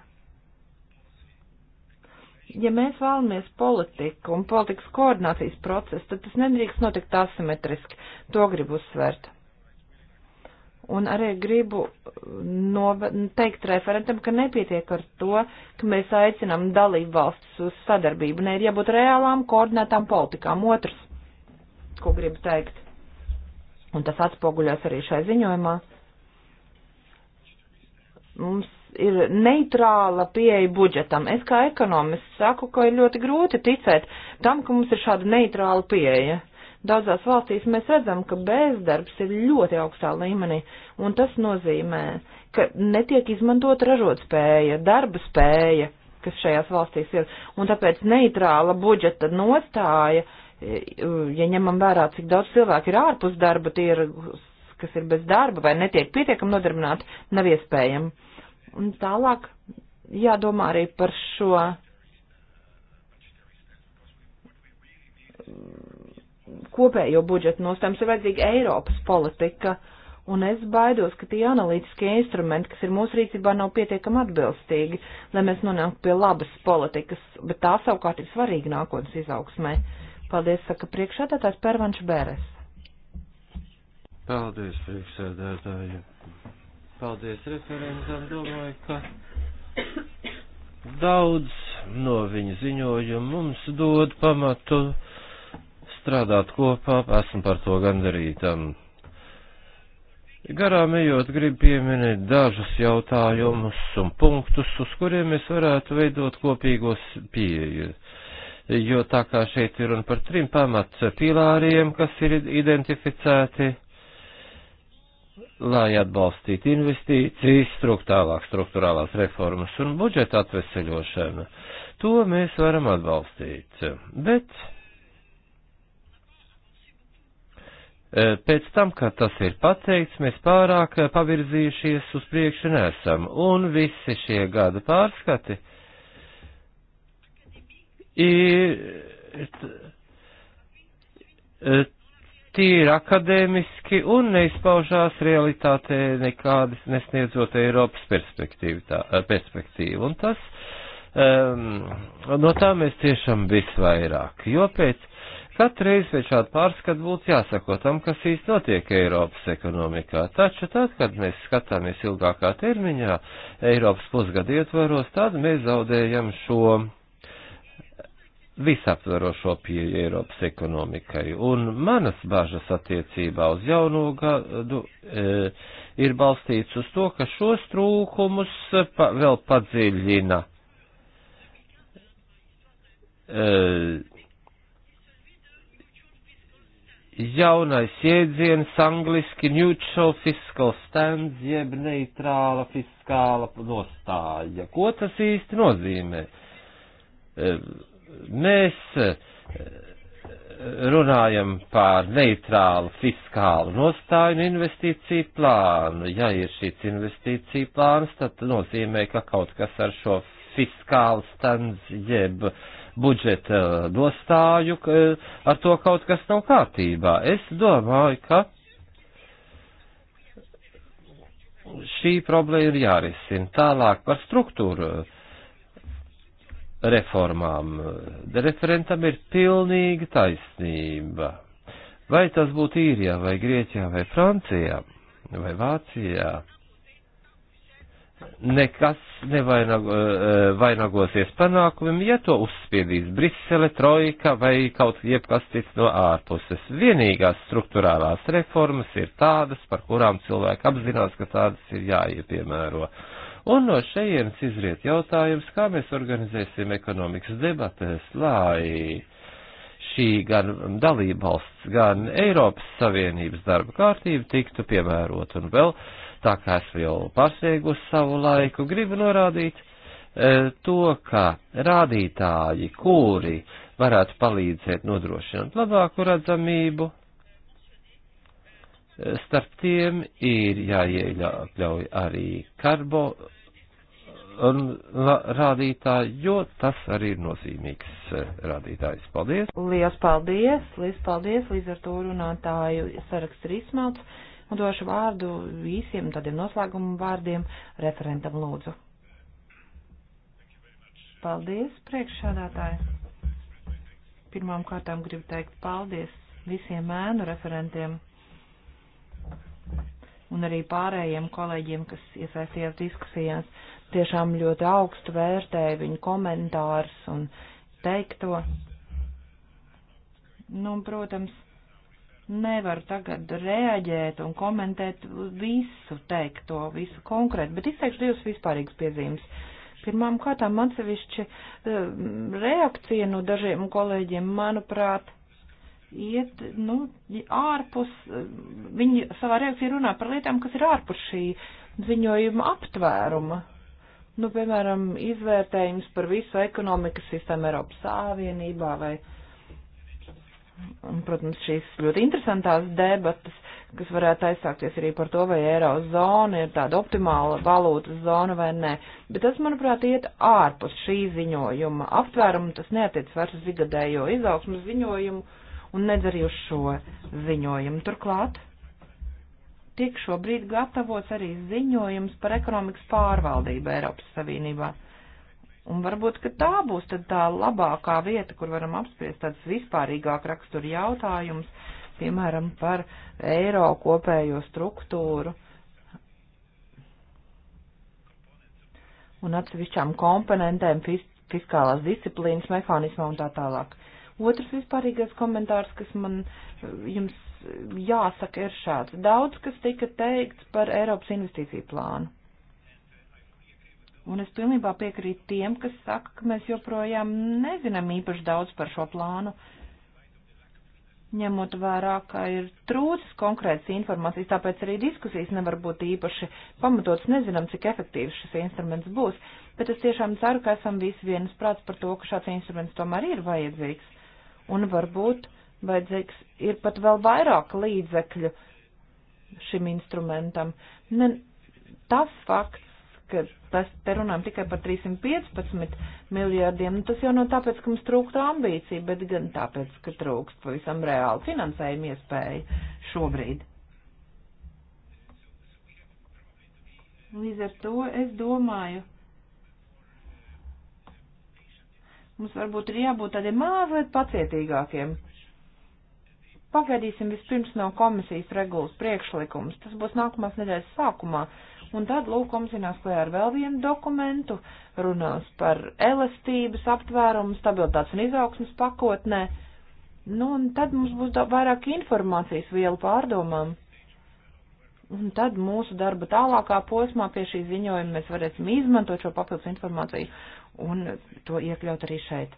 Ja mēs vēlamies politiku un politikas koordinācijas procesu, tad tas nedrīkst notikt asimetriski. To gribu uzsvērt. Un arī gribu teikt referentam, ka nepietiek ar to, ka mēs aicinām dalību valstis uz sadarbību. Nē, ir jābūt reālām, koordinētām politikām. Otrs, ko gribu teikt, un tas atspoguļos arī šai ziņojumā, Mums ir neitrāla pieeja budžetam. Es kā ekonomists saku, ka ir ļoti grūti ticēt tam, ka mums ir šāda neitrāla pieeja. Daudzās valstīs mēs redzam, ka bezdarbs ir ļoti augstā līmenī, un tas nozīmē, ka netiek izmantot ražotspēja, darba spēja, kas šajās valstīs ir, un tāpēc neitrāla budžeta nostāja, ja ņemam vērā, cik daudz cilvēku ir ārpus darba tirgus, kas ir bez darba vai netiek pietiekami nodarbināti, nav iespējama. Un tālāk jādomā arī par šo mm, kopējo budžetu nostājums ir vajadzīga Eiropas politika, un es baidos, ka tie analītiskie instrumenti, kas ir mūsu rīcībā, nav pietiekami atbilstīgi, lai mēs nonāktu pie labas politikas, bet tā savukārt ir svarīga nākotnes izaugsmē. Paldies, saka priekšādātājs Pervanš Bēres. Paldies, priekšsēdētāji. Paldies referentam. Domāju, ka daudz no viņa ziņojuma mums dod pamatu strādāt kopā. Esmu par to gandarītam. Garām ejot, gribu pieminēt dažus jautājumus un punktus, uz kuriem mēs varētu veidot kopīgos pieejas jo tā kā šeit ir un par trim pamat pilāriem, kas ir identificēti, lai atbalstītu investīcijas, struktūrālāk struktūrālās reformas un budžeta atveseļošana. To mēs varam atbalstīt. Bet e, pēc tam, kad tas ir pateikts, mēs pārāk pavirzījušies uz priekšu nesam, un visi šie gada pārskati ir e, tīri akadēmiski un neizpaužās realitātē nekādas nesniedzot Eiropas perspektīvu. Tā, eh, perspektīvu. Un tas, um, no tā mēs tiešām visvairāk, jo pēc Katreiz pēc šāda pārskata būtu jāsako tam, kas īsti notiek Eiropas ekonomikā. Taču tad, kad mēs skatāmies ilgākā termiņā Eiropas pusgada ietvaros, tad mēs zaudējam šo visaptverošo pieeju Eiropas ekonomikai. Un manas bažas attiecībā uz jauno gadu e, ir balstīts uz to, ka šos trūkumus pa, vēl padziļina. E, jaunais jēdziens angliski neutral fiscal stands jeb neitrāla fiskāla nostāja. Ko tas īsti nozīmē? E, Mēs eh, runājam par neitrālu fiskālu nostāju un investīciju plānu. Ja ir šīs investīcija plāns, tad nozīmē, ka kaut kas ar šo fiskālu stands jeb budžeta nostāju, ka eh, ar to kaut kas nav kārtībā. Es domāju, ka šī problēma ir jārisina tālāk par struktūru reformām. Referentam ir pilnīga taisnība. Vai tas būtu īrijā, vai Grieķijā, vai Francijā, vai Vācijā? Nekas nevainagosies eh, panākumiem, ja to uzspiedīs Brisele, Trojka vai kaut jebkas cits no ārpuses. Vienīgās struktūrālās reformas ir tādas, par kurām cilvēki apzinās, ka tādas ir jāiepiemēro. Ja Un no šejienes izriet jautājums, kā mēs organizēsim ekonomikas debatēs, lai šī gan dalībvalsts, gan Eiropas Savienības darba kārtība tiktu piemērot. Un vēl, tā kā esmu jau pārsniegusi savu laiku, gribu norādīt e, to, ka rādītāji, kuri varētu palīdzēt nodrošināt labāku redzamību, e, starp tiem ir jāiekļauj arī karbo rādītāji, jo tas arī ir nozīmīgs eh, rādītājs. Paldies! Lielas paldies! Lielas paldies! Līdz ar to runātāju saraksts ir izsmelts un došu vārdu visiem tādiem noslēgumu vārdiem referentam lūdzu. Paldies, priekšsādātāji! Pirmām kārtām gribu teikt paldies visiem mēnu referentiem un arī pārējiem kolēģiem, kas iesaistījās diskusijās tiešām ļoti augstu vērtēju viņu komentārus un teikto. Nu, protams, nevaru tagad reaģēt un komentēt visu teikto, visu konkrētu, bet izteikšu divas vispārīgas piezīmes. Pirmām kārtām atsevišķi eh, reakcija no dažiem kolēģiem, manuprāt, iet, nu, ārpus, eh, viņi savā reakcijā runā par lietām, kas ir ārpus šī ziņojuma aptvēruma nu, piemēram, izvērtējums par visu ekonomikas sistēmu Eiropas Savienībā vai, un, protams, šīs ļoti interesantās debatas, kas varētu aizsākties arī par to, vai eirozona ir tāda optimāla valūtas zona vai nē. Bet tas, manuprāt, iet ārpus šī ziņojuma aptvērumu, tas neatiec vairs uz zigadējo izaugsmas ziņojumu un nedz arī uz šo ziņojumu. Turklāt tiek šobrīd gatavots arī ziņojums par ekonomikas pārvaldību Eiropas Savienībā. Un varbūt, ka tā būs tad tā labākā vieta, kur varam apspriest tāds vispārīgāk rakstur jautājums, piemēram, par eiro kopējo struktūru un atsevišķām komponentēm fiskālās disciplīnas mehānismā un tā tālāk. Uh, Otrs vispārīgais komentārs, kas man eh, jums jāsaka, ir šāds. Daudz, kas tika teikts par Eiropas investīciju plānu. Un es pilnībā piekrītu tiem, kas saka, ka mēs joprojām nezinām īpaši daudz par šo plānu, ņemot vērā, ka ir trūcis konkrētas informācijas, tāpēc arī diskusijas nevar būt īpaši pamatotas, nezinām, cik efektīvs šis instruments būs, bet es tiešām ceru, ka esam visi vienas prāts par to, ka šāds instruments tomēr ir vajadzīgs un varbūt vajadzīgs ir pat vēl vairāk līdzekļu šim instrumentam. Ne, tas fakts, ka tas te runājam tikai par 315 miljārdiem, nu tas jau nav tāpēc, ka mums trūkst ambīcija, bet gan tāpēc, ka trūkst pavisam reāli finansējuma iespēja šobrīd. Līdz ar to es domāju, Mums varbūt ir jābūt tādiem mazliet pacietīgākiem. Pagaidīsim vispirms no komisijas regulas priekšlikums. Tas būs nākamās nedēļas sākumā. Un tad lūk, komisijās klajā ar vēl vienu dokumentu, runās par elastības aptvērumu, stabilitātes un izaugsmas pakotnē. Nu, un tad mums būs vairāk informācijas vielu pārdomām. Un tad mūsu darba tālākā posmā pie šī ziņojuma mēs varēsim izmantot šo papildus informāciju un to iekļaut arī šeit.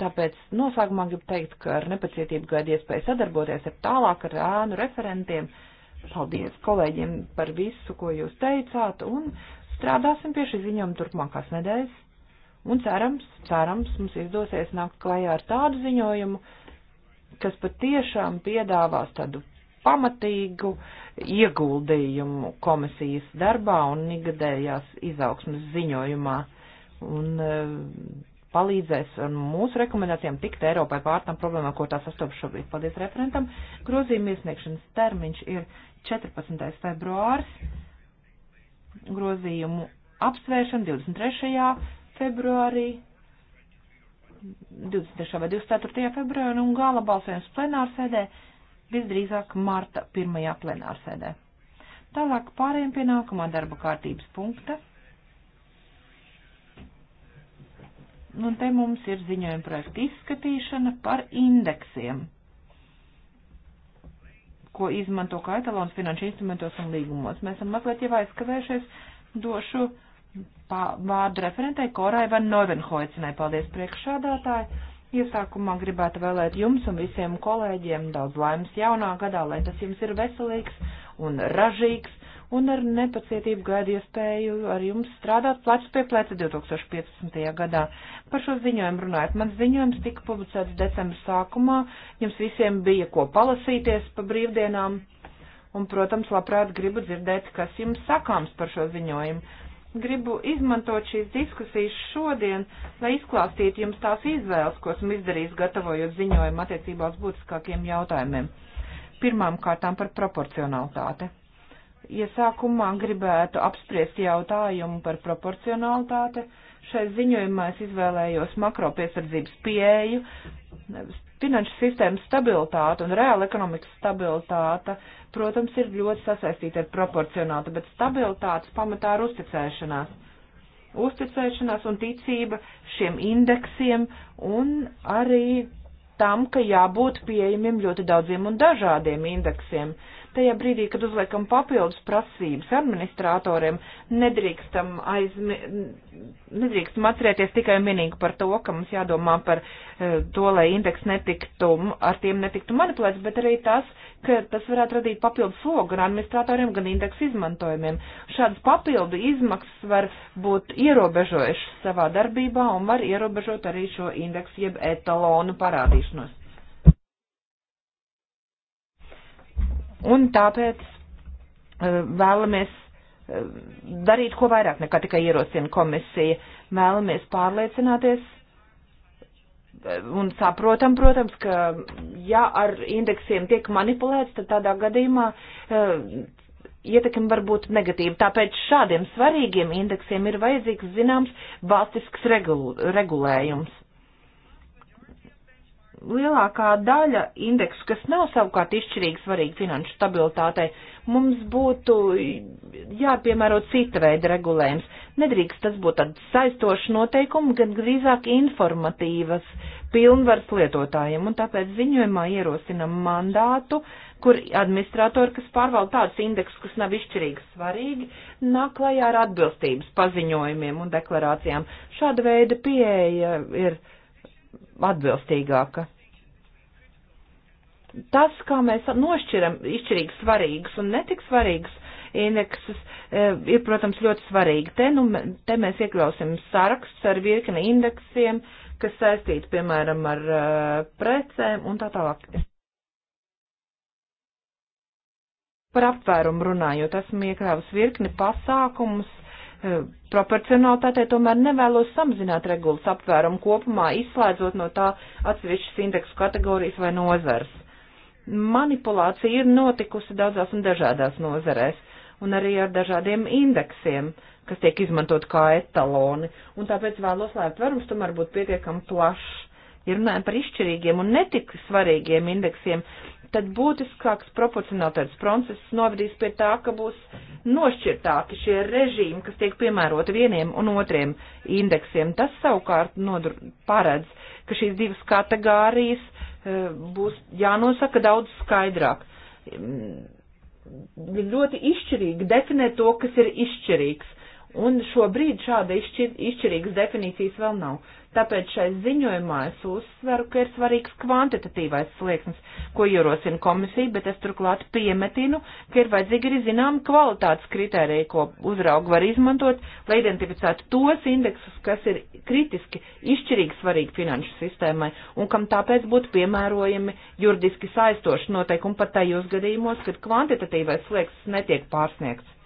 Tāpēc noslēgumā gribu teikt, ka ar nepacietību gaidu iespēju sadarboties ar tālāk ar ānu referentiem. Paldies kolēģiem par visu, ko jūs teicāt, un strādāsim pie šī ziņojuma turpmākās nedēļas. Un cerams, cerams, mums izdosies nākt klajā ar tādu ziņojumu, kas patiešām piedāvās tādu pamatīgu ieguldījumu komisijas darbā un nigadējās izaugsmas ziņojumā un e, palīdzēs ar mūsu rekomendācijām tikt Eiropai pār tām problēmām, ko tā sastopas šobrīd. Paldies referentam. Grozījuma iesniegšanas termiņš ir 14. februārs. Grozījumu apsvēršana 23. februārī. 23. vai 24. februārī un gala balsojums plenārsēdē visdrīzāk marta pirmajā plenārsēdē. Tālāk pārējiem pie nākamā darba kārtības punkta. Un te mums ir ziņojuma projekta izskatīšana par indeksiem, ko izmanto kā etalons finanšu instrumentos un līgumos. Mēs esam mazliet jau aizkavējušies. Došu vārdu referentai Korai van Novenhoicinai. Paldies priekšādātāji. Iesākumā gribētu vēlēt jums un visiem kolēģiem daudz laimes jaunā gadā, lai tas jums ir veselīgs un ražīgs un ar nepacietību gaidu iespēju ar jums strādāt plecu pie pleca 2015. gadā. Par šo ziņojumu runājot, mans ziņojums tika publicēts decembra sākumā, jums visiem bija ko palasīties pa brīvdienām, un, protams, labprāt gribu dzirdēt, kas jums sakāms par šo ziņojumu. Gribu izmantot šīs diskusijas šodien, lai izklāstītu jums tās izvēles, ko esmu izdarījis, gatavojot ziņojumu attiecībā uz būtiskākiem jautājumiem. Pirmām kārtām par proporcionalitāti Iesākumā ja gribētu apspriest jautājumu par proporcionalitāti. Šai ziņojumā es izvēlējos makro piesardzības pieeju, finanšu sistēmas stabilitāte un reāla ekonomikas stabilitāte, protams, ir ļoti sasaistīta ar proporcionātu, bet stabilitātes pamatā ir uzticēšanās. Uzticēšanās un ticība šiem indeksiem un arī tam, ka jābūt pieejamiem ļoti daudziem un dažādiem indeksiem. Uh, tajā brīdī, kad uzliekam papildus prasības administratoriem, nedrīkstam, aizmi, nedrīkstam atcerēties tikai un vienīgi par to, ka mums jādomā par e, to, lai indeks netiktu, ar tiem netiktu manipulēts, bet arī tas, ka tas varētu radīt papildus slogu gan administratoriem, gan indeksu izmantojumiem. Šādas papildu izmaksas var būt ierobežojušas savā darbībā un var ierobežot arī šo indeksu jeb etalonu parādīšanos. Un tāpēc e, vēlamies e, darīt ko vairāk nekā tikai ierosina komisija. Vēlamies pārliecināties e, un saprotam, protams, ka ja ar indeksiem tiek manipulēts, tad tādā gadījumā ietekme var būt negatīva. Tāpēc šādiem svarīgiem indeksiem ir vajadzīgs zināms valstisks regulējums lielākā daļa indeksu, kas nav savukārt izšķirīgi svarīgi finanšu stabilitātei, mums būtu jāpiemēro cita veida regulējums. Nedrīkst tas būt tāds saistošs noteikums, gan drīzāk informatīvas pilnvars lietotājiem, un tāpēc ziņojumā ierosinam mandātu, kur administratori, kas pārvalda tādus indeksus, kas nav izšķirīgi svarīgi, nāk klajā ar atbilstības paziņojumiem un deklarācijām. Šāda veida pieeja ir atbilstīgāka tas, kā mēs nošķiram izšķirīgi svarīgus un netik svarīgus indeksus, eh, ir, protams, ļoti svarīgi. Te, nu, te mēs iekļausim sarakstus ar virkni indeksiem, kas saistīti, piemēram, ar eh, precēm un tā tālāk. Par aptvērumu runājot, esmu iekļāvis virkni pasākumus, eh, proporcionalitātei tomēr nevēlos samazināt regulas aptvērumu kopumā, izslēdzot no tā atsevišķas indeksu kategorijas vai nozars manipulācija ir notikusi daudzās un dažādās nozarēs, un arī ar dažādiem indeksiem, kas tiek izmantot kā etaloni, un tāpēc vēlos, lai aptverums tomēr būtu pietiekami plašs. Ja runājam par izšķirīgiem un netik svarīgiem indeksiem, tad būtiskāks proporcionātais process novadīs pie tā, ka būs nošķirtāki šie režīmi, kas tiek piemēroti vieniem un otriem indeksiem. Tas savukārt paredz, ka šīs divas kategorijas uh, E, būs jānosaka daudz skaidrāk. Ir mm, ļoti izšķirīgi definēt to, kas ir izšķirīgs. Un šobrīd šāda izšķir, izšķirīgas definīcijas vēl nav. Tāpēc šai ziņojumā es uzsveru, ka ir svarīgs kvantitatīvais slieksnis, ko ierosina komisija, bet es turklāt piemetinu, ka ir vajadzīgi arī zinām kvalitātes kritērija, ko uzraugu var izmantot, lai identificētu tos indeksus, kas ir kritiski, izšķirīgi svarīgi finanšu sistēmai un kam tāpēc būtu piemērojami juridiski saistoši noteikumi pat tajos gadījumos, kad kvantitatīvais slieksnis netiek pārsniegts.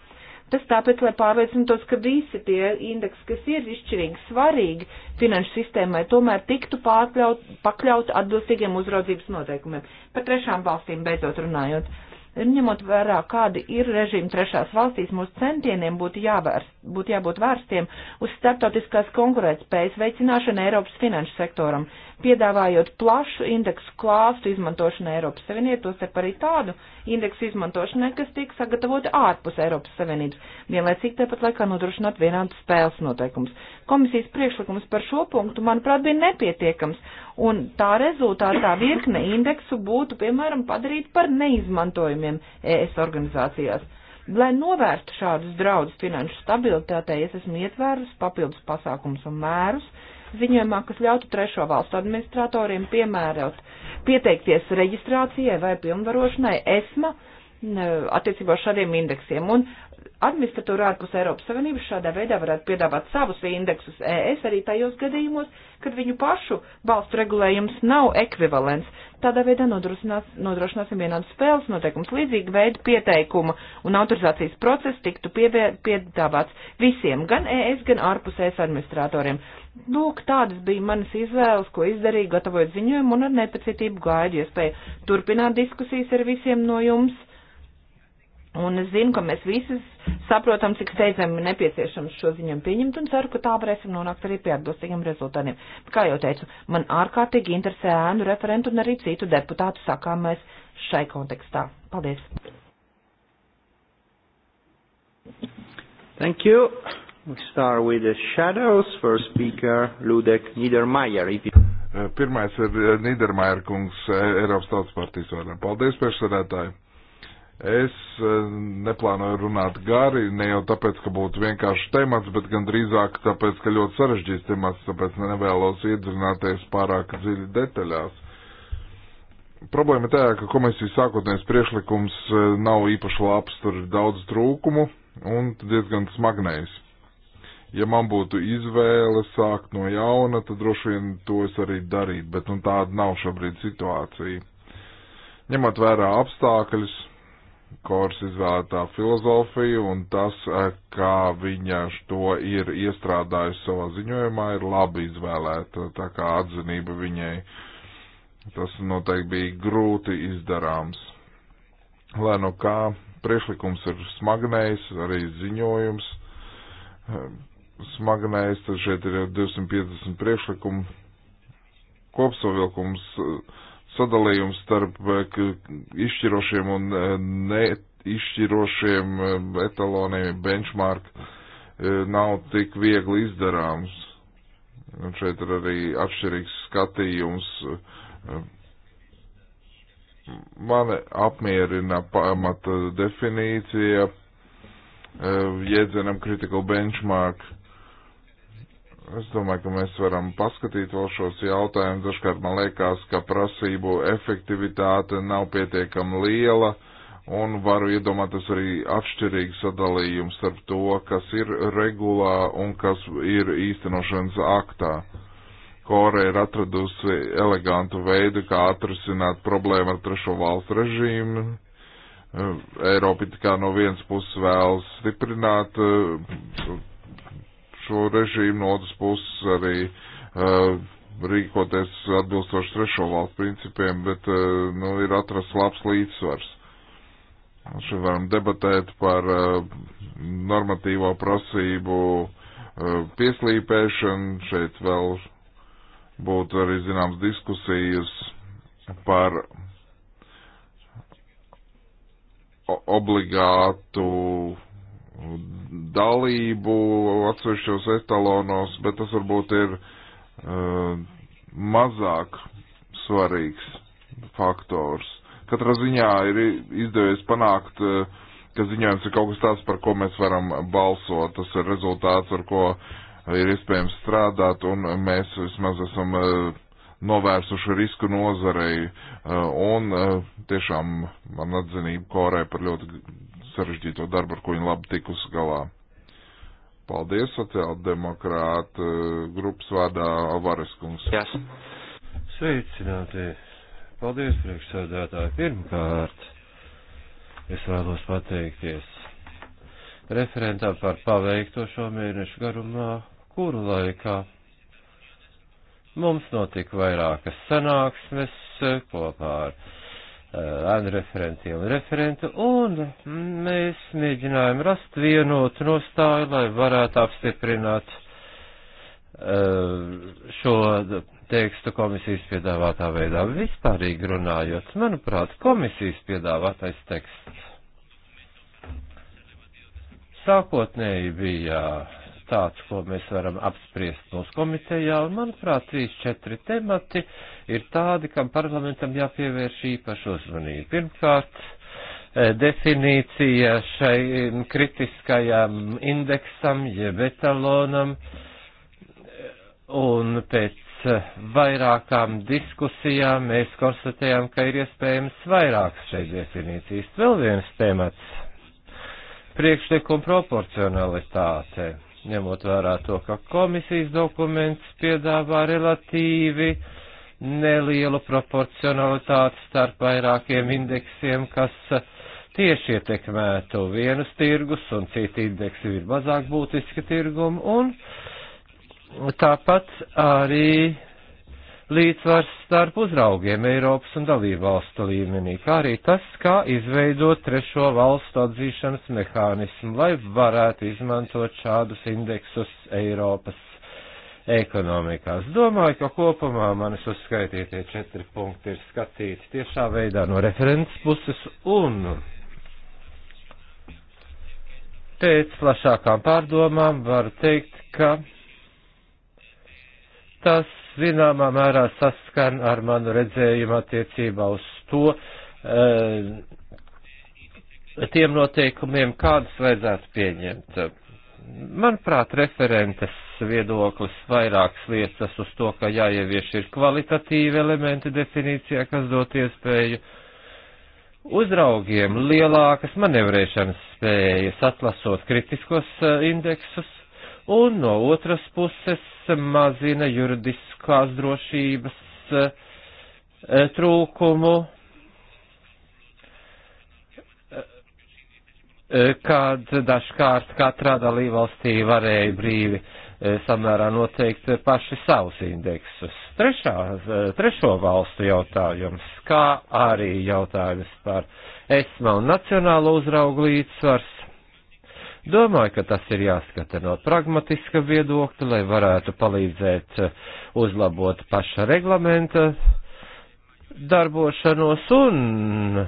Tas tāpēc, lai pārliecinātos, ka visi tie indeksi, kas ir izšķirīgi svarīgi finanšu sistēmai, tomēr tiktu pārkļaut, pakļaut atbilstīgiem uzraudzības noteikumiem. Par trešām valstīm beidzot runājot. Ņemot vērā, kādi ir režīmi trešās valstīs, mūsu centieniem būtu, jāvērst, būtu jābūt vērstiem uz starptautiskās konkurētspējas veicināšanu Eiropas finanšu sektoram piedāvājot plašu indeksu klāstu izmantošanu Eiropas Savienībā, tos ar arī tādu indeksu izmantošanai, kas tiek sagatavoti ārpus Eiropas Savienības, vienlaicīgi tāpat laikā nodrošinot vienādas spēles noteikums. Komisijas priekšlikums par šo punktu, manuprāt, bija nepietiekams, un tā rezultātā virkne indeksu būtu, piemēram, padarīt par neizmantojumiem ES organizācijās. Lai novērstu šādus draudus finanšu stabilitātei, es esmu ietvērus papildus pasākums un mērus, ziņojumā, kas ļautu trešo valstu administratoriem piemērot, pieteikties reģistrācijai vai pilnvarošanai ESMA attiecībā uz šādiem indeksiem. Un administratūra ārpus Eiropas Savienības šādā veidā varētu piedāvāt savus indeksus ES arī tajos gadījumos, kad viņu pašu balstu regulējums nav ekvivalents. Tādā veidā nodrošināsim vienādu spēles noteikumus. Līdzīgi veidu pieteikuma un autorizācijas process tiktu piedāvāts visiem, gan ES, gan ārpus ES administratoriem. Lūk, tādas bija manas izvēles, ko izdarīju, gatavojot ziņojumu un ar nepacietību gaidu iespēju turpināt diskusijas ar visiem no jums. Un es zinu, ka mēs visi saprotam, cik steidzami ir nepieciešams šo ziņojumu pieņemt un ceru, ka tā varēsim nonākt arī pie atbilstīgiem rezultātiem. Kā jau teicu, man ārkārtīgi interesē ēnu referentu un arī citu deputātu sakāmais šai kontekstā. Paldies! Thank you. We start with the shadows. First speaker, Ludek Niedermayer. Eh, pirmais ir eh, Niedermayer kungs, eh, Eiropas Tautas partijas vārdā. Paldies, priekšsēdētāji. Es neplānoju runāt gari, ne jau tāpēc, ka būtu vienkārši temats, bet gan drīzāk tāpēc, ka ļoti sarežģīts temats, tāpēc nevēlos iedzināties pārāk dziļi detaļās. Problēma tā, ka komisijas sākotnējais priešlikums nav īpaši labs, tur ir daudz trūkumu un diezgan smagnējs ja man būtu izvēle sākt no jauna, tad droši vien to es arī darītu, bet nu, tāda nav šobrīd situācija. Ņemot vērā apstākļus, Kors izvēlētā filozofija un tas, eh, kā viņa to ir iestrādājusi savā ziņojumā, ir labi izvēlēta, tā kā atzinība viņai. Tas noteikti bija grūti izdarāms. Lai nu kā, priekšlikums ir smagnējs, arī ziņojums smaganais, tad šeit ir 250 priekšlikumu kopsavilkums, sadalījums starp eh, izšķirošiem un eh, neizšķirošiem eh, etaloniem, benchmark nav tik viegli izdarāms. Un šeit ir arī atšķirīgs skatījums. Mani apmierina pamata definīcija jēdzienam critical benchmark Es domāju, ka mēs varam paskatīt vēl šos jautājumus. Dažkārt man liekas, ka prasību efektivitāte nav pietiekama liela, un varu iedomāties arī atšķirīgu sadalījumu starp to, kas ir regulā un kas ir īstenošanas aktā. Kore ir atradusi elegantu veidu, kā atrisināt problēmu ar trešo valstu režīmu, Eiropa tā kā no vienas puses vēlas stiprināt šo režīmu, no otras puses arī uh, rīkoties atbilstoši trešo valstu principiem, bet uh, nu, ir atrasts labs līdzsvars. Šeit varam debatēt par uh, normatīvo prasību uh, pieslīpēšanu. Šeit vēl būtu arī zināms diskusijas par obligātu dalību atsevišķos etalonos, bet tas varbūt ir uh, mazāk svarīgs faktors. Katrā ziņā ir izdevies panākt, uh, ka ziņojums ir kaut kas tāds, par ko mēs varam balsot. Tas ir rezultāts, ar ko ir iespējams strādāt, un mēs vismaz esam uh, novērsuši risku nozarei, un tiešām man atzinību korē par ļoti sarežģīto darbu, ar ko viņi labi tikus galā. Paldies, sociāldemokrāta eh, grupas vārdā Alvares kungs. Yes. Sveicināti. Paldies, priekšsēdētāji. Pirmkārt, es vēlos pateikties referentam par paveikto šo mēnešu garumā, kuru laikā mums notika vairākas sanāksmes kopā ar ēnu referentiem un referentu, un mēs mēģinājām rast vienotu nostāju, lai varētu apstiprināt šo tekstu komisijas piedāvātā veidā. Vispārīgi runājot, manuprāt, komisijas piedāvātais teksts sākotnēji bija tāds, ko mēs varam apspriest mūsu komitejā, un, manuprāt, trīs, četri temati ir tādi, kam parlamentam jāpievērš īpašu uzmanību. Pirmkārt, e, definīcija šai kritiskajam indeksam, jeb etalonam, un pēc vairākām diskusijām mēs konstatējām, ka ir iespējams vairākas šeit definīcijas. Vēl viens temats - priekšlikuma proporcionalitāte ņemot vērā to, ka komisijas dokuments piedāvā relatīvi nelielu proporcionalitāti starp vairākiem indeksiem, kas tieši ietekmētu vienus tirgus, un citi indeksi ir mazāk būtiski tirgumu, un tāpat arī līdzsvars starp uzraugiem Eiropas un dalību valstu līmenī, kā arī tas, kā izveidot trešo valstu atzīšanas mehānismu, lai varētu izmantot šādus indeksus Eiropas ekonomikās. Domāju, ka kopumā manis uzskaitītie četri punkti ir skatīti tiešā veidā no referents puses un pēc plašākām pārdomām var teikt, ka tas zināmā mērā saskan ar manu redzējumu attiecībā uz to, eh, tiem noteikumiem, kādus vajadzētu pieņemt. Manuprāt, referentes viedoklis vairākas liecas uz to, ka jāievieš ir kvalitatīvi elementi definīcijā, kas dot iespēju uzraugiem lielākas manevrēšanas spējas, atlasot kritiskos eh, indeksus, un no otras puses mazina juridiskās drošības eh, trūkumu, eh, kad dažkārt katrā dalībvalstī varēja brīvi eh, samērā noteikt paši savus indeksus. Trešā, trešo valstu jautājums, kā arī jautājums par ESMA un nacionālo uzraugu līdzsvars Domāju, ka tas ir jāskata no pragmatiska viedokļa, lai varētu palīdzēt eh, uzlabot paša reglamenta darbošanos un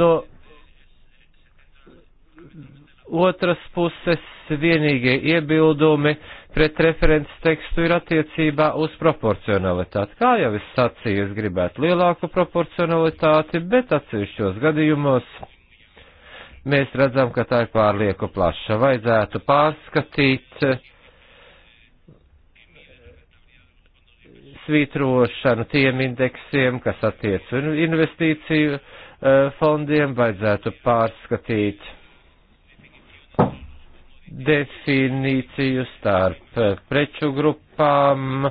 no otras puses vienīgie iebildumi pret referents tekstu ir attiecībā uz proporcionalitāti. Kā jau es sacīju, es gribētu lielāku proporcionalitāti, bet atsevišķos gadījumos mēs redzam, ka tā ir pārlieku plaša. Vajadzētu pārskatīt eh, svītrošanu tiem indeksiem, kas attiec investīciju eh, fondiem, vajadzētu pārskatīt definīciju starp eh, preču grupām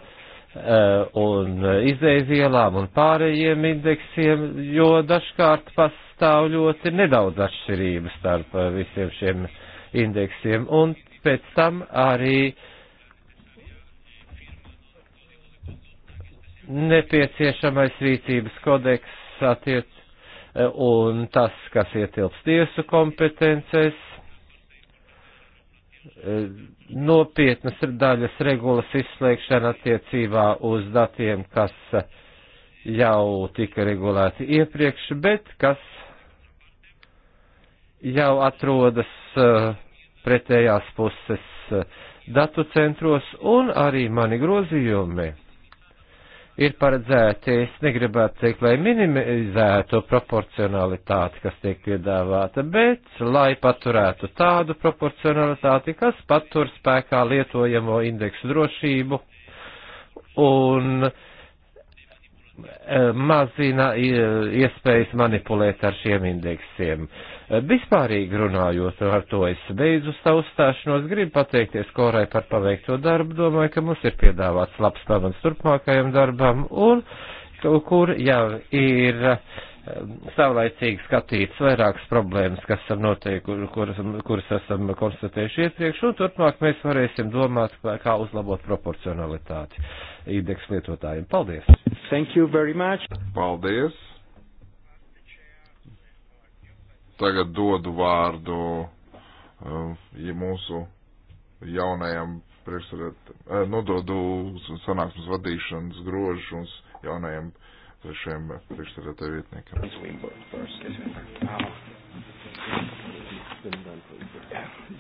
un izēvielām un pārējiem indeksiem, jo dažkārt pas pastāv ļoti nedaudz atšķirības starp eh, visiem šiem indeksiem, un pēc tam arī nepieciešamais rīcības kodeks attiec eh, un tas, kas ietilps tiesu kompetences, eh, nopietnas daļas regulas izslēgšana attiecībā uz datiem, kas jau tika regulēti iepriekš, bet kas jau atrodas eh, pretējās puses eh, datu centros, un arī mani grozījumi ir paredzēti, es negribētu teikt, lai minimizētu proporcionalitāti, kas tiek piedāvāta, bet lai paturētu tādu proporcionalitāti, kas patur spēkā lietojamo indeksu drošību un uh, Eh, mazina eh, iespējas manipulēt ar šiem indeksiem. Eh, vispārīgi runājot, ar to es beidzu savu stāšanos, gribu pateikties Korai par paveikto darbu, domāju, ka mums ir piedāvāts labs pamats turpmākajam darbam, un kur jau ir savlaicīgi skatīts vairākas problēmas, kas esam noteikuši, kuras, kuras esam konstatējuši iepriekš, un turpmāk mēs varēsim domāt, kā uzlabot proporcionalitāti indeks lietotājiem. Paldies! Thank you very much! Paldies! Tagad dodu vārdu um, ja mūsu jaunajam priekšsēdētājam, eh, nododu nu, sanāksmes vadīšanas grožus jaunajam priekšsēdētāju vietniekam.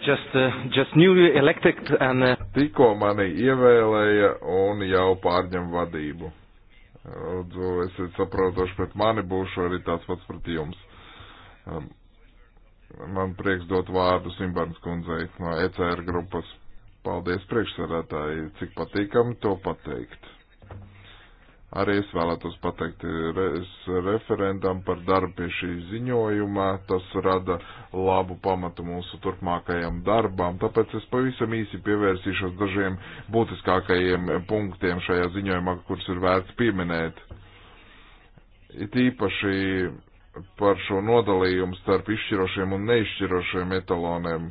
Just, uh, just newly elected and... Uh... Tikko mani ievēlēja un jau pārņem vadību. Lūdzu, esiet saprotoši pret mani, būšu arī tāds pats pret jums. Um, man prieks dot vārdu Simbarnas kundzei no ECR grupas. Paldies priekšsarētāji, cik patīkam to pateikt. Arī es vēlētos pateikt es referentam par darbu pie šī ziņojuma. Tas rada labu pamatu mūsu turpmākajam darbam. Tāpēc es pavisam īsi pievērsīšos dažiem būtiskākajiem punktiem šajā ziņojumā, kurus ir vērts pieminēt. It īpaši par šo nodalījumu starp izšķirošiem un neizšķirošiem etaloniem.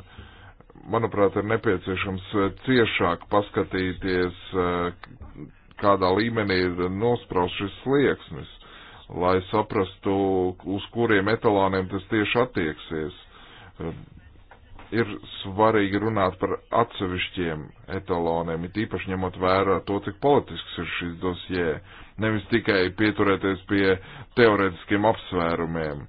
Manuprāt, ir nepieciešams ciešāk paskatīties, kādā līmenī ir nospraust šis slieksnis, lai saprastu, uz kuriem etalāniem tas tieši attieksies. Ir svarīgi runāt par atsevišķiem etaloniem, it īpaši ņemot vērā to, cik politisks ir šis dosjē, nevis tikai pieturēties pie teoretiskiem apsvērumiem.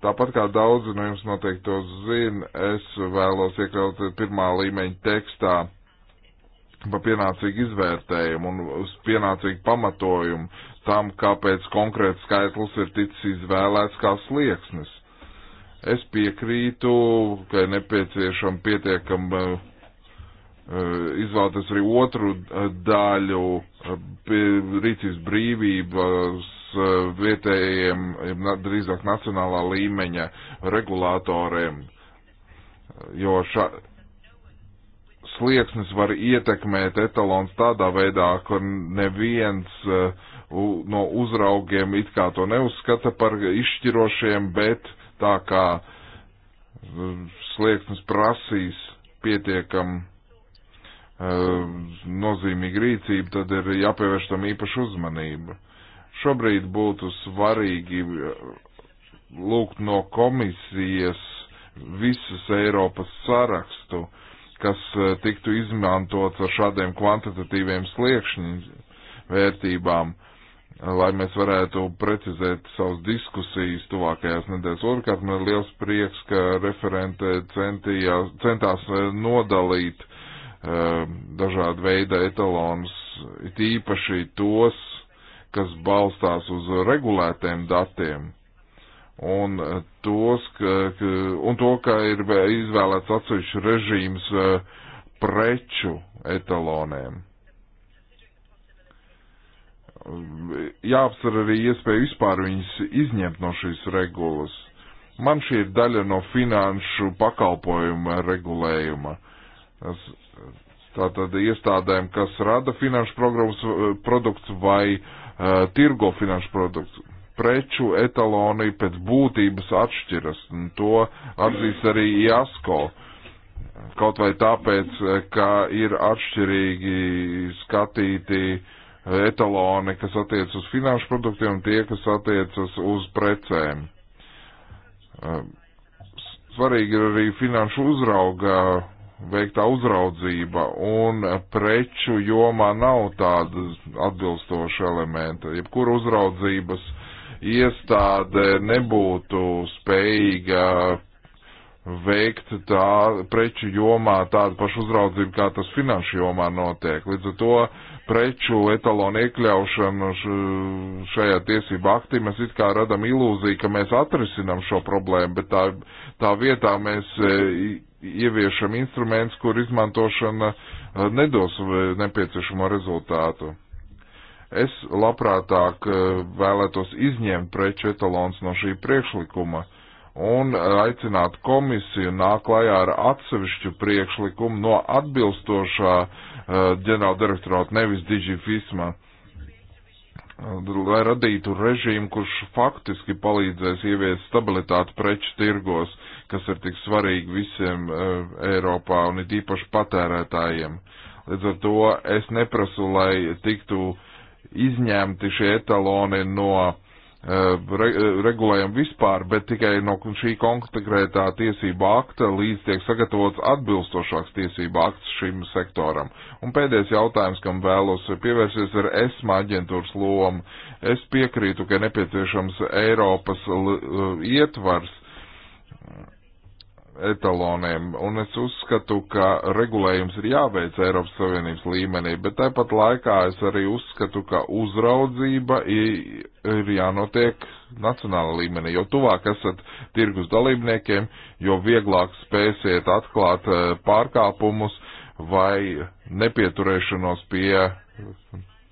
Tāpat kā daudzi no jums noteikti to zina, es vēlos iekļaut pirmā līmeņa tekstā par pienācīgu izvērtējumu un uz pienācīgu pamatojumu tam, kāpēc konkrēts skaitlis ir ticis izvēlēts kā slieksnis. Es piekrītu, ka ir nepieciešama pietiekama eh, izvēlēties arī otru eh, daļu eh, rīcības brīvības vietējiem, drīzāk nacionālā līmeņa regulātoriem, jo šādi slieksnis var ietekmēt etalons tādā veidā, kur neviens eh, no uzraugiem it kā to neuzskata par izšķirošiem, bet tā kā eh, slieksnis prasīs pietiekam eh, nozīmīga rīcība, tad ir jāpievērš tam īpašu uzmanību. Šobrīd būtu svarīgi lūgt no komisijas visas Eiropas sarakstu, kas e, tiktu izmantots ar šādiem kvantitatīviem sliekšņu vērtībām, lai mēs varētu precizēt savus diskusijas tuvākajās nedēļas. Otrkārt, man ir liels prieks, ka referente centījās, centās e, nodalīt uh, dažādu veidu etalons, it īpaši tos, kas balstās uz regulētiem datiem un, eh, tos, ka, un to, ka ir izvēlēts atsevišķi režīms eh, preču etalonēm. Jāapsver arī iespēju vispār viņus izņemt no šīs regulas. Man šī ir daļa no finanšu pakalpojuma regulējuma. Tas, tātad iestādēm, kas rada finanšu programmas eh, produkts vai uh, tirgo finanšu produkts preču etaloni pēc būtības atšķiras, un to atzīs arī JASKO. Kaut vai tāpēc, ka ir atšķirīgi skatīti etaloni, kas attiec uz finanšu produktiem un tie, kas attiecas uz precēm. Svarīgi ir arī finanšu uzrauga veiktā uzraudzība un preču jomā nav tādas atbilstoša elementa. Jebkura uzraudzības iestāde nebūtu spējīga veikt tā preču jomā tādu pašu uzraudzību, kā tas finanšu jomā notiek. Līdz ar to preču etalonu iekļaušanu šajā tiesību aktī mēs it kā radam ilūziju, ka mēs atrisinam šo problēmu, bet tā, tā vietā mēs e, ieviešam instruments, kur izmantošana e, nedos e, nepieciešamo rezultātu. Es labprātāk eh, vēlētos izņemt preču etalons no šī priekšlikuma un eh, aicināt komisiju nāk klajā ar atsevišķu priekšlikumu no atbilstošā eh, ģenerāla direktorāta, nevis Digifisma, lai radītu režīmu, kurš faktiski palīdzēs ieviest stabilitāti preču tirgos, kas ir tik svarīgi visiem Eiropā un it īpaši patērētājiem. Līdz ar to es neprasu, lai tiktu uh, izņemti šie etaloni no eh, re, eh, regulējuma vispār, bet tikai no šī konkrētā tiesība akta līdz tiek sagatavots atbilstošāks tiesība akts šim sektoram. Un pēdējais jautājums, kam vēlos pievērsties, ir ESMA aģentūras loma. Es piekrītu, ka nepieciešams Eiropas eh, ietvars etaloniem, un es uzskatu, ka regulējums ir jāveic Eiropas Savienības līmenī, bet tāpat laikā es arī uzskatu, ka uzraudzība ir jānotiek nacionāla līmenī, jo tuvāk esat tirgus dalībniekiem, jo vieglāk spēsiet atklāt e, pārkāpumus vai nepieturēšanos pie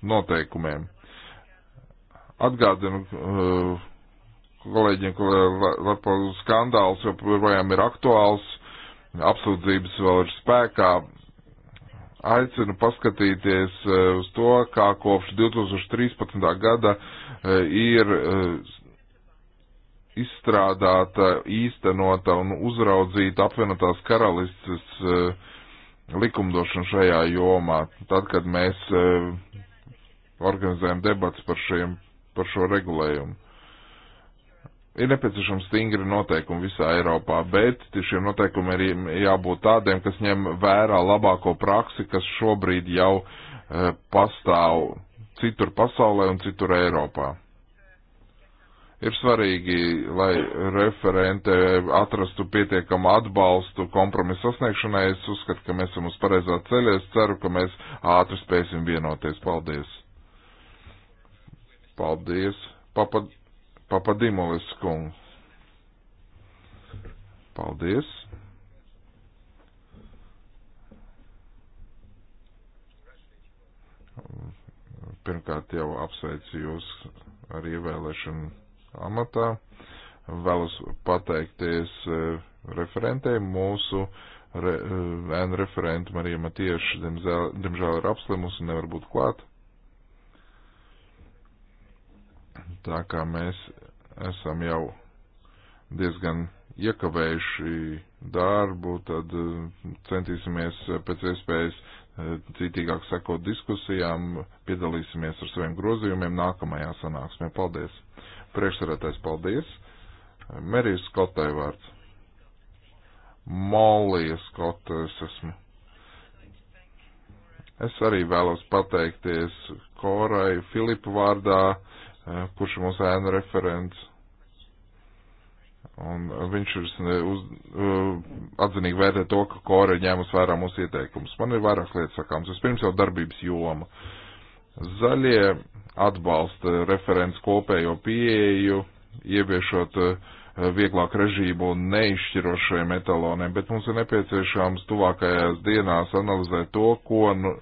noteikumiem. Atgādinu, e, kolēģiem, ka varbūt skandāls joprojām ir aktuāls, apsūdzības vēl ir spēkā. Aicinu paskatīties e, uz to, kā kopš 2013. gada e, ir e, izstrādāta, īstenota un uzraudzīta apvienotās karalistes likumdošana šajā jomā. Tad, kad mēs organizējam debats par, šiem, par šo regulējumu ir nepieciešams stingri noteikumi visā Eiropā, bet šiem noteikumiem ir jābūt tādiem, kas ņem vērā labāko praksi, kas šobrīd jau e, pastāv citur pasaulē un citur Eiropā. Ir svarīgi, lai referente atrastu pietiekamu atbalstu kompromisu sasniegšanai. Es uzskatu, ka mēs esam uz pareizā ceļa. Es ceru, ka mēs ātri spēsim vienoties. Paldies! Paldies! Papad Papadimolis kungs. Paldies. Pirmkārt jau apsveicu jūs ar ievēlēšanu amatā. Vēlos pateikties e, referentei mūsu re, e, referentu Marija Matieša, diemžēl, diemžēl ir apslimusi un nevar būt klāt. tā kā mēs esam jau diezgan iekavējuši darbu, tad eh, centīsimies eh, pēc iespējas eh, citīgāk sakot diskusijām, piedalīsimies ar saviem grozījumiem nākamajā sanāksmē. Paldies! Priekšsarētais paldies! Merijas Skotai vārds. Molija Skota es esmu. Es arī vēlos pateikties Korai Filipu vārdā, Eh, kurš ir mūsu ēna referents. Un viņš ir eh, uz, eh, atzinīgi vērtē to, ka Kore ņēmus vērā mūsu ieteikumus. Man ir vairākas lietas sakāms. Vispirms jau darbības joma. Zaļie atbalsta referents kopējo pieeju, ieviešot uh, vieglāk režīmu un neizšķirošajiem etaloniem, bet mums ir nepieciešams tuvākajās dienās analizēt to, ko nu,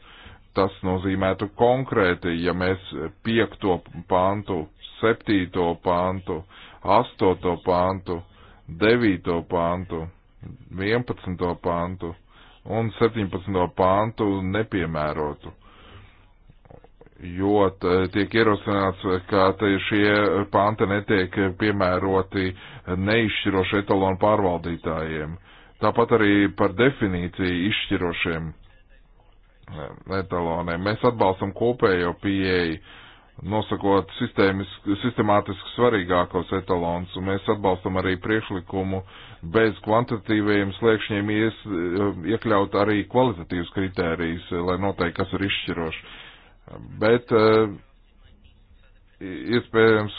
tas nozīmētu konkrēti, ja mēs piekto pantu, septīto pantu, astoto pantu, devīto pantu, vienpadsmito pantu un septiņpadsmito pantu nepiemērotu. Jo tiek ierosināts, ka šie panti netiek piemēroti neizšķiroši etalonu pārvaldītājiem. Tāpat arī par definīciju izšķirošiem Eh, etaloniem. Mēs atbalstam kopējo pieeju, nosakot sistemātiski svarīgākos etalons, un mēs atbalstam arī priekšlikumu bez kvantitīviem sliekšņiem ies, eh, iekļaut arī kvalitatīvas kritērijas, eh, lai noteikti kas ir izšķiroši. Bet iespējams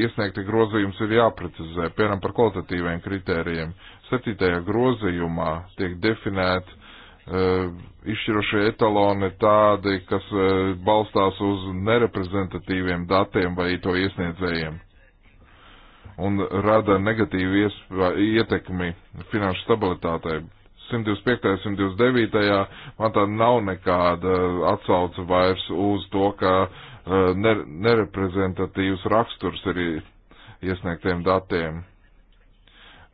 iesniegti grozījums ir jāprecizē, piemēram, par kvalitatīviem kritērijiem. Septītajā grozījumā tiek definēta Eh, izšķirošie etaloni tādi, kas eh, balstās uz nereprezentatīviem datiem vai to iesniedzējiem un rada negatīvu ietekmi finanšu stabilitātei. 125. 129. man tā nav nekāda atsauce vairs uz to, ka eh, nereprezentatīvs raksturs ir iesniegtiem datiem.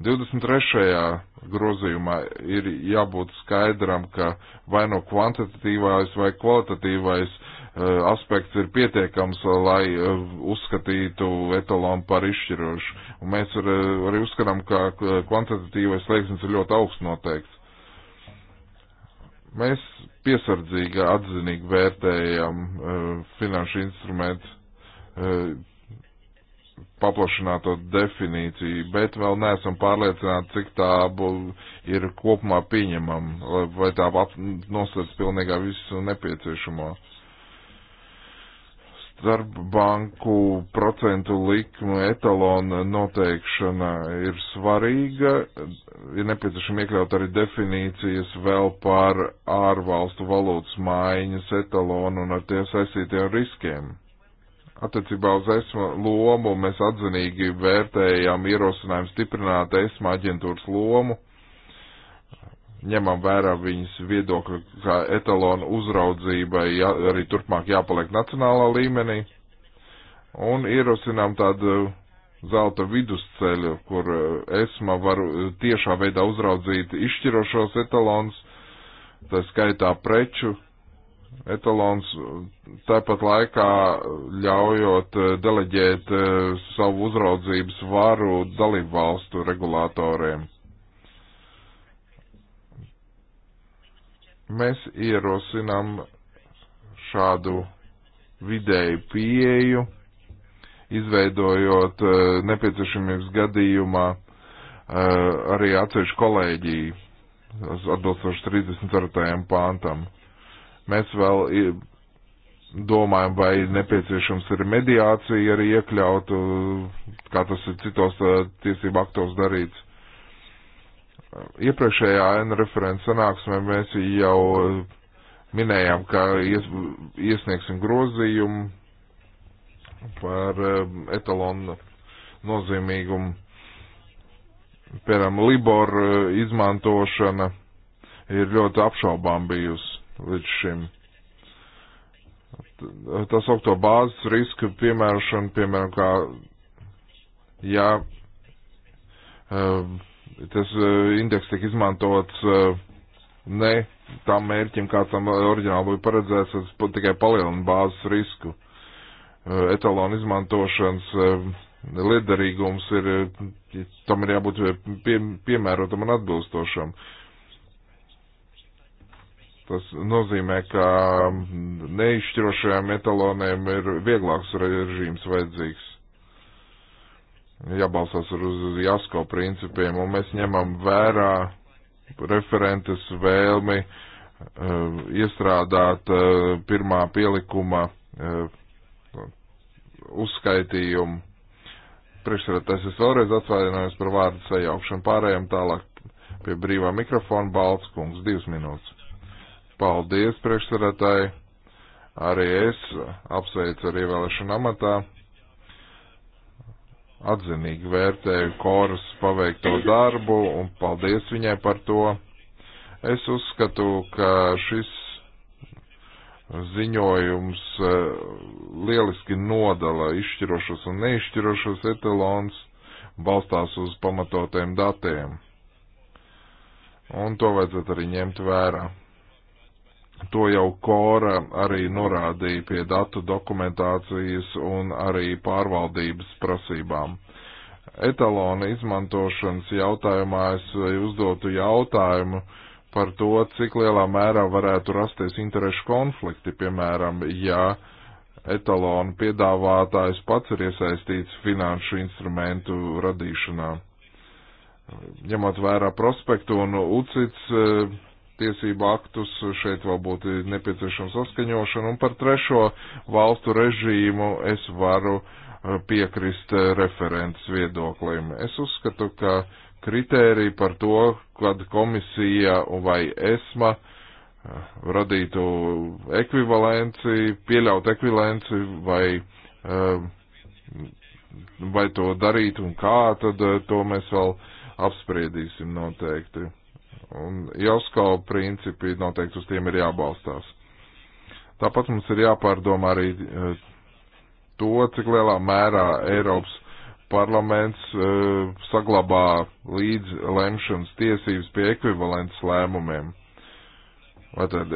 23. grozījumā ir jābūt skaidram, ka vai no kvantitatīvais vai kvalitatīvais uh, aspekts ir pietiekams, lai uh, uzskatītu etalonu par izšķirošu. Un mēs ar, eh, arī uzskatām, ka kvantitatīvais slēgsnis ir ļoti augsts noteikts. Mēs piesardzīgi, atzinīgi vērtējam uh, finanšu instrumentu paplašināto definīciju, bet vēl neesam pārliecināti, cik tā ir kopumā pieņemama, vai tā nosacīs pilnīgā visu nepieciešamo. Starpbanku procentu likmu etalona noteikšana ir svarīga, ir nepieciešama iekļaut arī definīcijas vēl par ārvalstu valūtas maiņas etalonu un ar tie saistītiem riskiem Attiecībā uz ESMA lomu mēs atzinīgi vērtējām ierosinājumu stiprināt ESMA aģentūras lomu, ņemam vērā viņas viedokli, ka etalona uzraudzībai jā, arī turpmāk jāpaliek nacionālā līmenī, un ierosinām tādu zelta vidusceļu, kur ESMA var tiešā veidā uzraudzīt izšķirošos etalons, tā skaitā preču etalons, tāpat laikā ļaujot eh, deleģēt eh, savu uzraudzības varu dalību valstu regulātoriem. Mēs ierosinām šādu vidēju pieeju, izveidojot eh, nepieciešamības gadījumā arī atsevišķu kolēģiju atbilstoši 34. pāntam. Mēs vēl domājam, vai nepieciešams ir mediācija arī iekļautu, uh, kā tas ir citos uh, tiesību aktos darīts. Iepriekšējā N referents sanāksmē mēs jau uh, minējām, ka ies, iesniegsim grozījumu par etalonu nozīmīgumu. Piemēram, Libor izmantošana ir ļoti apšaubām bijusi līdz šim. Tas augto bāzes riska piemērošana, piemēram, kā, ja eh, tas eh, indeks tiek izmantots eh, ne tam mērķim, kā tam oriģināli bija paredzēts, tas tikai palielina bāzes risku. Etalonu izmantošanas liederīgums ir, tam ir jābūt pie, piemērotam un atbilstošam. Uh, Tas nozīmē, ka neizšķirošajām etalonēm ir vieglāks režīms vajadzīgs. Jābalsās uz jāsko principiem, un mēs ņemam vērā referentes vēlmi uh, iestrādāt uh, pirmā pielikuma uh, uzskaitījumu. Priekšsēdētājs es vēlreiz atvainojos par vārdu sajaukšanu pārējiem tālāk pie brīvā mikrofona Balts kungs divas minūtes. Paldies, priekšsarētāji. Arī es apsveicu ar ievēlēšanu amatā. Atzinīgi vērtēju koras paveikto darbu un paldies viņai par to. Es uzskatu, ka šis ziņojums e, lieliski nodala izšķirošos un neizšķirošos etalons, balstās uz pamatotiem datiem. Un to vajadzētu arī ņemt vērā. To jau Kora arī norādīja pie datu dokumentācijas un arī pārvaldības prasībām. Etalona izmantošanas jautājumā es uzdotu jautājumu par to, cik lielā mērā varētu rasties interešu konflikti, piemēram, ja etalona piedāvātājs pats ir iesaistīts finanšu instrumentu radīšanā. Ņemot vērā prospektu un UCITS eh, tiesību aktus, šeit vēl būtu nepieciešams saskaņošana, un par trešo valstu režīmu es varu eh, piekrist eh, referents viedoklim. Es uzskatu, ka kritērija par to, kad komisija vai esma eh, radītu ekvivalenci, pieļaut ekvivalenci vai, vai to darīt un kā, tad to mēs vēl apspriedīsim noteikti. Un Jauskau principi noteikti uz tiem ir jābalstās. Tāpat mums ir jāpārdomā arī eh, to, cik lielā mērā Eiropas parlaments eh, saglabā līdz lemšanas tiesības pie ekvivalents lēmumiem. Vai tad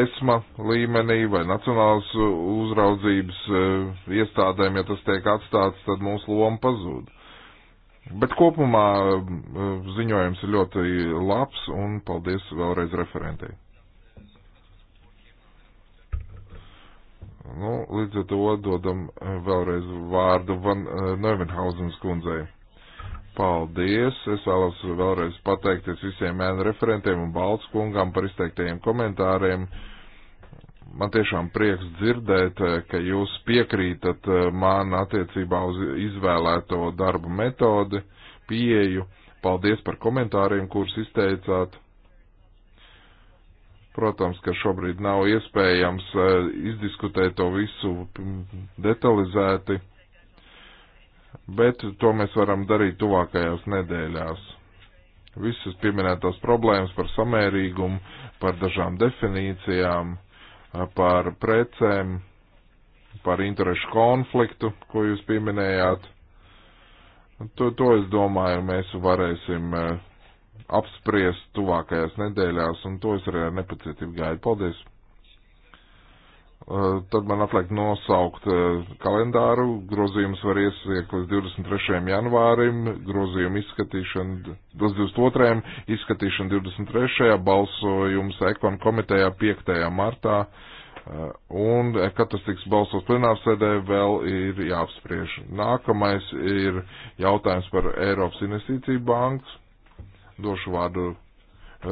ESMA līmenī vai Nacionālas uzraudzības eh, iestādēm, ja tas tiek atstāts, tad mūsu loma pazūd. Bet kopumā eh, ziņojums ir ļoti labs un paldies vēlreiz referentei. Nu, līdz ar to dodam eh, vēlreiz vārdu Van eh, Neuvenhausens kundzei. Paldies! Es vēlos vēlreiz pateikties visiem mēnu referentiem un Balts kungam par izteiktajiem komentāriem. Uh, man tiešām prieks dzirdēt, eh, ka jūs piekrītat eh, man attiecībā uz izvēlēto darbu metodi, pieeju. Paldies par komentāriem, kurus izteicāt. Protams, ka šobrīd nav iespējams eh, izdiskutēt to visu detalizēti, bet to mēs varam darīt tuvākajās nedēļās visas pieminētās problēmas par samērīgumu, par dažām definīcijām, par precēm, par interešu konfliktu, ko jūs pieminējāt. To, to es domāju, mēs varēsim eh, apspriest tuvākajās nedēļās, un to es arī ar nepacietību gaidu. Paldies! Eh, tad man atliek nosaukt eh, kalendāru. Grozījums var iesiekt līdz 23. janvārim, grozījuma izskatīšana 22. izskatīšana 23. balsojums ekon komitejā 5. martā. Eh, un, kad tas tiks balsots plenārsēdē, vēl ir jāapspriež. Nākamais ir jautājums par Eiropas investīciju bankas. Došu vārdu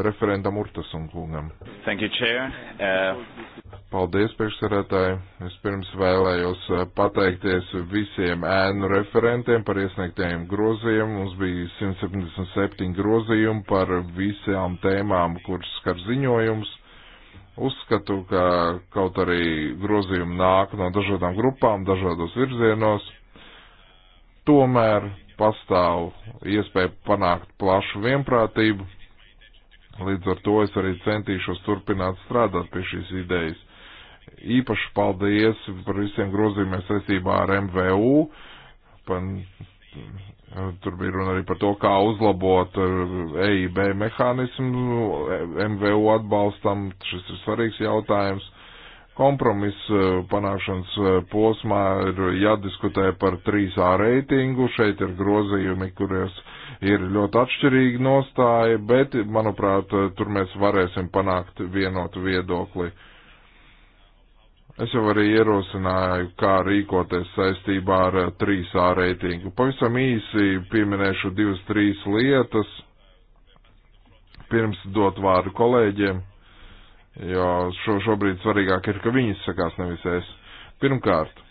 referentam Urtasam kungam. Thank you, Chair. Uh... Paldies, priekšsarētāji. Es pirms vēlējos uh, pateikties visiem ēnu referentiem par iesniegtajiem grozījumiem. Mums bija 177 grozījumi par visām tēmām, kuras skar ziņojums. Uzskatu, ka kaut arī grozījumi nāk no dažādām grupām, dažādos virzienos, tomēr pastāv iespēja panākt plašu vienprātību Līdz ar to es arī centīšos turpināt strādāt pie šīs idejas. Īpaši paldies par visiem grozījumiem saistībā ar MVU. Par, tur bija runa arī par to, kā uzlabot EIB eh, e mehānismu, MVU atbalstam. Šis ir svarīgs jautājums kompromisa eh, panākšanas eh, posmā ir jādiskutē par 3A reitingu. Šeit ir grozījumi, kuries ir ļoti atšķirīga nostāja, bet, manuprāt, eh, tur mēs varēsim panākt vienotu viedokli. Es jau arī ierosināju, kā rīkoties saistībā ar 3A reitingu. Pavisam īsi pieminēšu divas, trīs lietas pirms dot vārdu kolēģiem jo šo, šobrīd svarīgāk ir, ka viņas sakās nevis es. Pirmkārt,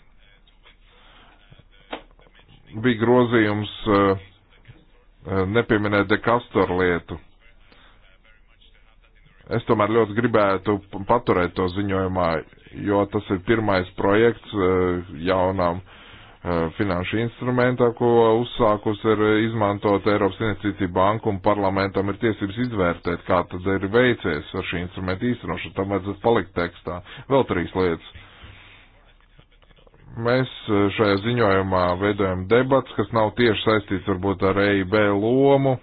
bija grozījums eh, eh, nepieminēt dekastoru lietu. Es tomēr ļoti gribētu paturēt to ziņojumā, jo tas ir pirmais projekts eh, jaunām uh, Eh, finanšu instrumentā, ko uzsākus ir izmantot Eiropas investīcija banku un parlamentam ir tiesības izvērtēt, kā tad ir veicies ar šī instrumenta īstenošanu. Tam vajadzētu palikt tekstā. Vēl trīs lietas. Mēs eh, šajā ziņojumā veidojam debats, kas nav tieši saistīts varbūt ar EIB lomu.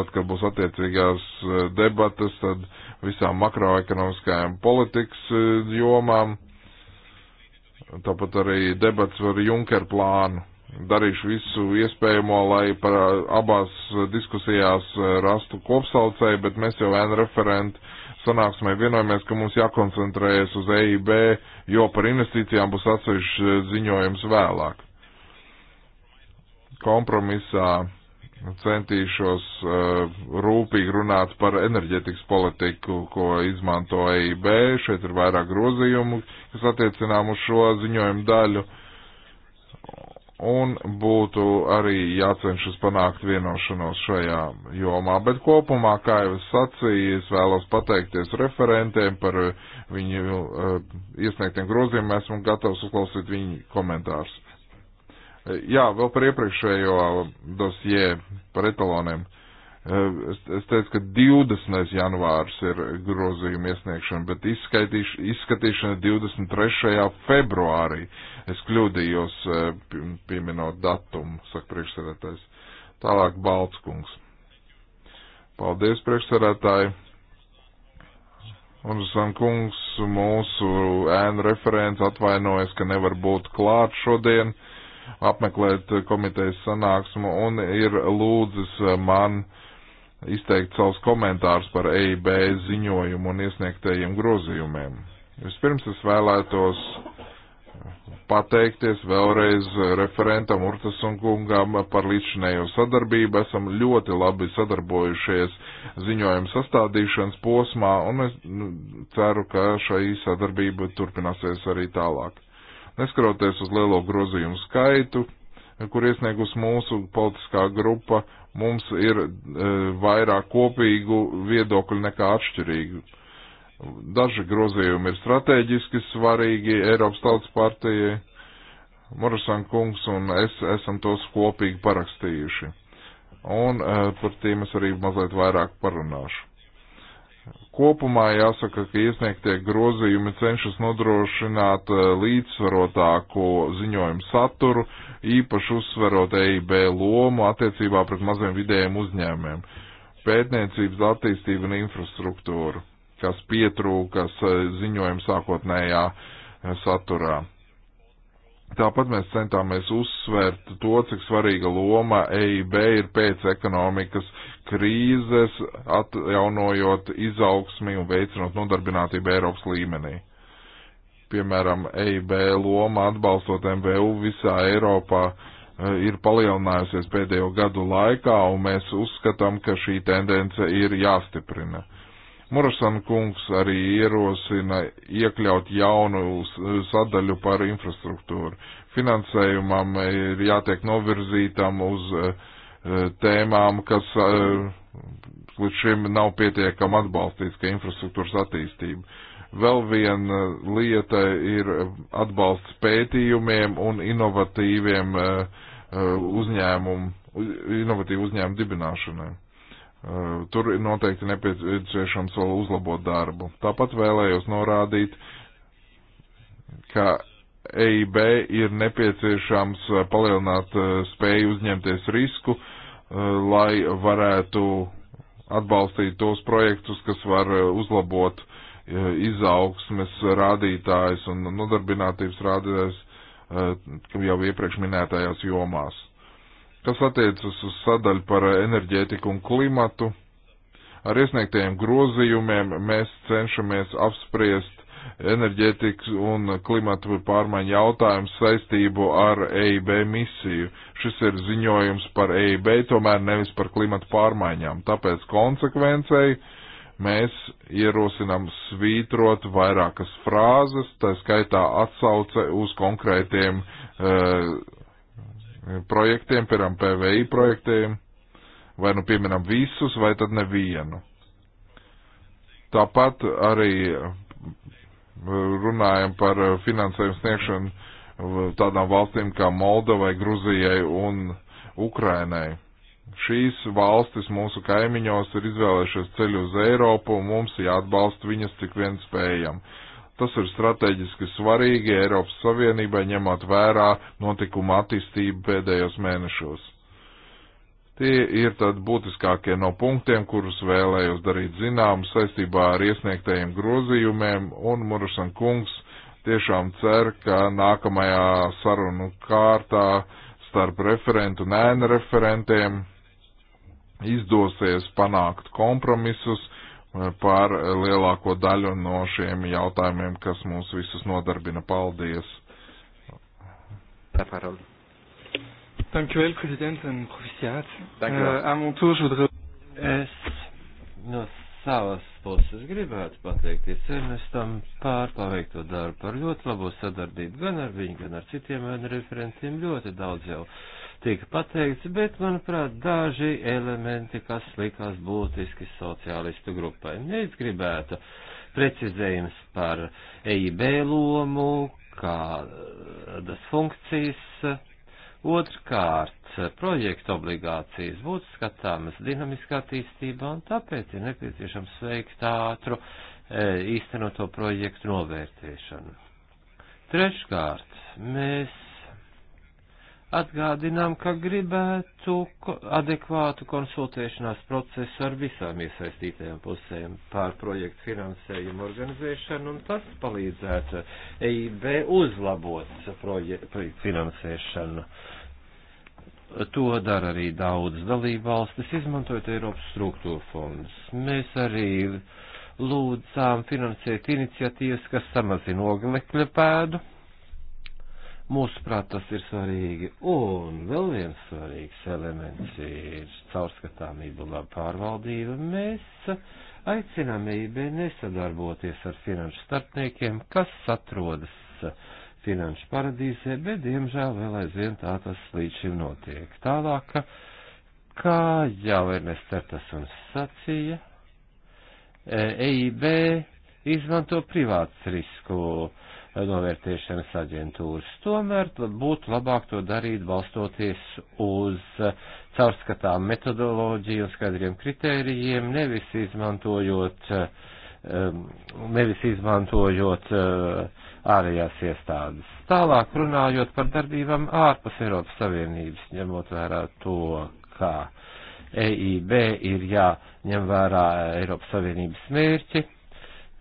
Tad, kad būs attiecīgās eh, debatas, tad visām makroekonomiskajām politikas jomām Tāpat arī debats par Junker plānu. Darīšu visu iespējamo, lai par abās diskusijās rastu kopsaucēju, bet mēs jau vien referenti sanāksmē vienojamies, ka mums jākoncentrējas uz EIB, jo par investīcijām būs atsevišķi ziņojums vēlāk. Kompromisā Nu, centīšos uh, rūpīgi runāt par enerģetikas politiku, ko izmanto EIB. Šeit ir vairāk grozījumu, kas attiecinām uz šo ziņojumu daļu. Un būtu arī jācenšas panākt vienošanos šajā jomā. Bet kopumā, kā jau es sacīju, es vēlos pateikties referentiem par viņu uh, iesniegtiem grozījumiem. Esmu gatavs uzklausīt viņu komentārus. Jā, vēl par iepriekšējo dosjē par etaloniem. Es, es teicu, ka 20. janvārs ir grozījuma iesniegšana, bet izskatīšana 23. februārī. Es kļūdījos eh, pieminot datumu, saka priekšsēdētājs. Tālāk Baltskungs. Paldies, priekšsēdētāji. Un Sankungs, mūsu ēnu referents, atvainojas, ka nevar būt klāt šodien. Uh, apmeklēt komitejas sanāksmu un ir lūdzis man izteikt savus komentārus par EIB ziņojumu un iesniegtajiem grozījumiem. Vispirms es vēlētos pateikties vēlreiz referentam Urtasungam par līdzinējo sadarbību. Esam ļoti labi sadarbojušies ziņojuma sastādīšanas posmā, un es nu, ceru, ka šī sadarbība turpināsies arī tālāk. Neskaroties uz lielo grozījumu skaitu, kur iesniegus mūsu politiskā grupa, mums ir e, vairāk kopīgu viedokļu nekā atšķirīgu. Daži grozījumi ir strateģiski svarīgi Eiropas tautas partijai. Morasan kungs un es esam tos kopīgi parakstījuši. Un e, par tiem es arī mazliet vairāk parunāšu. Kopumā jāsaka, ka iesniegtie grozījumi cenšas nodrošināt eh, līdzsvarotāko ziņojumu saturu, īpaši uzsverot EIB lomu attiecībā pret maziem vidējiem uzņēmēm, pētniecības attīstību un infrastruktūru, kas pietrūkas eh, ziņojuma sākotnējā eh, saturā. Tāpat mēs centāmies uzsvērt to, cik svarīga loma EIB ir pēc ekonomikas krīzes, atjaunojot izaugsmi un veicinot nodarbinātību Eiropas līmenī. Piemēram, EIB loma atbalstot MVU visā Eiropā eh, ir palielinājusies pēdējo gadu laikā, un mēs uzskatām, ka šī tendence ir jāstiprina. Murasan kungs arī ierosina iekļaut jaunu sadaļu par infrastruktūru. Finansējumam eh, ir jātiek novirzītam uz uh, tēmām, kas eh, līdz šim nav pietiekami atbalstīts, kā infrastruktūras attīstība. Vēl viena lieta ir atbalsts pētījumiem un inovatīviem eh, uzņēmumu, inovatīvu uzņēmumu dibināšanai. Eh, tur ir noteikti nepieciešams vēl uzlabot darbu. Tāpat vēlējos norādīt, ka EIB ir nepieciešams palielināt spēju uzņemties risku, uh, Eh, lai varētu atbalstīt tos projektus, kas var eh, uzlabot eh, izaugsmes rādītājs un nodarbinātības rādītājs, jau iepriekš minētajās jomās. Kas attiecas uz sadaļu par enerģētiku un klimatu, ar iesniegtajiem grozījumiem mēs cenšamies apspriest enerģētikas un klimatu pārmaiņu jautājumu saistību ar EIB misiju. Šis ir ziņojums par EIB, tomēr nevis par klimatu pārmaiņām. Tāpēc konsekvencei mēs ierosinām svītrot vairākas frāzes, tā skaitā atsauce uz konkrētiem uh, projektiem, piemēram, PVI projektiem, vai nu pieminam visus, vai tad nevienu. Tāpat arī runājam par eh, finansējumu sniegšanu tādām valstīm kā Moldovai, Gruzijai un Ukrainai. Šīs valstis mūsu kaimiņos ir izvēlējušies ceļu uz Eiropu un mums jāatbalsta viņas cik vien spējam. Tas ir strateģiski svarīgi Eiropas Savienībai ņemot vērā notikuma attīstību pēdējos mēnešos. Tie ir tad būtiskākie no punktiem, kurus vēlējos darīt zinām saistībā ar iesniegtajiem grozījumiem, un Murašan kungs tiešām cer, ka nākamajā sarunu kārtā starp referentu un ēnu referentiem izdosies panākt kompromisus eh, par lielāko daļu no šiem jautājumiem, kas mūs visus nodarbina. Paldies! Tā parāda. Dankjewel, president en proficiat. Dankjewel. Uh, aan mijn tour, zodra... Es no savas puses gribētu pateikties Ernestam par paveikto darbu, par ļoti labo sadarbību gan ar viņu, gan ar citiem referentiem. Ļoti daudz jau tika pateikts, bet, manuprāt, daži elementi, kas likās būtiski sociālistu grupai. Es gribētu precizējums par EIB lomu, kādas funkcijas Otrkārt, projekta obligācijas būtu skatāmas dinamiskā attīstībā, un tāpēc ir nepieciešams veikt ātru e, īstenoto projektu novērtēšanu. Treškārt, mēs Atgādinām, ka gribētu adekvātu konsultēšanās procesu ar visām iesaistītajām pusēm pār projektu finansējumu organizēšanu, un tas palīdzētu EIB uzlabot projektu finansēšanu. To dara arī daudz dalībvalstis, izmantojot Eiropas struktūra fondus. Mēs arī lūdzām finansēt iniciatīvas, kas samazina oglekļa pēdu Mūsuprāt, tas ir svarīgi. Un vēl viens svarīgs elements ir caurskatāmība un laba pārvaldība. Mēs aicinām e IB nesadarboties ar finanšu starpniekiem, kas atrodas finanšu paradīzē, bet diemžēl vēl aizvien tā tas līdz šim notiek. Tālāk, kā jau Ernest Certas un sacīja, EIB izmanto privāts risku uh, novērtēšanas aģentūras. Tomēr būtu labāk to darīt balstoties uz caurskatām metodoloģiju un skaidriem kritērijiem, nevis izmantojot, um, nevis izmantojot uh, ārējās iestādes. Tālāk runājot par darbībām ārpus Eiropas Savienības, ņemot vērā to, kā EIB ir jāņem vērā Eiropas Savienības mērķi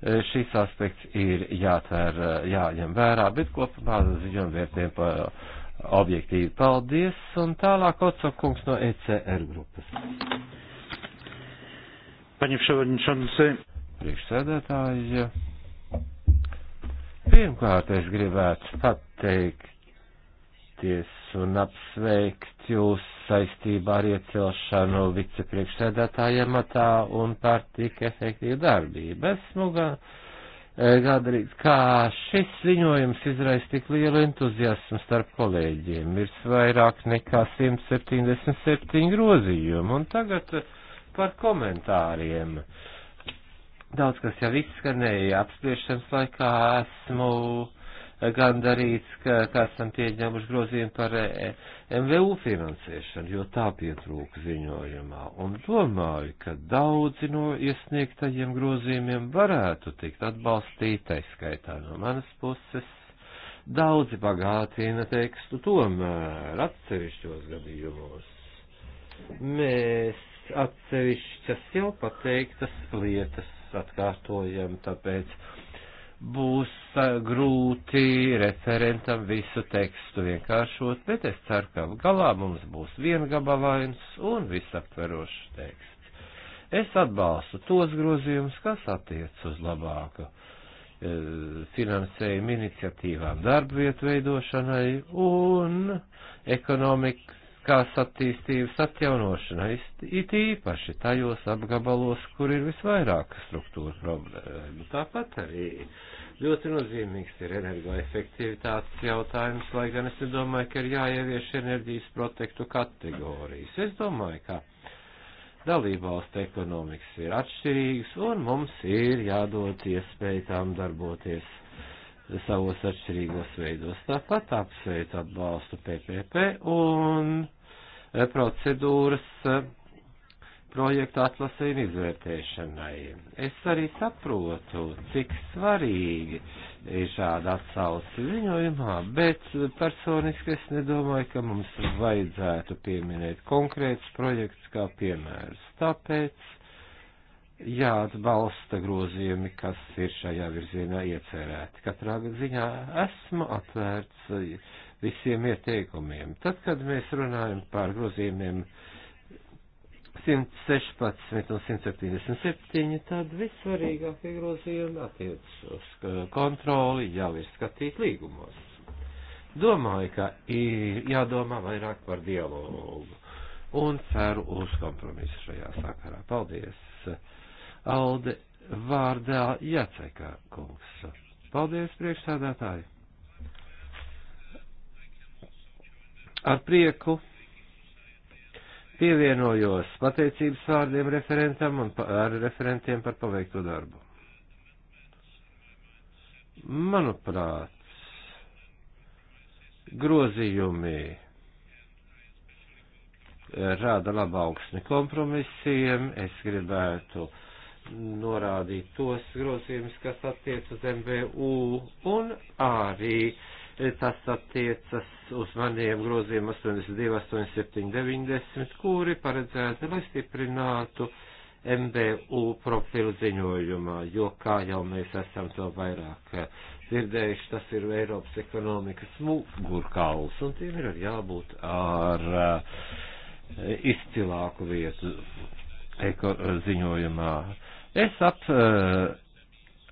Eh, šis aspekts ir jātver, eh, jāņem vērā, bet kopumā ziņām vērtiem pa objektīvi. Paldies, un tālāk Otsokungs no ECR grupas. Paņemšanai. Priekšsēdētāji. Pirmkārt, es gribētu pateikties un apsveikt jūs saistībā ar iecelšanu vicepriekšsēdētāja matā un par tik efektīvu darbību. Esmu gan e, gandrīz kā šis ziņojums izraisa tik lielu entuziasmu starp kolēģiem. Ir vairāk nekā 177 grozījumu, un tagad par komentāriem. Daudz kas jau izskanēja apspriešanas laikā esmu gandarīts, ka, ka esam pieņēmuši grozījumu par eh, MVU finansēšanu, jo tā pietrūka ziņojumā. Un domāju, ka daudzi no iesniegtajiem grozījumiem varētu tikt atbalstīti, skaitā no manas puses. Daudzi bagātina tekstu tomēr atsevišķos gadījumos. Mēs atsevišķas jau pateiktas lietas atkārtojam, tāpēc būs grūti referentam visu tekstu vienkāršot, bet es ceru, ka galā mums būs viengabalains un visaptverošs teksts. Es atbalstu tos grozījumus, kas attiec uz labāku e, finansējumu iniciatīvām darbvietu veidošanai un ekonomikas ekonomiskās attīstības atjaunošanai, it īpaši tajos apgabalos, kur ir visvairāk struktūra problēma. Tāpat arī ļoti nozīmīgs ir energoefektivitātes jautājums, lai gan es domāju, ka ir jāievieš enerģijas protektu kategorijas. Es domāju, ka dalībvalstu ekonomikas ir atšķirīgas un mums ir jādod iespēju tām darboties savos atšķirīgos veidos. Tāpat apsveicu atbalstu PPP un procedūras eh, projektu atlasēm izvērtēšanai. Es arī saprotu, cik svarīgi ir šāda atsauce ziņojumā, bet personiski es nedomāju, ka mums vajadzētu pieminēt konkrēts projekts kā piemērs. Tāpēc jāatbalsta grozījumi, kas ir šajā virzienā iecerēti. Katrā ziņā esmu atvērts visiem ieteikumiem. Tad, kad mēs runājam par grozījumiem 116 un 177, tad vissvarīgākie grozījumi attiec uz kontroli jau ir skatīt līgumos. Domāju, ka ir jādomā vairāk par dialogu un ceru uz kompromisu šajā sakarā. Paldies! Alde vārdā Jacekā kungs. Paldies, priekšsādātāji! Ar prieku pievienojos pateicības vārdiem referentam un ar referentiem par paveikto darbu. Manuprāt, grozījumi rāda labu augsni kompromisiem. Es gribētu norādīt tos grozījumus, kas attiec uz MVU un arī uh, tas attiecas uz maniem groziem 82, 87, 90, kuri paredzēti, lai stiprinātu MBU profilu ziņojumā, jo, kā jau mēs esam to vairāk eh, dzirdējuši, tas ir Eiropas ekonomikas mugurkauls, un tiem ir jābūt ar eh, izcilāku vietu eko ziņojumā. Es ap, eh,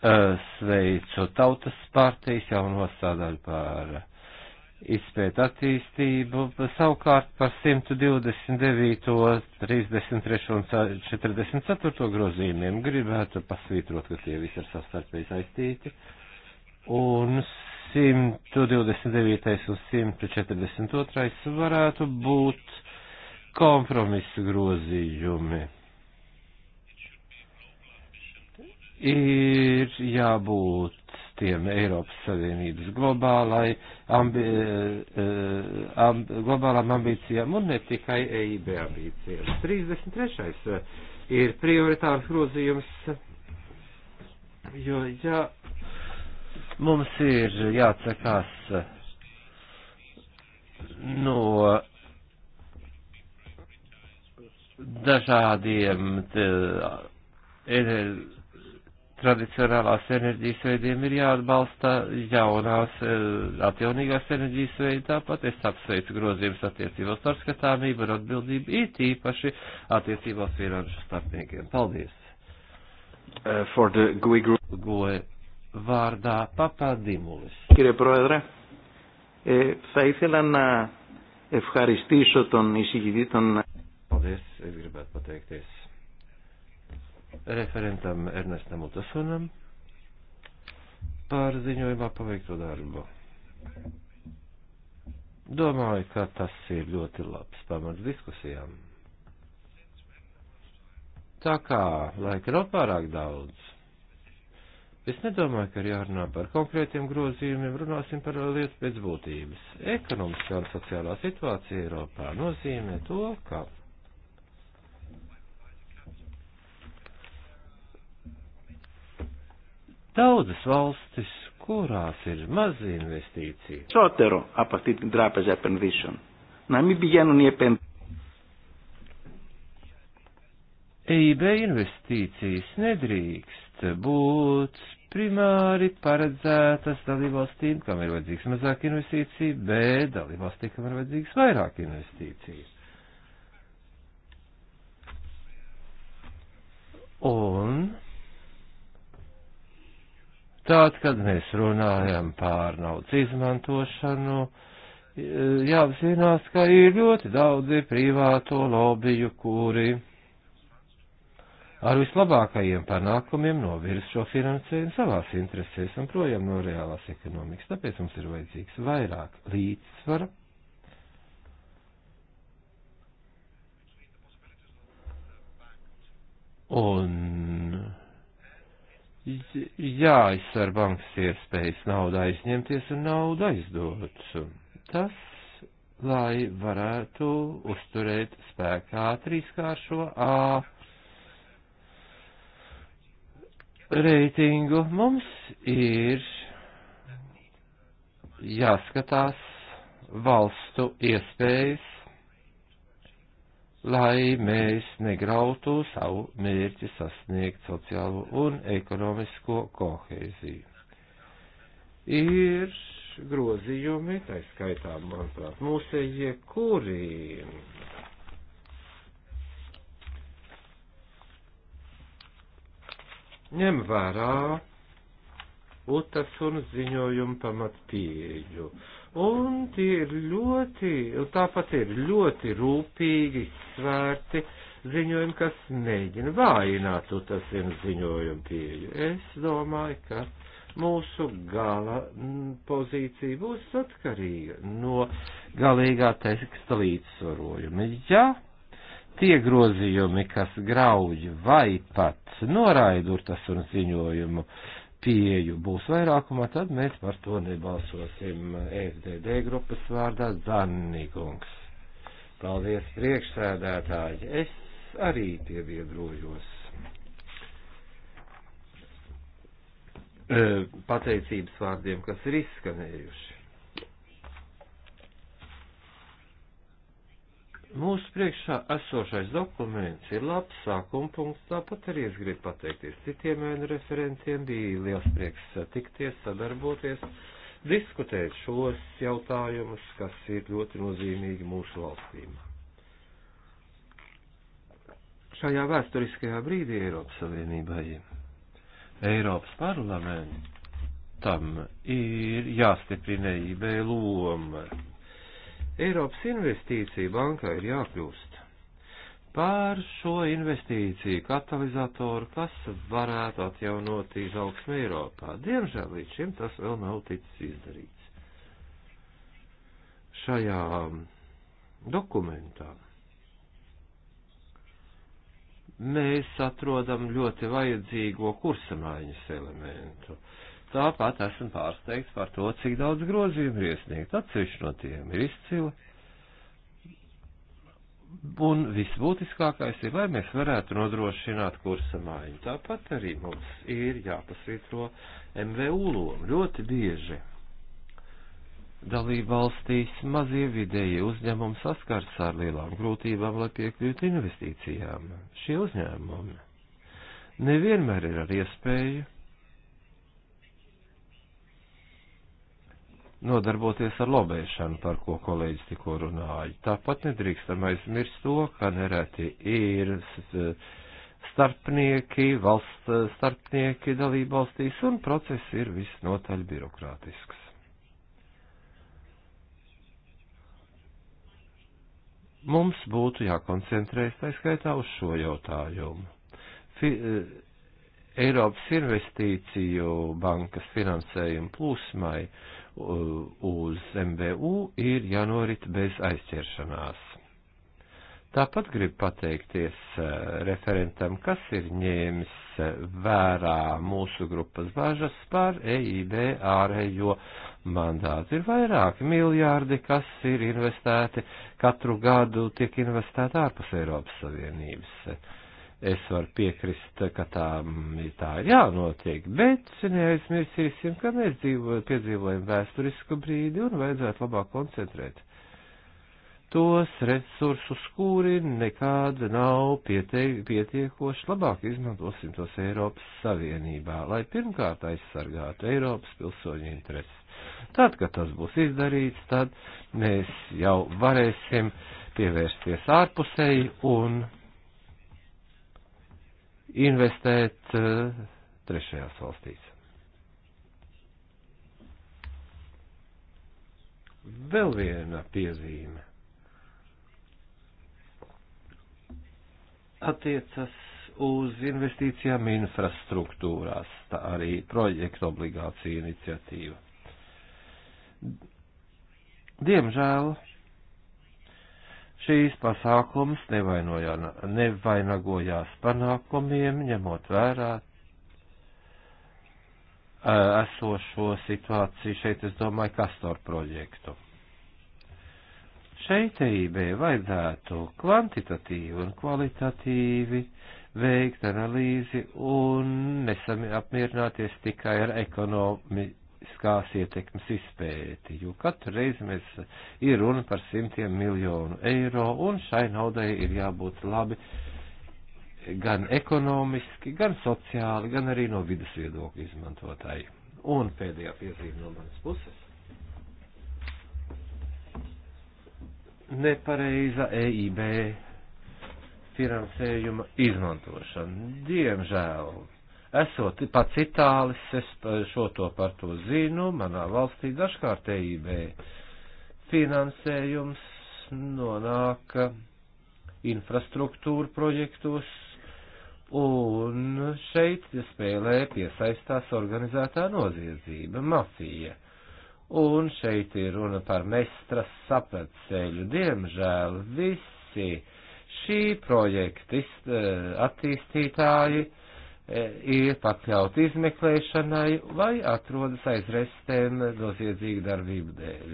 Eh, sveicu tautas partijas jauno sādaļu par izpēt attīstību, savukārt par 129, 33 un 44 grozījumiem gribētu pasvītrot, ka tie visi ir savstarpēji saistīti, un 129 un 142 varētu būt kompromisu grozījumi ir jābūt tiem Eiropas Savienības globālai, ambi, eh, eh, amb, globālām ambīcijām un ne tikai EIB ambīcijām. 33. Eh, ir prioritārs grozījums, jo ja mums ir jāatsakās no dažādiem te, tradicionālās enerģijas veidiem ir jāatbalsta jaunās e, atjaunīgās enerģijas veidi, tāpat es apsveicu grozījumus attiecībā uz starpskatāmību un atbildību, it īpaši attiecībā uz finanšu starpniekiem. Paldies! Uh, for the GUI group. GUE vārdā Papadimulis. Κύριε Πρόεδρε, ε, e, θα ήθελα να ευχαριστήσω τον εισηγητή των... Paldies, es gribētu pateikties referentam Ernestam Utasonam par ziņojumā paveikto darbu. Domāju, ka tas ir ļoti labs pamats diskusijām. Tā kā laika nav pārāk daudz, es nedomāju, ka ir jārunā par konkrētiem grozījumiem, runāsim par lietu pēc būtības. Ekonomiskā un sociālā situācija Eiropā nozīmē to, ka Daudzas valstis, kurās ir mazi investīcija. Sotero από αυτή την τράπεζα επενδύσεων. Να μην πηγαίνουν οι επενδύσεις. EIB investīcijas nedrīkst būt primāri paredzētas dalībvalstīm, kam ir vajadzīgs mazāk investīcija, bet dalībvalstīm, kam ir vajadzīgs vairāk investīcijas. Un Tātad, kad mēs runājam pār naudas izmantošanu, jāapzinās, ka ir ļoti daudzi privāto lobiju, kuri ar vislabākajiem panākumiem novirs šo finansējumu savās interesēs un projām no reālās ekonomikas. Tāpēc mums ir vajadzīgs vairāk līdzsvara. Un jāizsver bankas iespējas naudu aizņemties un naudu aizdot. Tas, lai varētu uzturēt spēkā trīskāršo A reitingu, mums ir jāskatās valstu iespējas lai mēs negrautu savu mērķi sasniegt sociālo un ekonomisko kohēziju. Ir grozījumi, tā skaitā, manuprāt, mūsējie, kuri ņem vērā utas un ziņojumu pamat pieeju un tie ir ļoti, tāpat ir ļoti rūpīgi svērti ziņojumi, kas mēģina vājināt utasiem nu, ziņojumu pieju. Es domāju, ka mūsu gala pozīcija būs atkarīga no galīgā teksta līdzsvarojuma. Ja tie grozījumi, kas grauj vai pat noraida urtas un ziņojumu pieju būs vairākumā, tad mēs par to nebalsosim FDD grupas vārdā Zannīgungs. Paldies priekšsēdētāji, es arī pievienojos. Pateicības vārdiem, kas ir izskanējuši. Mūsu priekšā esošais dokuments ir labs sākuma punkts, tāpat arī es gribu pateikties citiem ēnu referentiem, bija liels prieks tikties, sadarboties, diskutēt šos jautājumus, kas ir ļoti nozīmīgi mūsu valstīm. Šajā vēsturiskajā brīdī Eiropas Savienībai, Eiropas parlamentam ir jāstiprina IB loma Eiropas investīcija bankā ir jākļūst par šo investīciju katalizatoru, kas varētu atjaunot izaugsmu Eiropā. Diemžēl līdz šim tas vēl nav ticis izdarīts. Šajā dokumentā mēs atrodam ļoti vajadzīgo kursamaiņas elementu. Uh, Tāpat esmu pārsteigts par to, cik daudz grozījumu ir iesniegt. Atsevišķi no tiem ir izcili. Un visbūtiskākais ir, lai mēs varētu nodrošināt kursa maiņu. Tāpat arī mums ir jāpasvītro MVU lomu ļoti bieži. Dalība valstīs mazie vidēji uzņēmumi saskars ar lielām grūtībām, lai piekļūtu investīcijām. Šie uzņēmumi nevienmēr ir ar iespēju nodarboties ar lobēšanu, par ko kolēģis tikko runāja. Tāpat nedrīkstam aizmirst to, ka nereti ir starpnieki, valsts starpnieki dalībvalstīs, un process ir visnotaļ birokrātisks. Mums būtu jākoncentrējas taiskaitā uz šo jautājumu. Fi, e, Eiropas investīciju bankas finansējuma plūsmai uh, uz MVU ir jānorit bez aizķeršanās. Tāpat grib pateikties e, referentam, kas ir ņēmis e, vērā mūsu grupas bažas par EIB ārējo mandātu. Ir vairāki miljārdi, kas ir investēti katru gadu, tiek investēti ārpus Eiropas Savienības Es varu piekrist, ka tā, tā ir jānotiek, bet neaizmirsīsim, ka mēs dzīvo, piedzīvojam vēsturisku brīdi un vajadzētu labāk koncentrēt tos resursus, kuri nekāda nav pieteik, pietiekoši, labāk izmantosim tos Eiropas Savienībā, lai pirmkārt aizsargātu Eiropas pilsoņu intereses. Tad, kad tas būs izdarīts, tad mēs jau varēsim pievērsties ārpusēji un investēt eh, trešajās valstīs. Vēl viena piezīme attiecas uz investīcijām infrastruktūrās, tā arī projekta obligācija iniciatīva. Diemžēl Šīs pasākums nevainagojās panākumiem, ņemot vērā esošo situāciju šeit, es domāju, Kastor projektu. Šeit EIB vajadzētu kvantitatīvi un kvalitatīvi veikt analīzi un nesamierināties tikai ar ekonomi, ekonomiskās ietekmes izpēti, jo katru reizi mēs ir runa par simtiem miljonu eiro, un šai naudai ir jābūt labi gan ekonomiski, gan sociāli, gan arī no vidas viedokļa izmantotāji. Un pēdējā piezīme no manas puses. Nepareiza EIB finansējuma izmantošana. Diemžēl Esot pats itālis, es šo to par to zinu, manā valstī dažkārtējībā finansējums nonāk infrastruktūra projektos, un šeit spēlē piesaistās organizētā noziedzība, mafija. Un šeit ir runa par mestras sapratceļu. Diemžēl visi šī projekta eh, attīstītāji E, ir pakļauti izmeklēšanai vai atrodas aiz restēm noziedzīgu darbību dēļ.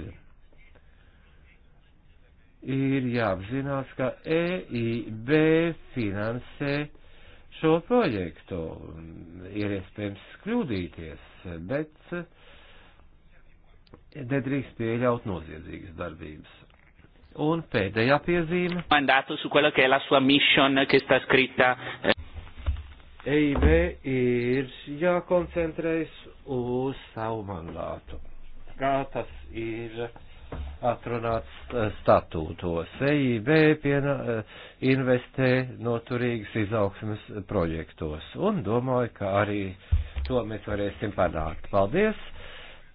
Ir jāapzinās, ka EIB finansē šo projektu. Ir iespējams kļūdīties, bet nedrīkst pieļaut noziedzīgas darbības. Un pēdējā piezīme. Mandato su quello che è la sua mission che sta scritta. Eh, EIB ir jākoncentrējas uz savu mandātu, kā tas ir atrunāts eh, statūtos. EIB piena, eh, investē noturīgas izaugsmes projektos un domāju, ka arī to mēs varēsim panākt. Paldies!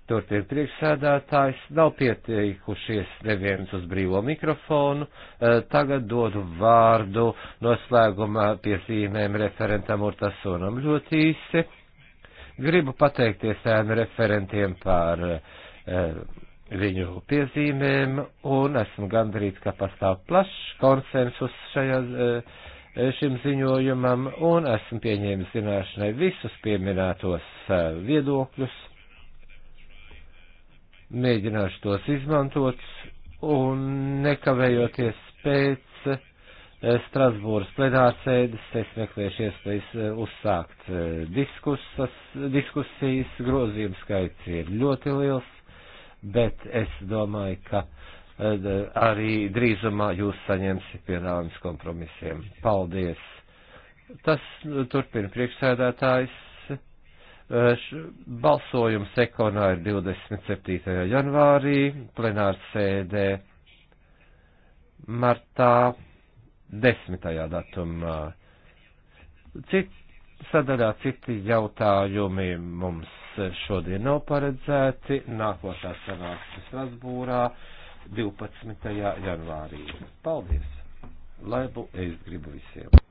Turpiniet priekšsēdētājs, nav pieteikušies neviens uz brīvo mikrofonu. Eh, tagad dodu vārdu noslēgumā piezīmēm referentam Urtasonam ļoti īsi. Gribu pateikties ēnu referentiem par eh, viņu piezīmēm un esmu gandrīz, ka pastāv plašs konsensus šajā, eh, šim ziņojumam un esmu pieņēmis zināšanai visus pieminētos viedokļus Mēģināšu tos izmantot un nekavējoties pēc eh, Strasbūras plenārsēdes es meklēšu iespējas eh, uzsākt eh, diskusas, diskusijas. Grozījums skaits ir ļoti liels, bet es domāju, ka arī drīzumā jūs saņemsiet piedāvājums kompromisiem. Paldies! Tas turpina priekšsēdētājs. Eh, balsojums Ekonā ir 27. janvārī, plenārs sēdē martā 10. datumā. Cit, sadaļā citi jautājumi mums šodien nav paredzēti, nākošā sanāksme Strasbūrā 12. janvārī. Paldies! Laibu es gribu visiem!